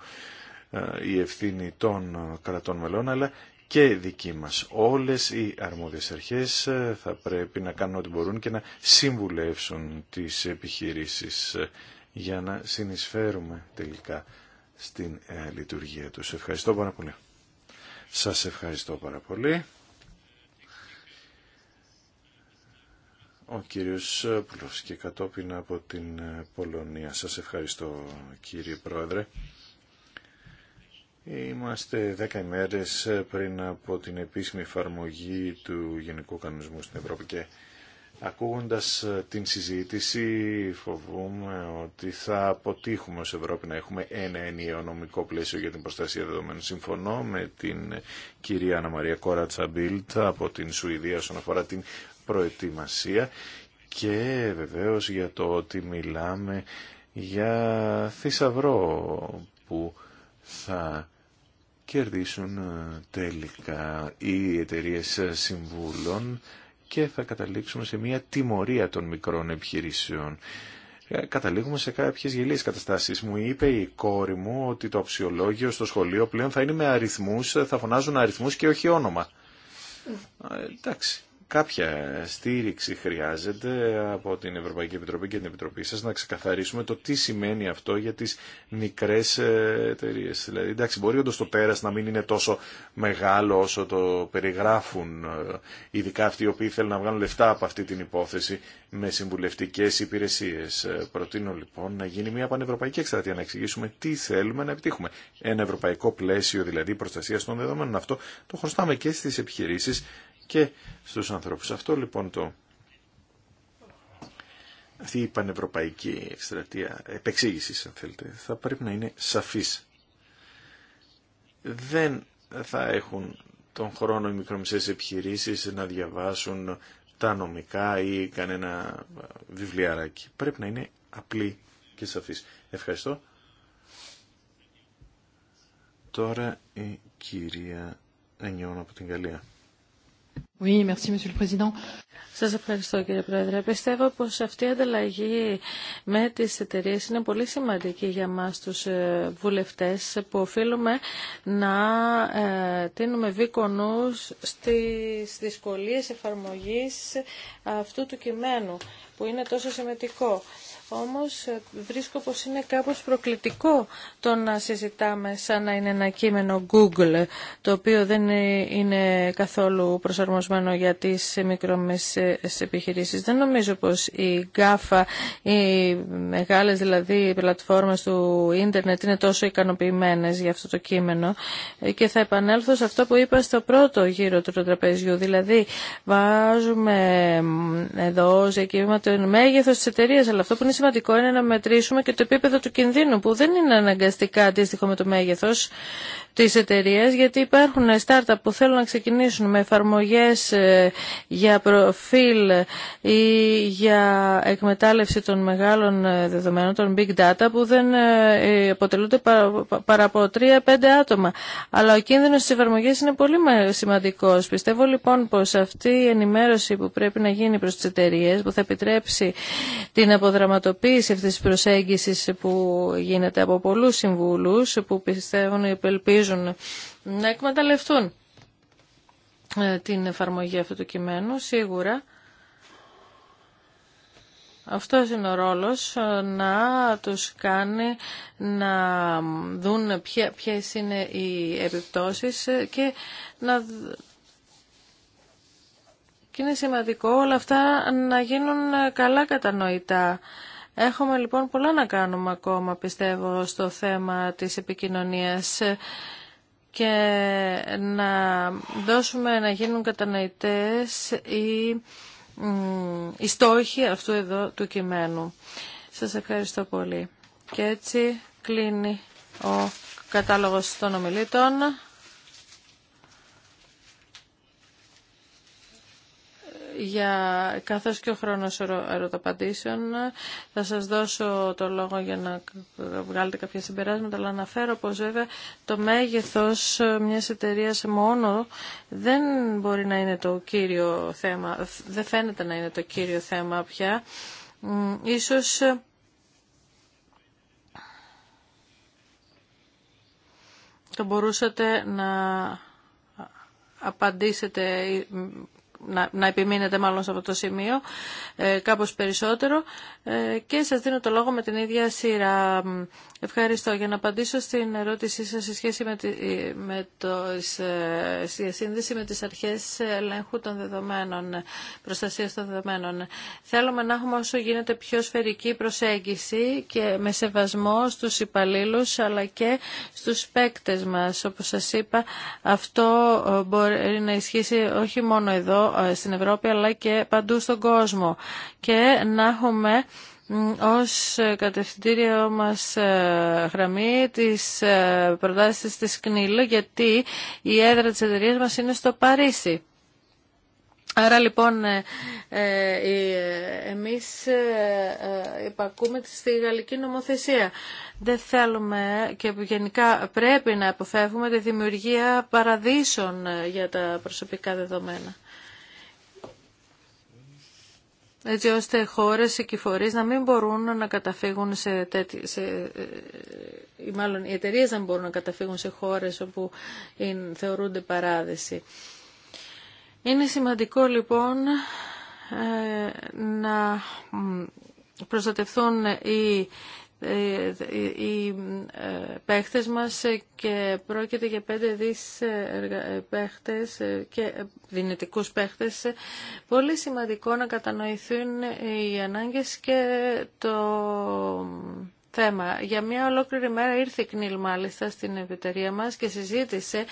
Speaker 2: ε, η ευθύνη των κρατών μελών, αλλά και δική μας. Όλες οι αρμόδιες αρχές ε, θα πρέπει να κάνουν ό,τι μπορούν και να συμβουλεύσουν τις επιχειρήσεις ε, για να συνεισφέρουμε τελικά στην ε, λειτουργία τους. Ευχαριστώ πάρα πολύ. Σας ευχαριστώ πάρα πολύ. Ο κύριος Πλούς και κατόπιν από την Πολωνία. Σας ευχαριστώ κύριε Πρόεδρε. Είμαστε δέκα ημέρες πριν από την επίσημη εφαρμογή του Γενικού Κανονισμού στην Ευρώπη και ακούγοντας την συζήτηση φοβούμε ότι θα αποτύχουμε ως Ευρώπη να έχουμε ένα ενιαίο νομικό πλαίσιο για την προστασία δεδομένων. Συμφωνώ με την κυρία Αναμαρία Κόρατσα Μπίλτ από την Σουηδία όσον αφορά την προετοιμασία και βεβαίως για το ότι μιλάμε για θησαυρό που θα κερδίσουν ε, τελικά οι εταιρείε ε, συμβούλων και θα καταλήξουμε σε μια τιμωρία των μικρών επιχειρήσεων. Ε, καταλήγουμε σε κάποιες γελίες καταστάσεις. Μου είπε η κόρη μου ότι το αξιολόγιο στο σχολείο πλέον θα είναι με αριθμούς, θα φωνάζουν αριθμούς και όχι όνομα. Ε, εντάξει κάποια στήριξη χρειάζεται από την Ευρωπαϊκή Επιτροπή και την Επιτροπή σας να ξεκαθαρίσουμε το τι σημαίνει αυτό για τις μικρές ε, εταιρείε. Δηλαδή, εντάξει, μπορεί όντως το πέρας να μην είναι τόσο μεγάλο όσο το περιγράφουν ε, ειδικά αυτοί οι οποίοι θέλουν να βγάλουν λεφτά από αυτή την υπόθεση με συμβουλευτικές υπηρεσίες. Ε, προτείνω λοιπόν να γίνει μια πανευρωπαϊκή εκστρατεία, να εξηγήσουμε τι θέλουμε να επιτύχουμε. Ένα ευρωπαϊκό πλαίσιο δηλαδή προστασία των δεδομένων. Αυτό το χρωστάμε και στις επιχειρήσεις και στους ανθρώπους. Αυτό λοιπόν το αυτή η πανευρωπαϊκή εκστρατεία επεξήγηση, αν θέλετε θα πρέπει να είναι σαφής. Δεν θα έχουν τον χρόνο οι μικρομεσαίες επιχειρήσεις να διαβάσουν τα νομικά ή κανένα βιβλιαράκι. Πρέπει να είναι απλή και σαφής. Ευχαριστώ. Τώρα η κυρία Ενιών από την Γαλλία.
Speaker 4: Σας ευχαριστώ κύριε Πρόεδρε. Πιστεύω πως αυτή η ανταλλαγή με τις εταιρείε είναι πολύ σημαντική για μας τους ε, βουλευτές που οφείλουμε να ε, τίνουμε βίκονους στις δυσκολίες εφαρμογής αυτού του κειμένου που είναι τόσο σημαντικό. Όμως ε, βρίσκω πως είναι κάπως προκλητικό το να συζητάμε σαν να είναι ένα κείμενο Google, το οποίο δεν ε, είναι καθόλου προσαρμοσμένο για τις μικρομεσαίες επιχειρήσεις. Δεν νομίζω πως η γκάφα, οι μεγάλες δηλαδή πλατφόρμες του ίντερνετ είναι τόσο ικανοποιημένες για αυτό το κείμενο ε, και θα επανέλθω σε αυτό που είπα στο πρώτο γύρο του τραπεζιού. Δηλαδή βάζουμε εδώ ως εκείμα το μέγεθος της εταιρεία, αλλά αυτό που είναι σημαντικό είναι να μετρήσουμε και το επίπεδο του κινδύνου που δεν είναι αναγκαστικά αντίστοιχο με το μέγεθος της εταιρείας γιατί υπάρχουν startup που θέλουν να ξεκινήσουν με εφαρμογές ε, για προφίλ ή για εκμετάλλευση των μεγάλων ε, δεδομένων, των big data που δεν ε, αποτελούνται παρά από 3-5 άτομα. Αλλά ο κίνδυνος της εφαρμογής είναι πολύ σημαντικός. Πιστεύω λοιπόν πως αυτή η ενημέρωση που πρέπει να γίνει προς τις εταιρείε που θα επιτρέψει την αποδραματοποίηση πραγματοποίηση αυτής της προσέγγισης που γίνεται από πολλούς συμβούλους που πιστεύουν ή ελπίζουν να εκμεταλλευτούν ε, την εφαρμογή αυτού του κειμένου, σίγουρα. Αυτό είναι ο ρόλος, ε, να τους κάνει να δουν ποιε ποιες είναι οι επιπτώσεις ε, και να... Και είναι σημαντικό όλα αυτά να γίνουν καλά κατανοητά Έχουμε λοιπόν πολλά να κάνουμε ακόμα πιστεύω στο θέμα της επικοινωνίας και να δώσουμε να γίνουν κατανοητές οι, οι στόχοι αυτού εδώ του κειμένου. Σας ευχαριστώ πολύ. Και έτσι κλείνει ο κατάλογος των ομιλήτων. για, καθώς και ο χρόνος ερωταπαντήσεων. Θα σας δώσω το λόγο για να βγάλετε κάποια συμπεράσματα, αλλά αναφέρω πως βέβαια το μέγεθος μιας εταιρεία μόνο δεν μπορεί να είναι το κύριο θέμα, δεν φαίνεται να είναι το κύριο θέμα πια. Ίσως θα μπορούσατε να απαντήσετε να, να επιμείνετε μάλλον σε αυτό το σημείο ε, κάπως περισσότερο ε, και σας δίνω το λόγο με την ίδια σειρά. Ευχαριστώ. Για να απαντήσω στην ερώτησή σας σε σχέση με τη με το, ε, σε σύνδεση με τις αρχές ελέγχου των δεδομένων, προστασίας των δεδομένων. Θέλουμε να έχουμε όσο γίνεται πιο σφαιρική προσέγγιση και με σεβασμό στους υπαλλήλου, αλλά και στους παίκτες μας. Όπως σας είπα, αυτό ε, μπορεί να ισχύσει όχι μόνο εδώ στην Ευρώπη αλλά και παντού στον κόσμο και να έχουμε ως κατευθυντήριο μας ε, γραμμή της ε, προτάσεις της ΚΝΙΛ γιατί η έδρα της εταιρεία μας είναι στο Παρίσι. Άρα λοιπόν ε, ε εμείς υπακούμε στη γαλλική νομοθεσία. Δεν θέλουμε και γενικά πρέπει να αποφεύγουμε τη δημιουργία παραδείσων για τα προσωπικά δεδομένα έτσι ώστε χώρες και φορείς να μην μπορούν να καταφύγουν σε τέτοιες, ε, ή μάλλον οι εταιρείες να μην μπορούν να καταφύγουν σε χώρες όπου θεωρούνται παράδεση. Είναι σημαντικό λοιπόν ε, να προστατευτούν οι οι ε, παίχτες μας και πρόκειται για πέντε δις ε, ε, παίχτες και δυνητικούς παίχτες πολύ σημαντικό να κατανοηθούν οι ανάγκες και το θέμα. Για μια ολόκληρη μέρα ήρθε η ΚΝΙΛ μάλιστα στην επιτερία μας και συζήτησε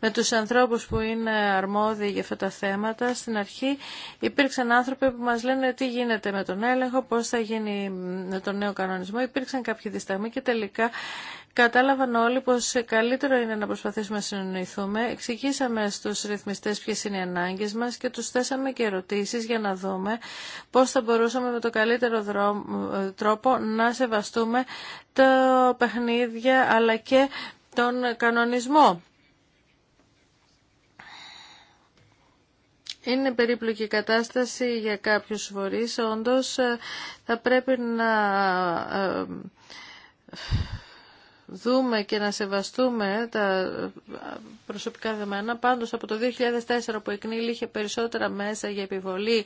Speaker 4: με τους ανθρώπους που είναι αρμόδιοι για αυτά τα θέματα. Στην αρχή υπήρξαν άνθρωποι που μας λένε τι γίνεται με τον έλεγχο, πώς θα γίνει με τον νέο κανονισμό. Υπήρξαν κάποιοι δισταγμοί και τελικά κατάλαβαν όλοι πως καλύτερο είναι να προσπαθήσουμε να συνοηθούμε. Εξηγήσαμε στους ρυθμιστές ποιε είναι οι ανάγκε μας και του θέσαμε και ερωτήσει για να δούμε πώς θα μπορούσαμε με το καλύτερο τρόπο να σεβαστούμε τα παιχνίδια αλλά και τον κανονισμό. Είναι περίπλοκη κατάσταση για κάποιους φορείς, όντως θα πρέπει να ε, δούμε και να σεβαστούμε τα προσωπικά δεδομένα. Πάντως από το 2004 που η Κνήλη είχε περισσότερα μέσα για επιβολή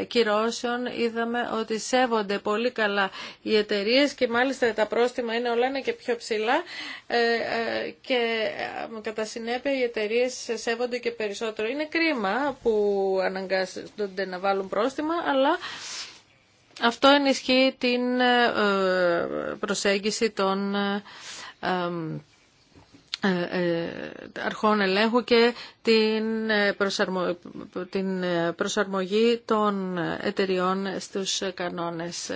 Speaker 4: ε, κυρώσεων είδαμε ότι σέβονται πολύ καλά οι εταιρείε και μάλιστα τα πρόστιμα είναι όλα ένα και πιο ψηλά ε, ε, και κατά συνέπεια οι εταιρείε σέβονται και περισσότερο. Είναι κρίμα που αναγκάζονται να βάλουν πρόστιμα αλλά αυτό ενισχύει την ε, ε, προσέγγιση των ε, ε, ε, αρχών ελέγχου και την, ε, την προσαρμογή των εταιριών στους κανόνες.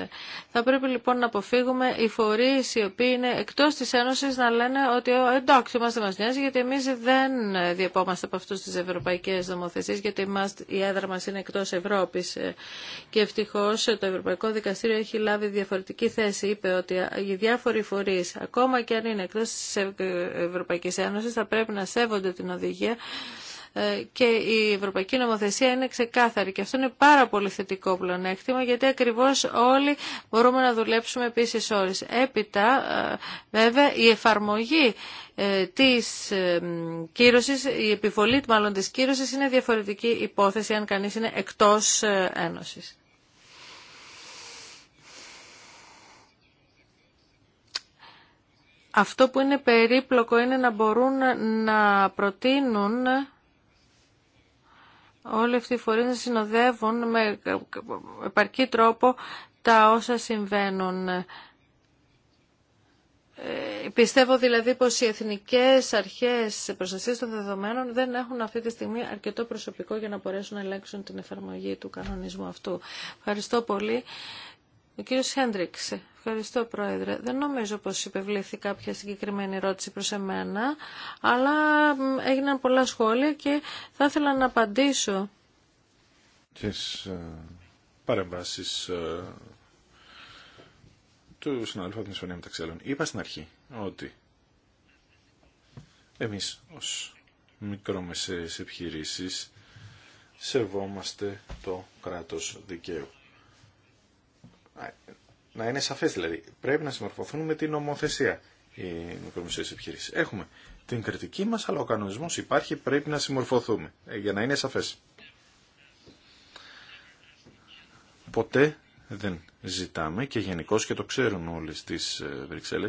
Speaker 4: Θα πρέπει λοιπόν να αποφύγουμε οι φορείς οι οποίοι είναι εκτός της Ένωσης να λένε ότι εντάξει μας δεν μας νοιάζει γιατί εμείς δεν διεπόμαστε από αυτούς τις ευρωπαϊκές νομοθεσίες γιατί μας η έδρα μας είναι εκτός Ευρώπης και ευτυχώς το Ευρωπαϊκό Δικαστήριο έχει λάβει διαφορετική θέση είπε ότι οι διάφοροι φορείς ακόμα και αν είναι εκτός της Ευρωπαϊκής Ευρωπαϊκής Ένωσης θα πρέπει να σέβονται την οδηγία ε, και η ευρωπαϊκή νομοθεσία είναι ξεκάθαρη και αυτό είναι πάρα πολύ θετικό πλονέκτημα γιατί ακριβώς όλοι μπορούμε να δουλέψουμε επίσης ώρες. Έπειτα ε, βέβαια η εφαρμογή ε, της κύρωσης, η επιβολή μάλλον της κύρωσης είναι διαφορετική υπόθεση αν κανείς είναι εκτός ένωσης. Αυτό που είναι περίπλοκο είναι να μπορούν να προτείνουν όλοι αυτοί οι φορείς να συνοδεύουν με επαρκή τρόπο τα όσα συμβαίνουν. Ε, πιστεύω δηλαδή πως οι εθνικές αρχές προστασίας των δεδομένων δεν έχουν αυτή τη στιγμή αρκετό προσωπικό για να μπορέσουν να ελέγξουν την εφαρμογή του κανονισμού αυτού. Ευχαριστώ πολύ. Ο κύριο Χέντριξ, ευχαριστώ πρόεδρε. Δεν νομίζω πως υπευλήθη κάποια συγκεκριμένη ερώτηση προς εμένα, αλλά έγιναν πολλά σχόλια και θα ήθελα να απαντήσω.
Speaker 2: Τις ε, παρεμβάσεις ε, του συναδελφού από την Ισπανία μεταξύ άλλων. Είπα στην αρχή ότι εμείς ως μικρομεσαίες επιχειρήσεις σεβόμαστε το κράτος δικαίου να είναι σαφές δηλαδή, πρέπει να συμμορφωθούν με την νομοθεσία οι μικρομεσαίε επιχειρήσει. Έχουμε την κριτική μας, αλλά ο κανονισμό υπάρχει, πρέπει να συμμορφωθούμε, ε, για να είναι σαφές. Ποτέ δεν ζητάμε και γενικώ και το ξέρουν όλε τις ε, Βρυξέλλε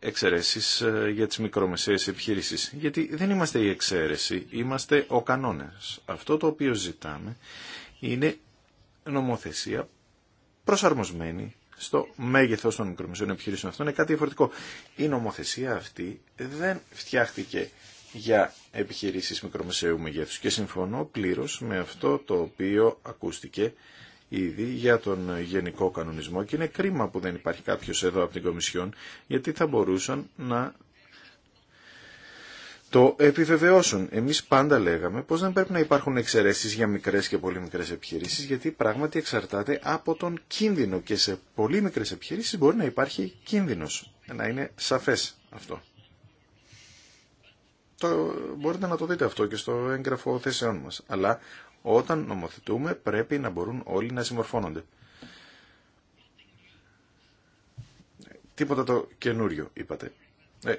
Speaker 2: εξαιρέσει ε, για τις μικρομεσαίες επιχειρήσεις. Γιατί δεν είμαστε η εξαίρεση, είμαστε ο κανόνας. Αυτό το οποίο ζητάμε είναι νομοθεσία προσαρμοσμένη στο μέγεθος των μικρομεσαίων επιχειρήσεων. Αυτό είναι κάτι διαφορετικό. Η νομοθεσία αυτή δεν φτιάχτηκε για επιχειρήσεις μικρομεσαίου μεγέθους και συμφωνώ πλήρως με αυτό το οποίο ακούστηκε ήδη για τον γενικό κανονισμό και είναι κρίμα που δεν υπάρχει κάποιος εδώ από την Κομισιόν γιατί θα μπορούσαν να το επιβεβαιώσουν. Εμείς πάντα λέγαμε πως δεν πρέπει να υπάρχουν εξαιρέσεις για μικρές και πολύ μικρές επιχειρήσεις γιατί πράγματι εξαρτάται από τον κίνδυνο και σε πολύ μικρές επιχειρήσεις μπορεί να υπάρχει κίνδυνος. Να είναι σαφές αυτό. Το, μπορείτε να το δείτε αυτό και στο έγγραφο θέσεών μας. Αλλά όταν νομοθετούμε πρέπει να μπορούν όλοι να συμμορφώνονται. Τίποτα το καινούριο είπατε. Ε,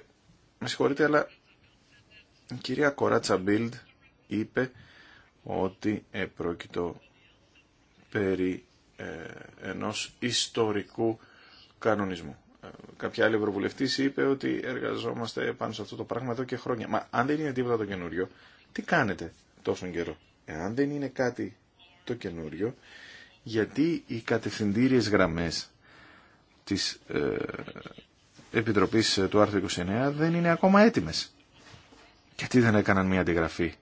Speaker 2: με συγχωρείτε αλλά η κυρία Κοράτσα Μπίλντ είπε ότι επρόκειτο περί ε, ενός ιστορικού κανονισμού. Ε, κάποια άλλη ευρωβουλευτή είπε ότι εργαζόμαστε πάνω σε αυτό το πράγμα εδώ και χρόνια. Μα αν δεν είναι τίποτα το καινούριο, τι κάνετε τόσο καιρό. Εάν δεν είναι κάτι το καινούριο, γιατί οι κατευθυντήριες γραμμές της ε, Επιτροπής του άρθρου 29 δεν είναι ακόμα έτοιμες. Γιατί δεν έκαναν μια αντιγραφή.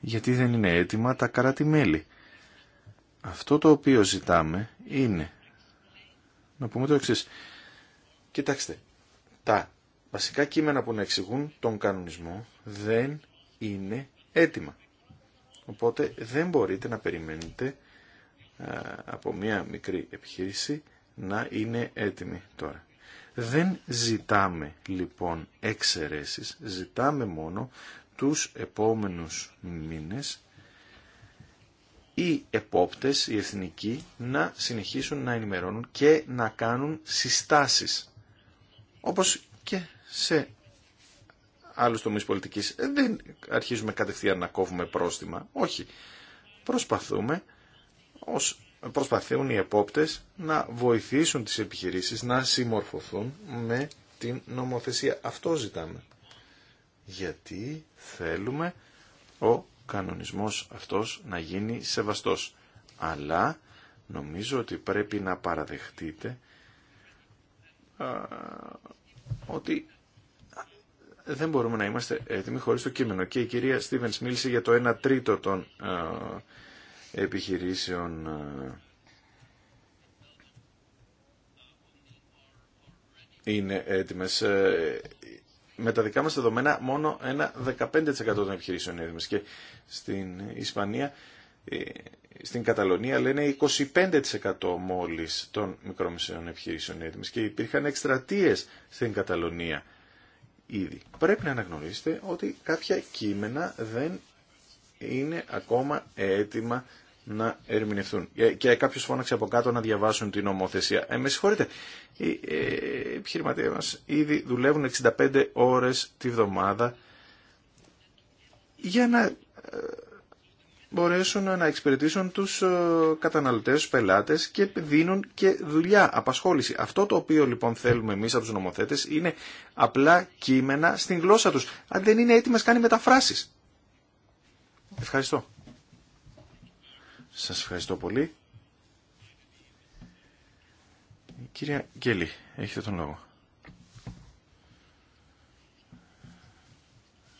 Speaker 2: Γιατί δεν είναι έτοιμα τα κράτη-μέλη. Αυτό το οποίο ζητάμε είναι να πούμε το εξής. Κοιτάξτε, τα βασικά κείμενα που να εξηγούν τον κανονισμό δεν είναι έτοιμα. Οπότε δεν μπορείτε να περιμένετε ε, από μία μικρή επιχείρηση να είναι έτοιμη τώρα. Δεν ζητάμε λοιπόν εξαιρέσεις, ζητάμε μόνο τους επόμενους μήνες οι επόπτες, οι εθνικοί, να συνεχίσουν να ενημερώνουν και να κάνουν συστάσεις. Όπως και σε άλλους τομείς πολιτικής. Δεν αρχίζουμε κατευθείαν να κόβουμε πρόστιμα. Όχι. Προσπαθούμε ως προσπαθούν οι επόπτες να βοηθήσουν τις επιχειρήσεις να συμμορφωθούν με την νομοθεσία. Αυτό ζητάμε. Γιατί θέλουμε ο κανονισμός αυτός να γίνει σεβαστός. Αλλά νομίζω ότι πρέπει να παραδεχτείτε α, ότι δεν μπορούμε να είμαστε έτοιμοι χωρίς το κείμενο. Και η κυρία Στίβενς μίλησε για το 1 τρίτο των επιχειρήσεων ε, είναι έτοιμες. Ε, με τα δικά μας δεδομένα μόνο ένα 15% των επιχειρήσεων είναι έτοιμες και στην Ισπανία, ε, στην Καταλωνία λένε 25% μόλις των μικρομεσαίων επιχειρήσεων είναι έτοιμες και υπήρχαν εκστρατείες στην Καταλωνία ήδη. Πρέπει να αναγνωρίσετε ότι κάποια κείμενα δεν είναι ακόμα έτοιμα να ερμηνευτούν. Ε, και κάποιο φώναξε από κάτω να διαβάσουν την νομοθεσία. Ε, με συγχωρείτε, οι ε, επιχειρηματίε μα ήδη δουλεύουν 65 ώρε τη βδομάδα για να ε, μπορέσουν να εξυπηρετήσουν τους ε, καταναλωτέ του πελάτες και δίνουν και δουλειά, απασχόληση. Αυτό το οποίο λοιπόν θέλουμε εμεί από του νομοθέτε είναι απλά κείμενα στην γλώσσα του. Αν δεν είναι έτοιμε, κάνει μεταφράσει. Ευχαριστώ. Σας ευχαριστώ πολύ. Κυρία Γκέλη, έχετε τον λόγο.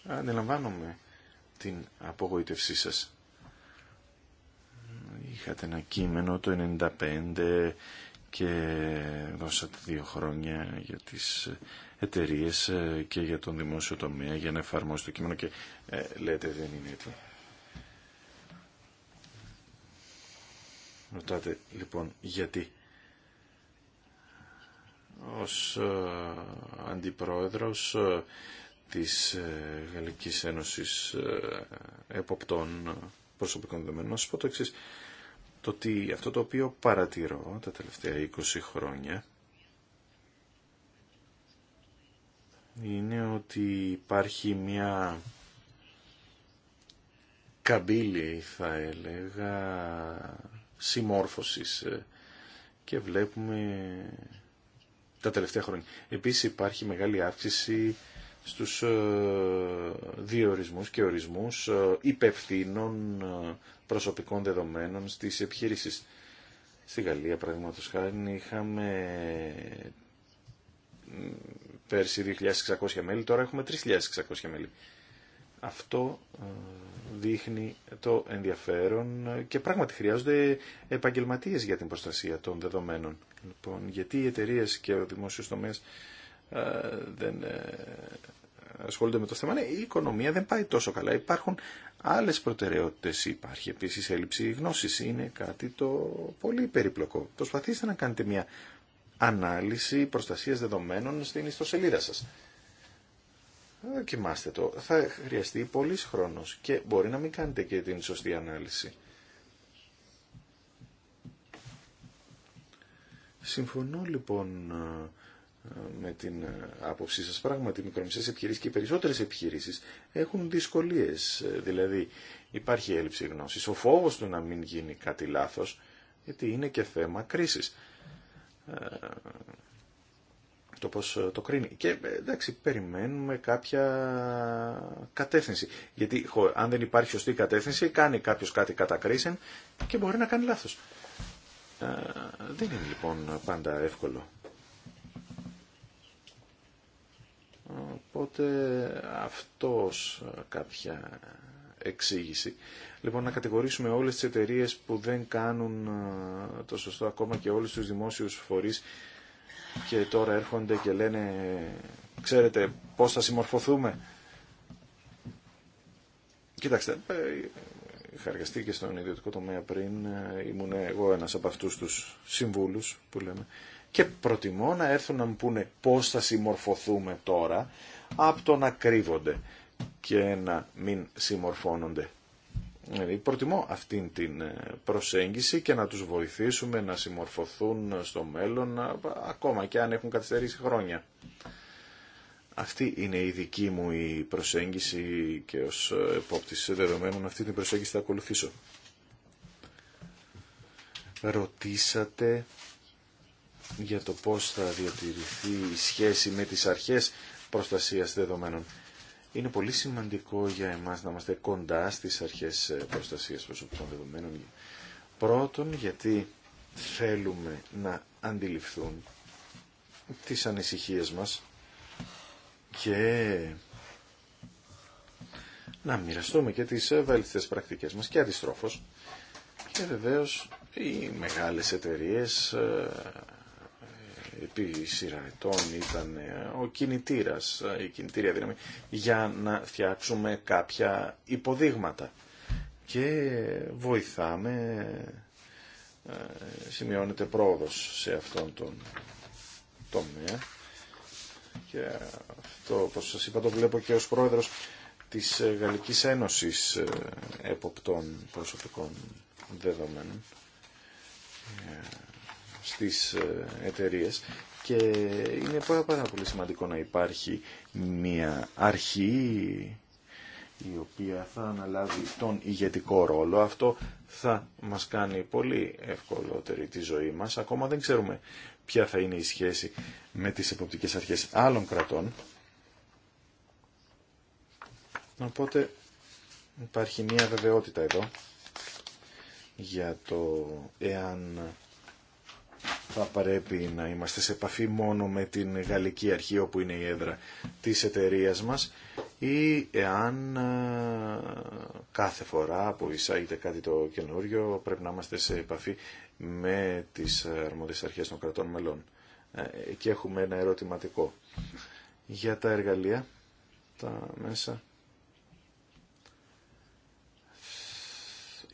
Speaker 2: Αντιλαμβάνομαι την απογοήτευσή σας. Είχατε ένα κείμενο το 95 και δώσατε δύο χρόνια για τις εταιρείε και για τον δημόσιο τομέα για να εφαρμόσετε το κείμενο και ε, λέτε δεν είναι έτοιμο. Ρωτάτε λοιπόν γιατί. Ως ε, αντιπρόεδρος ε, της ε, Γαλλικής Ένωσης Εποπτών Προσωπικών Δεδομένων, να το εξής. ότι αυτό το οποίο παρατηρώ τα τελευταία 20 χρόνια είναι ότι υπάρχει μια καμπύλη θα έλεγα συμμόρφωσης ε, και βλέπουμε τα τελευταία χρόνια. Επίσης υπάρχει μεγάλη αύξηση στους ε, διορισμούς και ορισμούς ε, υπευθύνων προσωπικών δεδομένων στις επιχειρήσεις. Στη Γαλλία, παραδείγματο χάρη, είχαμε πέρσι 2.600 μέλη, τώρα έχουμε 3.600 μέλη. Αυτό ε, δείχνει το ενδιαφέρον και πράγματι χρειάζονται επαγγελματίες για την προστασία των δεδομένων. Λοιπόν, γιατί οι εταιρείε και ο δημόσιο τομέα ε, δεν ε, ασχολούνται με το θέμα. Ναι, η οικονομία δεν πάει τόσο καλά. Υπάρχουν άλλες προτεραιότητες. Υπάρχει επίσης έλλειψη γνώσης. Είναι κάτι το πολύ περίπλοκο. Προσπαθήστε να κάνετε μια ανάλυση προστασίας δεδομένων στην ιστοσελίδα σας. Δοκιμάστε το. Θα χρειαστεί πολύς χρόνος και μπορεί να μην κάνετε και την σωστή ανάλυση. Συμφωνώ λοιπόν ε, με την ε, άποψή σας. Πράγματι, οι μικρομισές επιχειρήσεις και οι περισσότερες επιχειρήσεις έχουν δυσκολίες. Ε, δηλαδή, υπάρχει έλλειψη γνώσης. Ο φόβος του να μην γίνει κάτι λάθος, γιατί είναι και θέμα κρίσης το πώς ε, το κρίνει. Και ε, εντάξει, περιμένουμε κάποια κατεύθυνση. Γιατί αν δεν υπάρχει σωστή κατεύθυνση, κάνει κάποιος κάτι κατά και μπορεί να κάνει λάθος. Ε, δεν είναι λοιπόν πάντα εύκολο. Οπότε αυτός κάποια εξήγηση. Λοιπόν, να κατηγορήσουμε όλες τις εταιρείες που δεν κάνουν το σωστό ακόμα και όλους τους δημόσιους φορείς και τώρα έρχονται και λένε ξέρετε πώς θα συμμορφωθούμε. Κοιτάξτε, ε, είχα εργαστεί και στον ιδιωτικό τομέα πριν, ε, ήμουν εγώ ένας από αυτούς τους συμβούλους που λέμε και προτιμώ να έρθουν να μου πούνε πώς θα συμμορφωθούμε τώρα από το να κρύβονται και να μην συμμορφώνονται. Ε προτιμώ αυτήν την ε, προσέγγιση και να τους βοηθήσουμε να συμμορφωθούν στο μέλλον, ακόμα και αν έχουν καθυστερήσει χρόνια. Αυτή είναι η δική μου η προσέγγιση και ως επόπτης δεδομένων αυτή την προσέγγιση θα ακολουθήσω. Ρωτήσατε για το πώς θα διατηρηθεί η σχέση με τις αρχές προστασίας δεδομένων. Είναι πολύ σημαντικό για εμάς να είμαστε κοντά στις αρχές ε, προστασίας προσωπικών δεδομένων. Πρώτον, γιατί θέλουμε να αντιληφθούν τις ανησυχίες μας και να μοιραστούμε και τις ε, βέλτιστες πρακτικές μας και αντιστρόφως. Και βεβαίως οι μεγάλες εταιρείες ε, επί σειρά ετών ήταν ε, ο κινητήρας, ε, η κινητήρια δύναμη, για να φτιάξουμε κάποια υποδείγματα. Και βοηθάμε, ε, σημειώνεται πρόοδος σε αυτόν τον τομέα. Και αυτό, όπως σας είπα, το βλέπω και ως πρόεδρος της Γαλλικής Ένωσης Εποπτών Προσωπικών Δεδομένων στις ε, εταιρείε. και είναι πάρα πολύ σημαντικό να υπάρχει μια αρχή η οποία θα αναλάβει τον ηγετικό ρόλο. Αυτό θα μας κάνει πολύ ευκολότερη τη ζωή μας. Ακόμα δεν ξέρουμε ποια θα είναι η σχέση με τις εποπτικές αρχές άλλων κρατών. Οπότε υπάρχει μια βεβαιότητα εδώ για το εάν θα πρέπει να είμαστε σε επαφή μόνο με την γαλλική αρχή όπου είναι η έδρα της εταιρεία μας ή εάν ε, κάθε φορά που εισάγεται κάτι το καινούριο πρέπει να είμαστε σε επαφή με τις αρμόδιες αρχές των κρατών μελών. Ε, Και έχουμε ένα ερωτηματικό για τα εργαλεία, τα μέσα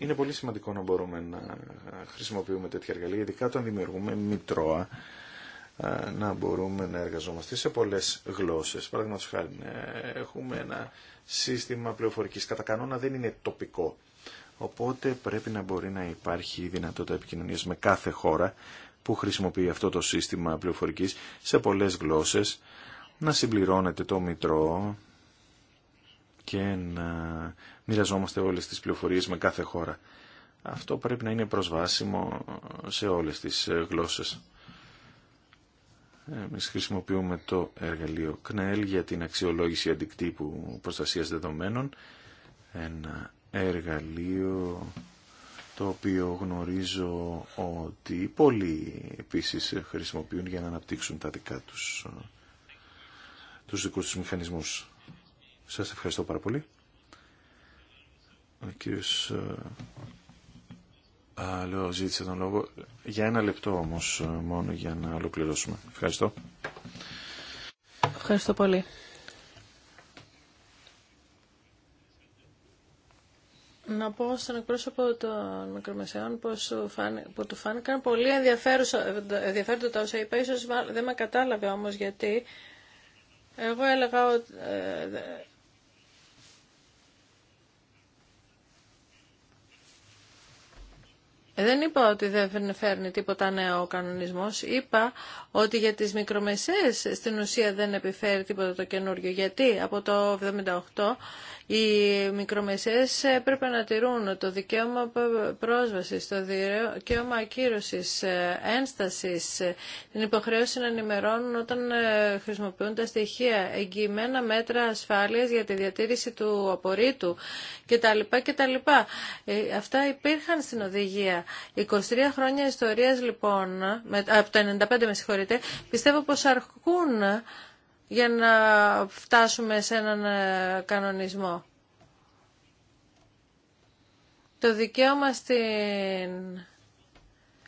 Speaker 2: είναι πολύ σημαντικό να μπορούμε να χρησιμοποιούμε τέτοια εργαλεία, ειδικά όταν δημιουργούμε μητρώα, ε, να μπορούμε να εργαζόμαστε σε πολλές γλώσσες. Παραδείγματος χάρη, ε, έχουμε ένα σύστημα πληροφορικής. Κατά κανόνα δεν είναι τοπικό. Οπότε πρέπει να μπορεί να υπάρχει η δυνατότητα επικοινωνίας με κάθε χώρα που χρησιμοποιεί αυτό το σύστημα πληροφορικής σε πολλές γλώσσες, να συμπληρώνεται το μητρό και να μοιραζόμαστε όλες τις πληροφορίες με κάθε χώρα. Αυτό πρέπει να είναι προσβάσιμο σε όλες τις ε, γλώσσες. Εμείς χρησιμοποιούμε το εργαλείο ΚΝΕΛ για την αξιολόγηση αντικτύπου προστασίας δεδομένων. Ένα εργαλείο το οποίο γνωρίζω ότι πολλοί επίσης χρησιμοποιούν για να αναπτύξουν τα δικά τους, ε, τους δικούς τους μηχανισμούς. Σας ευχαριστώ πάρα πολύ. Ο κύριος ε, ζήτησε τον λόγο. Για ένα λεπτό όμως ε, μόνο για να ολοκληρώσουμε. Ευχαριστώ.
Speaker 4: Ευχαριστώ πολύ. Να πω στον εκπρόσωπο των μικρομεσαίων πως που του φάνηκαν πολύ ενδιαφέροντα τα όσα είπα. Ίσως δεν με κατάλαβε όμως γιατί. Εγώ έλεγα ότι ε, Ε, δεν είπα ότι δεν φέρνει τίποτα νέο ο κανονισμός. Είπα ότι για τις μικρομεσαίες στην ουσία δεν επιφέρει τίποτα το καινούριο. Γιατί από το 1978 οι μικρομεσαίες έπρεπε να τηρούν το δικαίωμα πρόσβασης, το δικαίωμα ακύρωσης, ε, ένστασης, ε, την υποχρέωση να ενημερώνουν όταν ε, χρησιμοποιούν τα στοιχεία, εγγυημένα μέτρα ασφάλειας για τη διατήρηση του απορρίτου κτλ. κτλ. Αυτά υπήρχαν στην οδηγία. 23 χρόνια ιστορίας λοιπόν, από τα 95 με συγχωρείτε, πιστεύω πως αρχούν για να φτάσουμε σε έναν ε, κανονισμό. Το δικαίωμα στην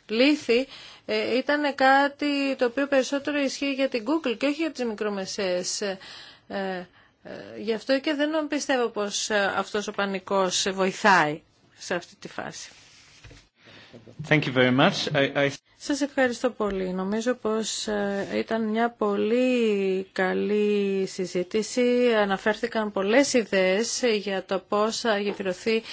Speaker 4: λύθη ε, ήταν κάτι το οποίο περισσότερο ισχύει για την Google και όχι για τις μικρομεσαίες. Ε, γι' αυτό και δεν πιστεύω πως αυτός ο πανικός βοηθάει σε αυτή τη φάση. Thank Σας ευχαριστώ πολύ. Νομίζω πως ε, ήταν μια πολύ καλή συζήτηση. Αναφέρθηκαν πολλές ιδέες για το πώς θα γεφυρωθεί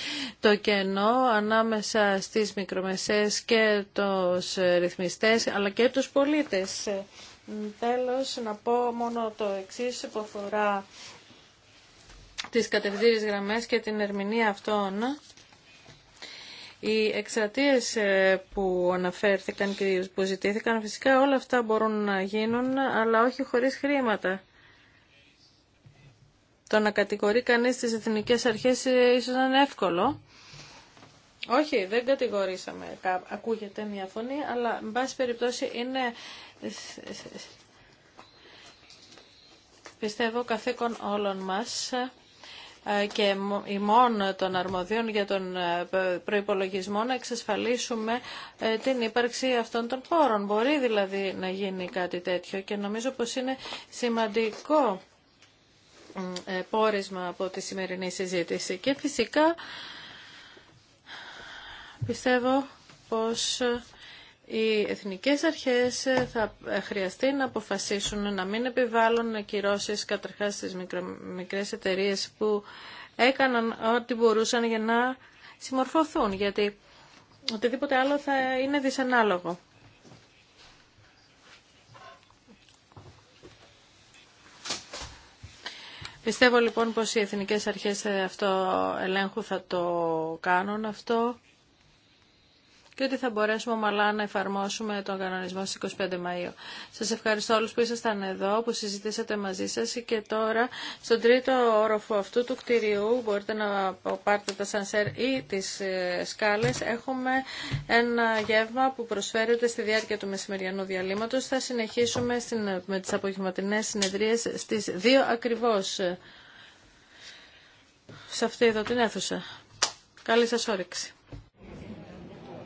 Speaker 4: το κενό ανάμεσα στις μικρομεσές και τους ρυθμιστές αλλά και τους πολίτες. Ε, τέλος, να πω μόνο το εξής που αφορά τις κατευθύνες γραμμές και την ερμηνεία αυτών. Οι εξατίες ε, που αναφέρθηκαν και που ζητήθηκαν, φυσικά όλα αυτά μπορούν να γίνουν, αλλά όχι χωρίς χρήματα. Το να κατηγορεί κανείς τις εθνικές αρχές ε, ίσως να είναι εύκολο. Όχι, δεν κατηγορήσαμε. Ακούγεται μια φωνή, αλλά, εν πάση περιπτώσει, είναι πιστεύω καθήκον όλων μας ε, και ημών των αρμοδίων για τον ε, προϋπολογισμό να εξασφαλίσουμε ε, την ύπαρξη αυτών των πόρων. Μπορεί δηλαδή να γίνει κάτι τέτοιο και νομίζω πως είναι σημαντικό πόρισμα από τη σημερινή συζήτηση. Και φυσικά πιστεύω πως οι εθνικές αρχές ε, θα χρειαστεί να αποφασίσουν να μην επιβάλλουν κυρώσεις καταρχάς στις μικρο, μικρές εταιρείες που έκαναν ό,τι μπορούσαν για να συμμορφωθούν, γιατί οτιδήποτε άλλο θα είναι δυσανάλογο. Πιστεύω λοιπόν πως οι εθνικές αρχές ε, αυτό ελέγχου θα το κάνουν αυτό και ότι θα μπορέσουμε ομαλά να εφαρμόσουμε τον κανονισμό στις 25 Μαΐου. Σας ευχαριστώ όλους που ήσασταν εδώ, που συζητήσατε μαζί σας και τώρα στον τρίτο όροφο αυτού του κτηριού μπορείτε να πάρετε τα σανσέρ ή τις ε, σκάλες. Έχουμε ένα γεύμα που προσφέρεται στη διάρκεια του μεσημεριανού διαλύματος. Θα συνεχίσουμε στην, με τις απογευματινές συνεδρίες στις 2 ακριβώς σε αυτή εδώ την αίθουσα. Καλή σας όρεξη.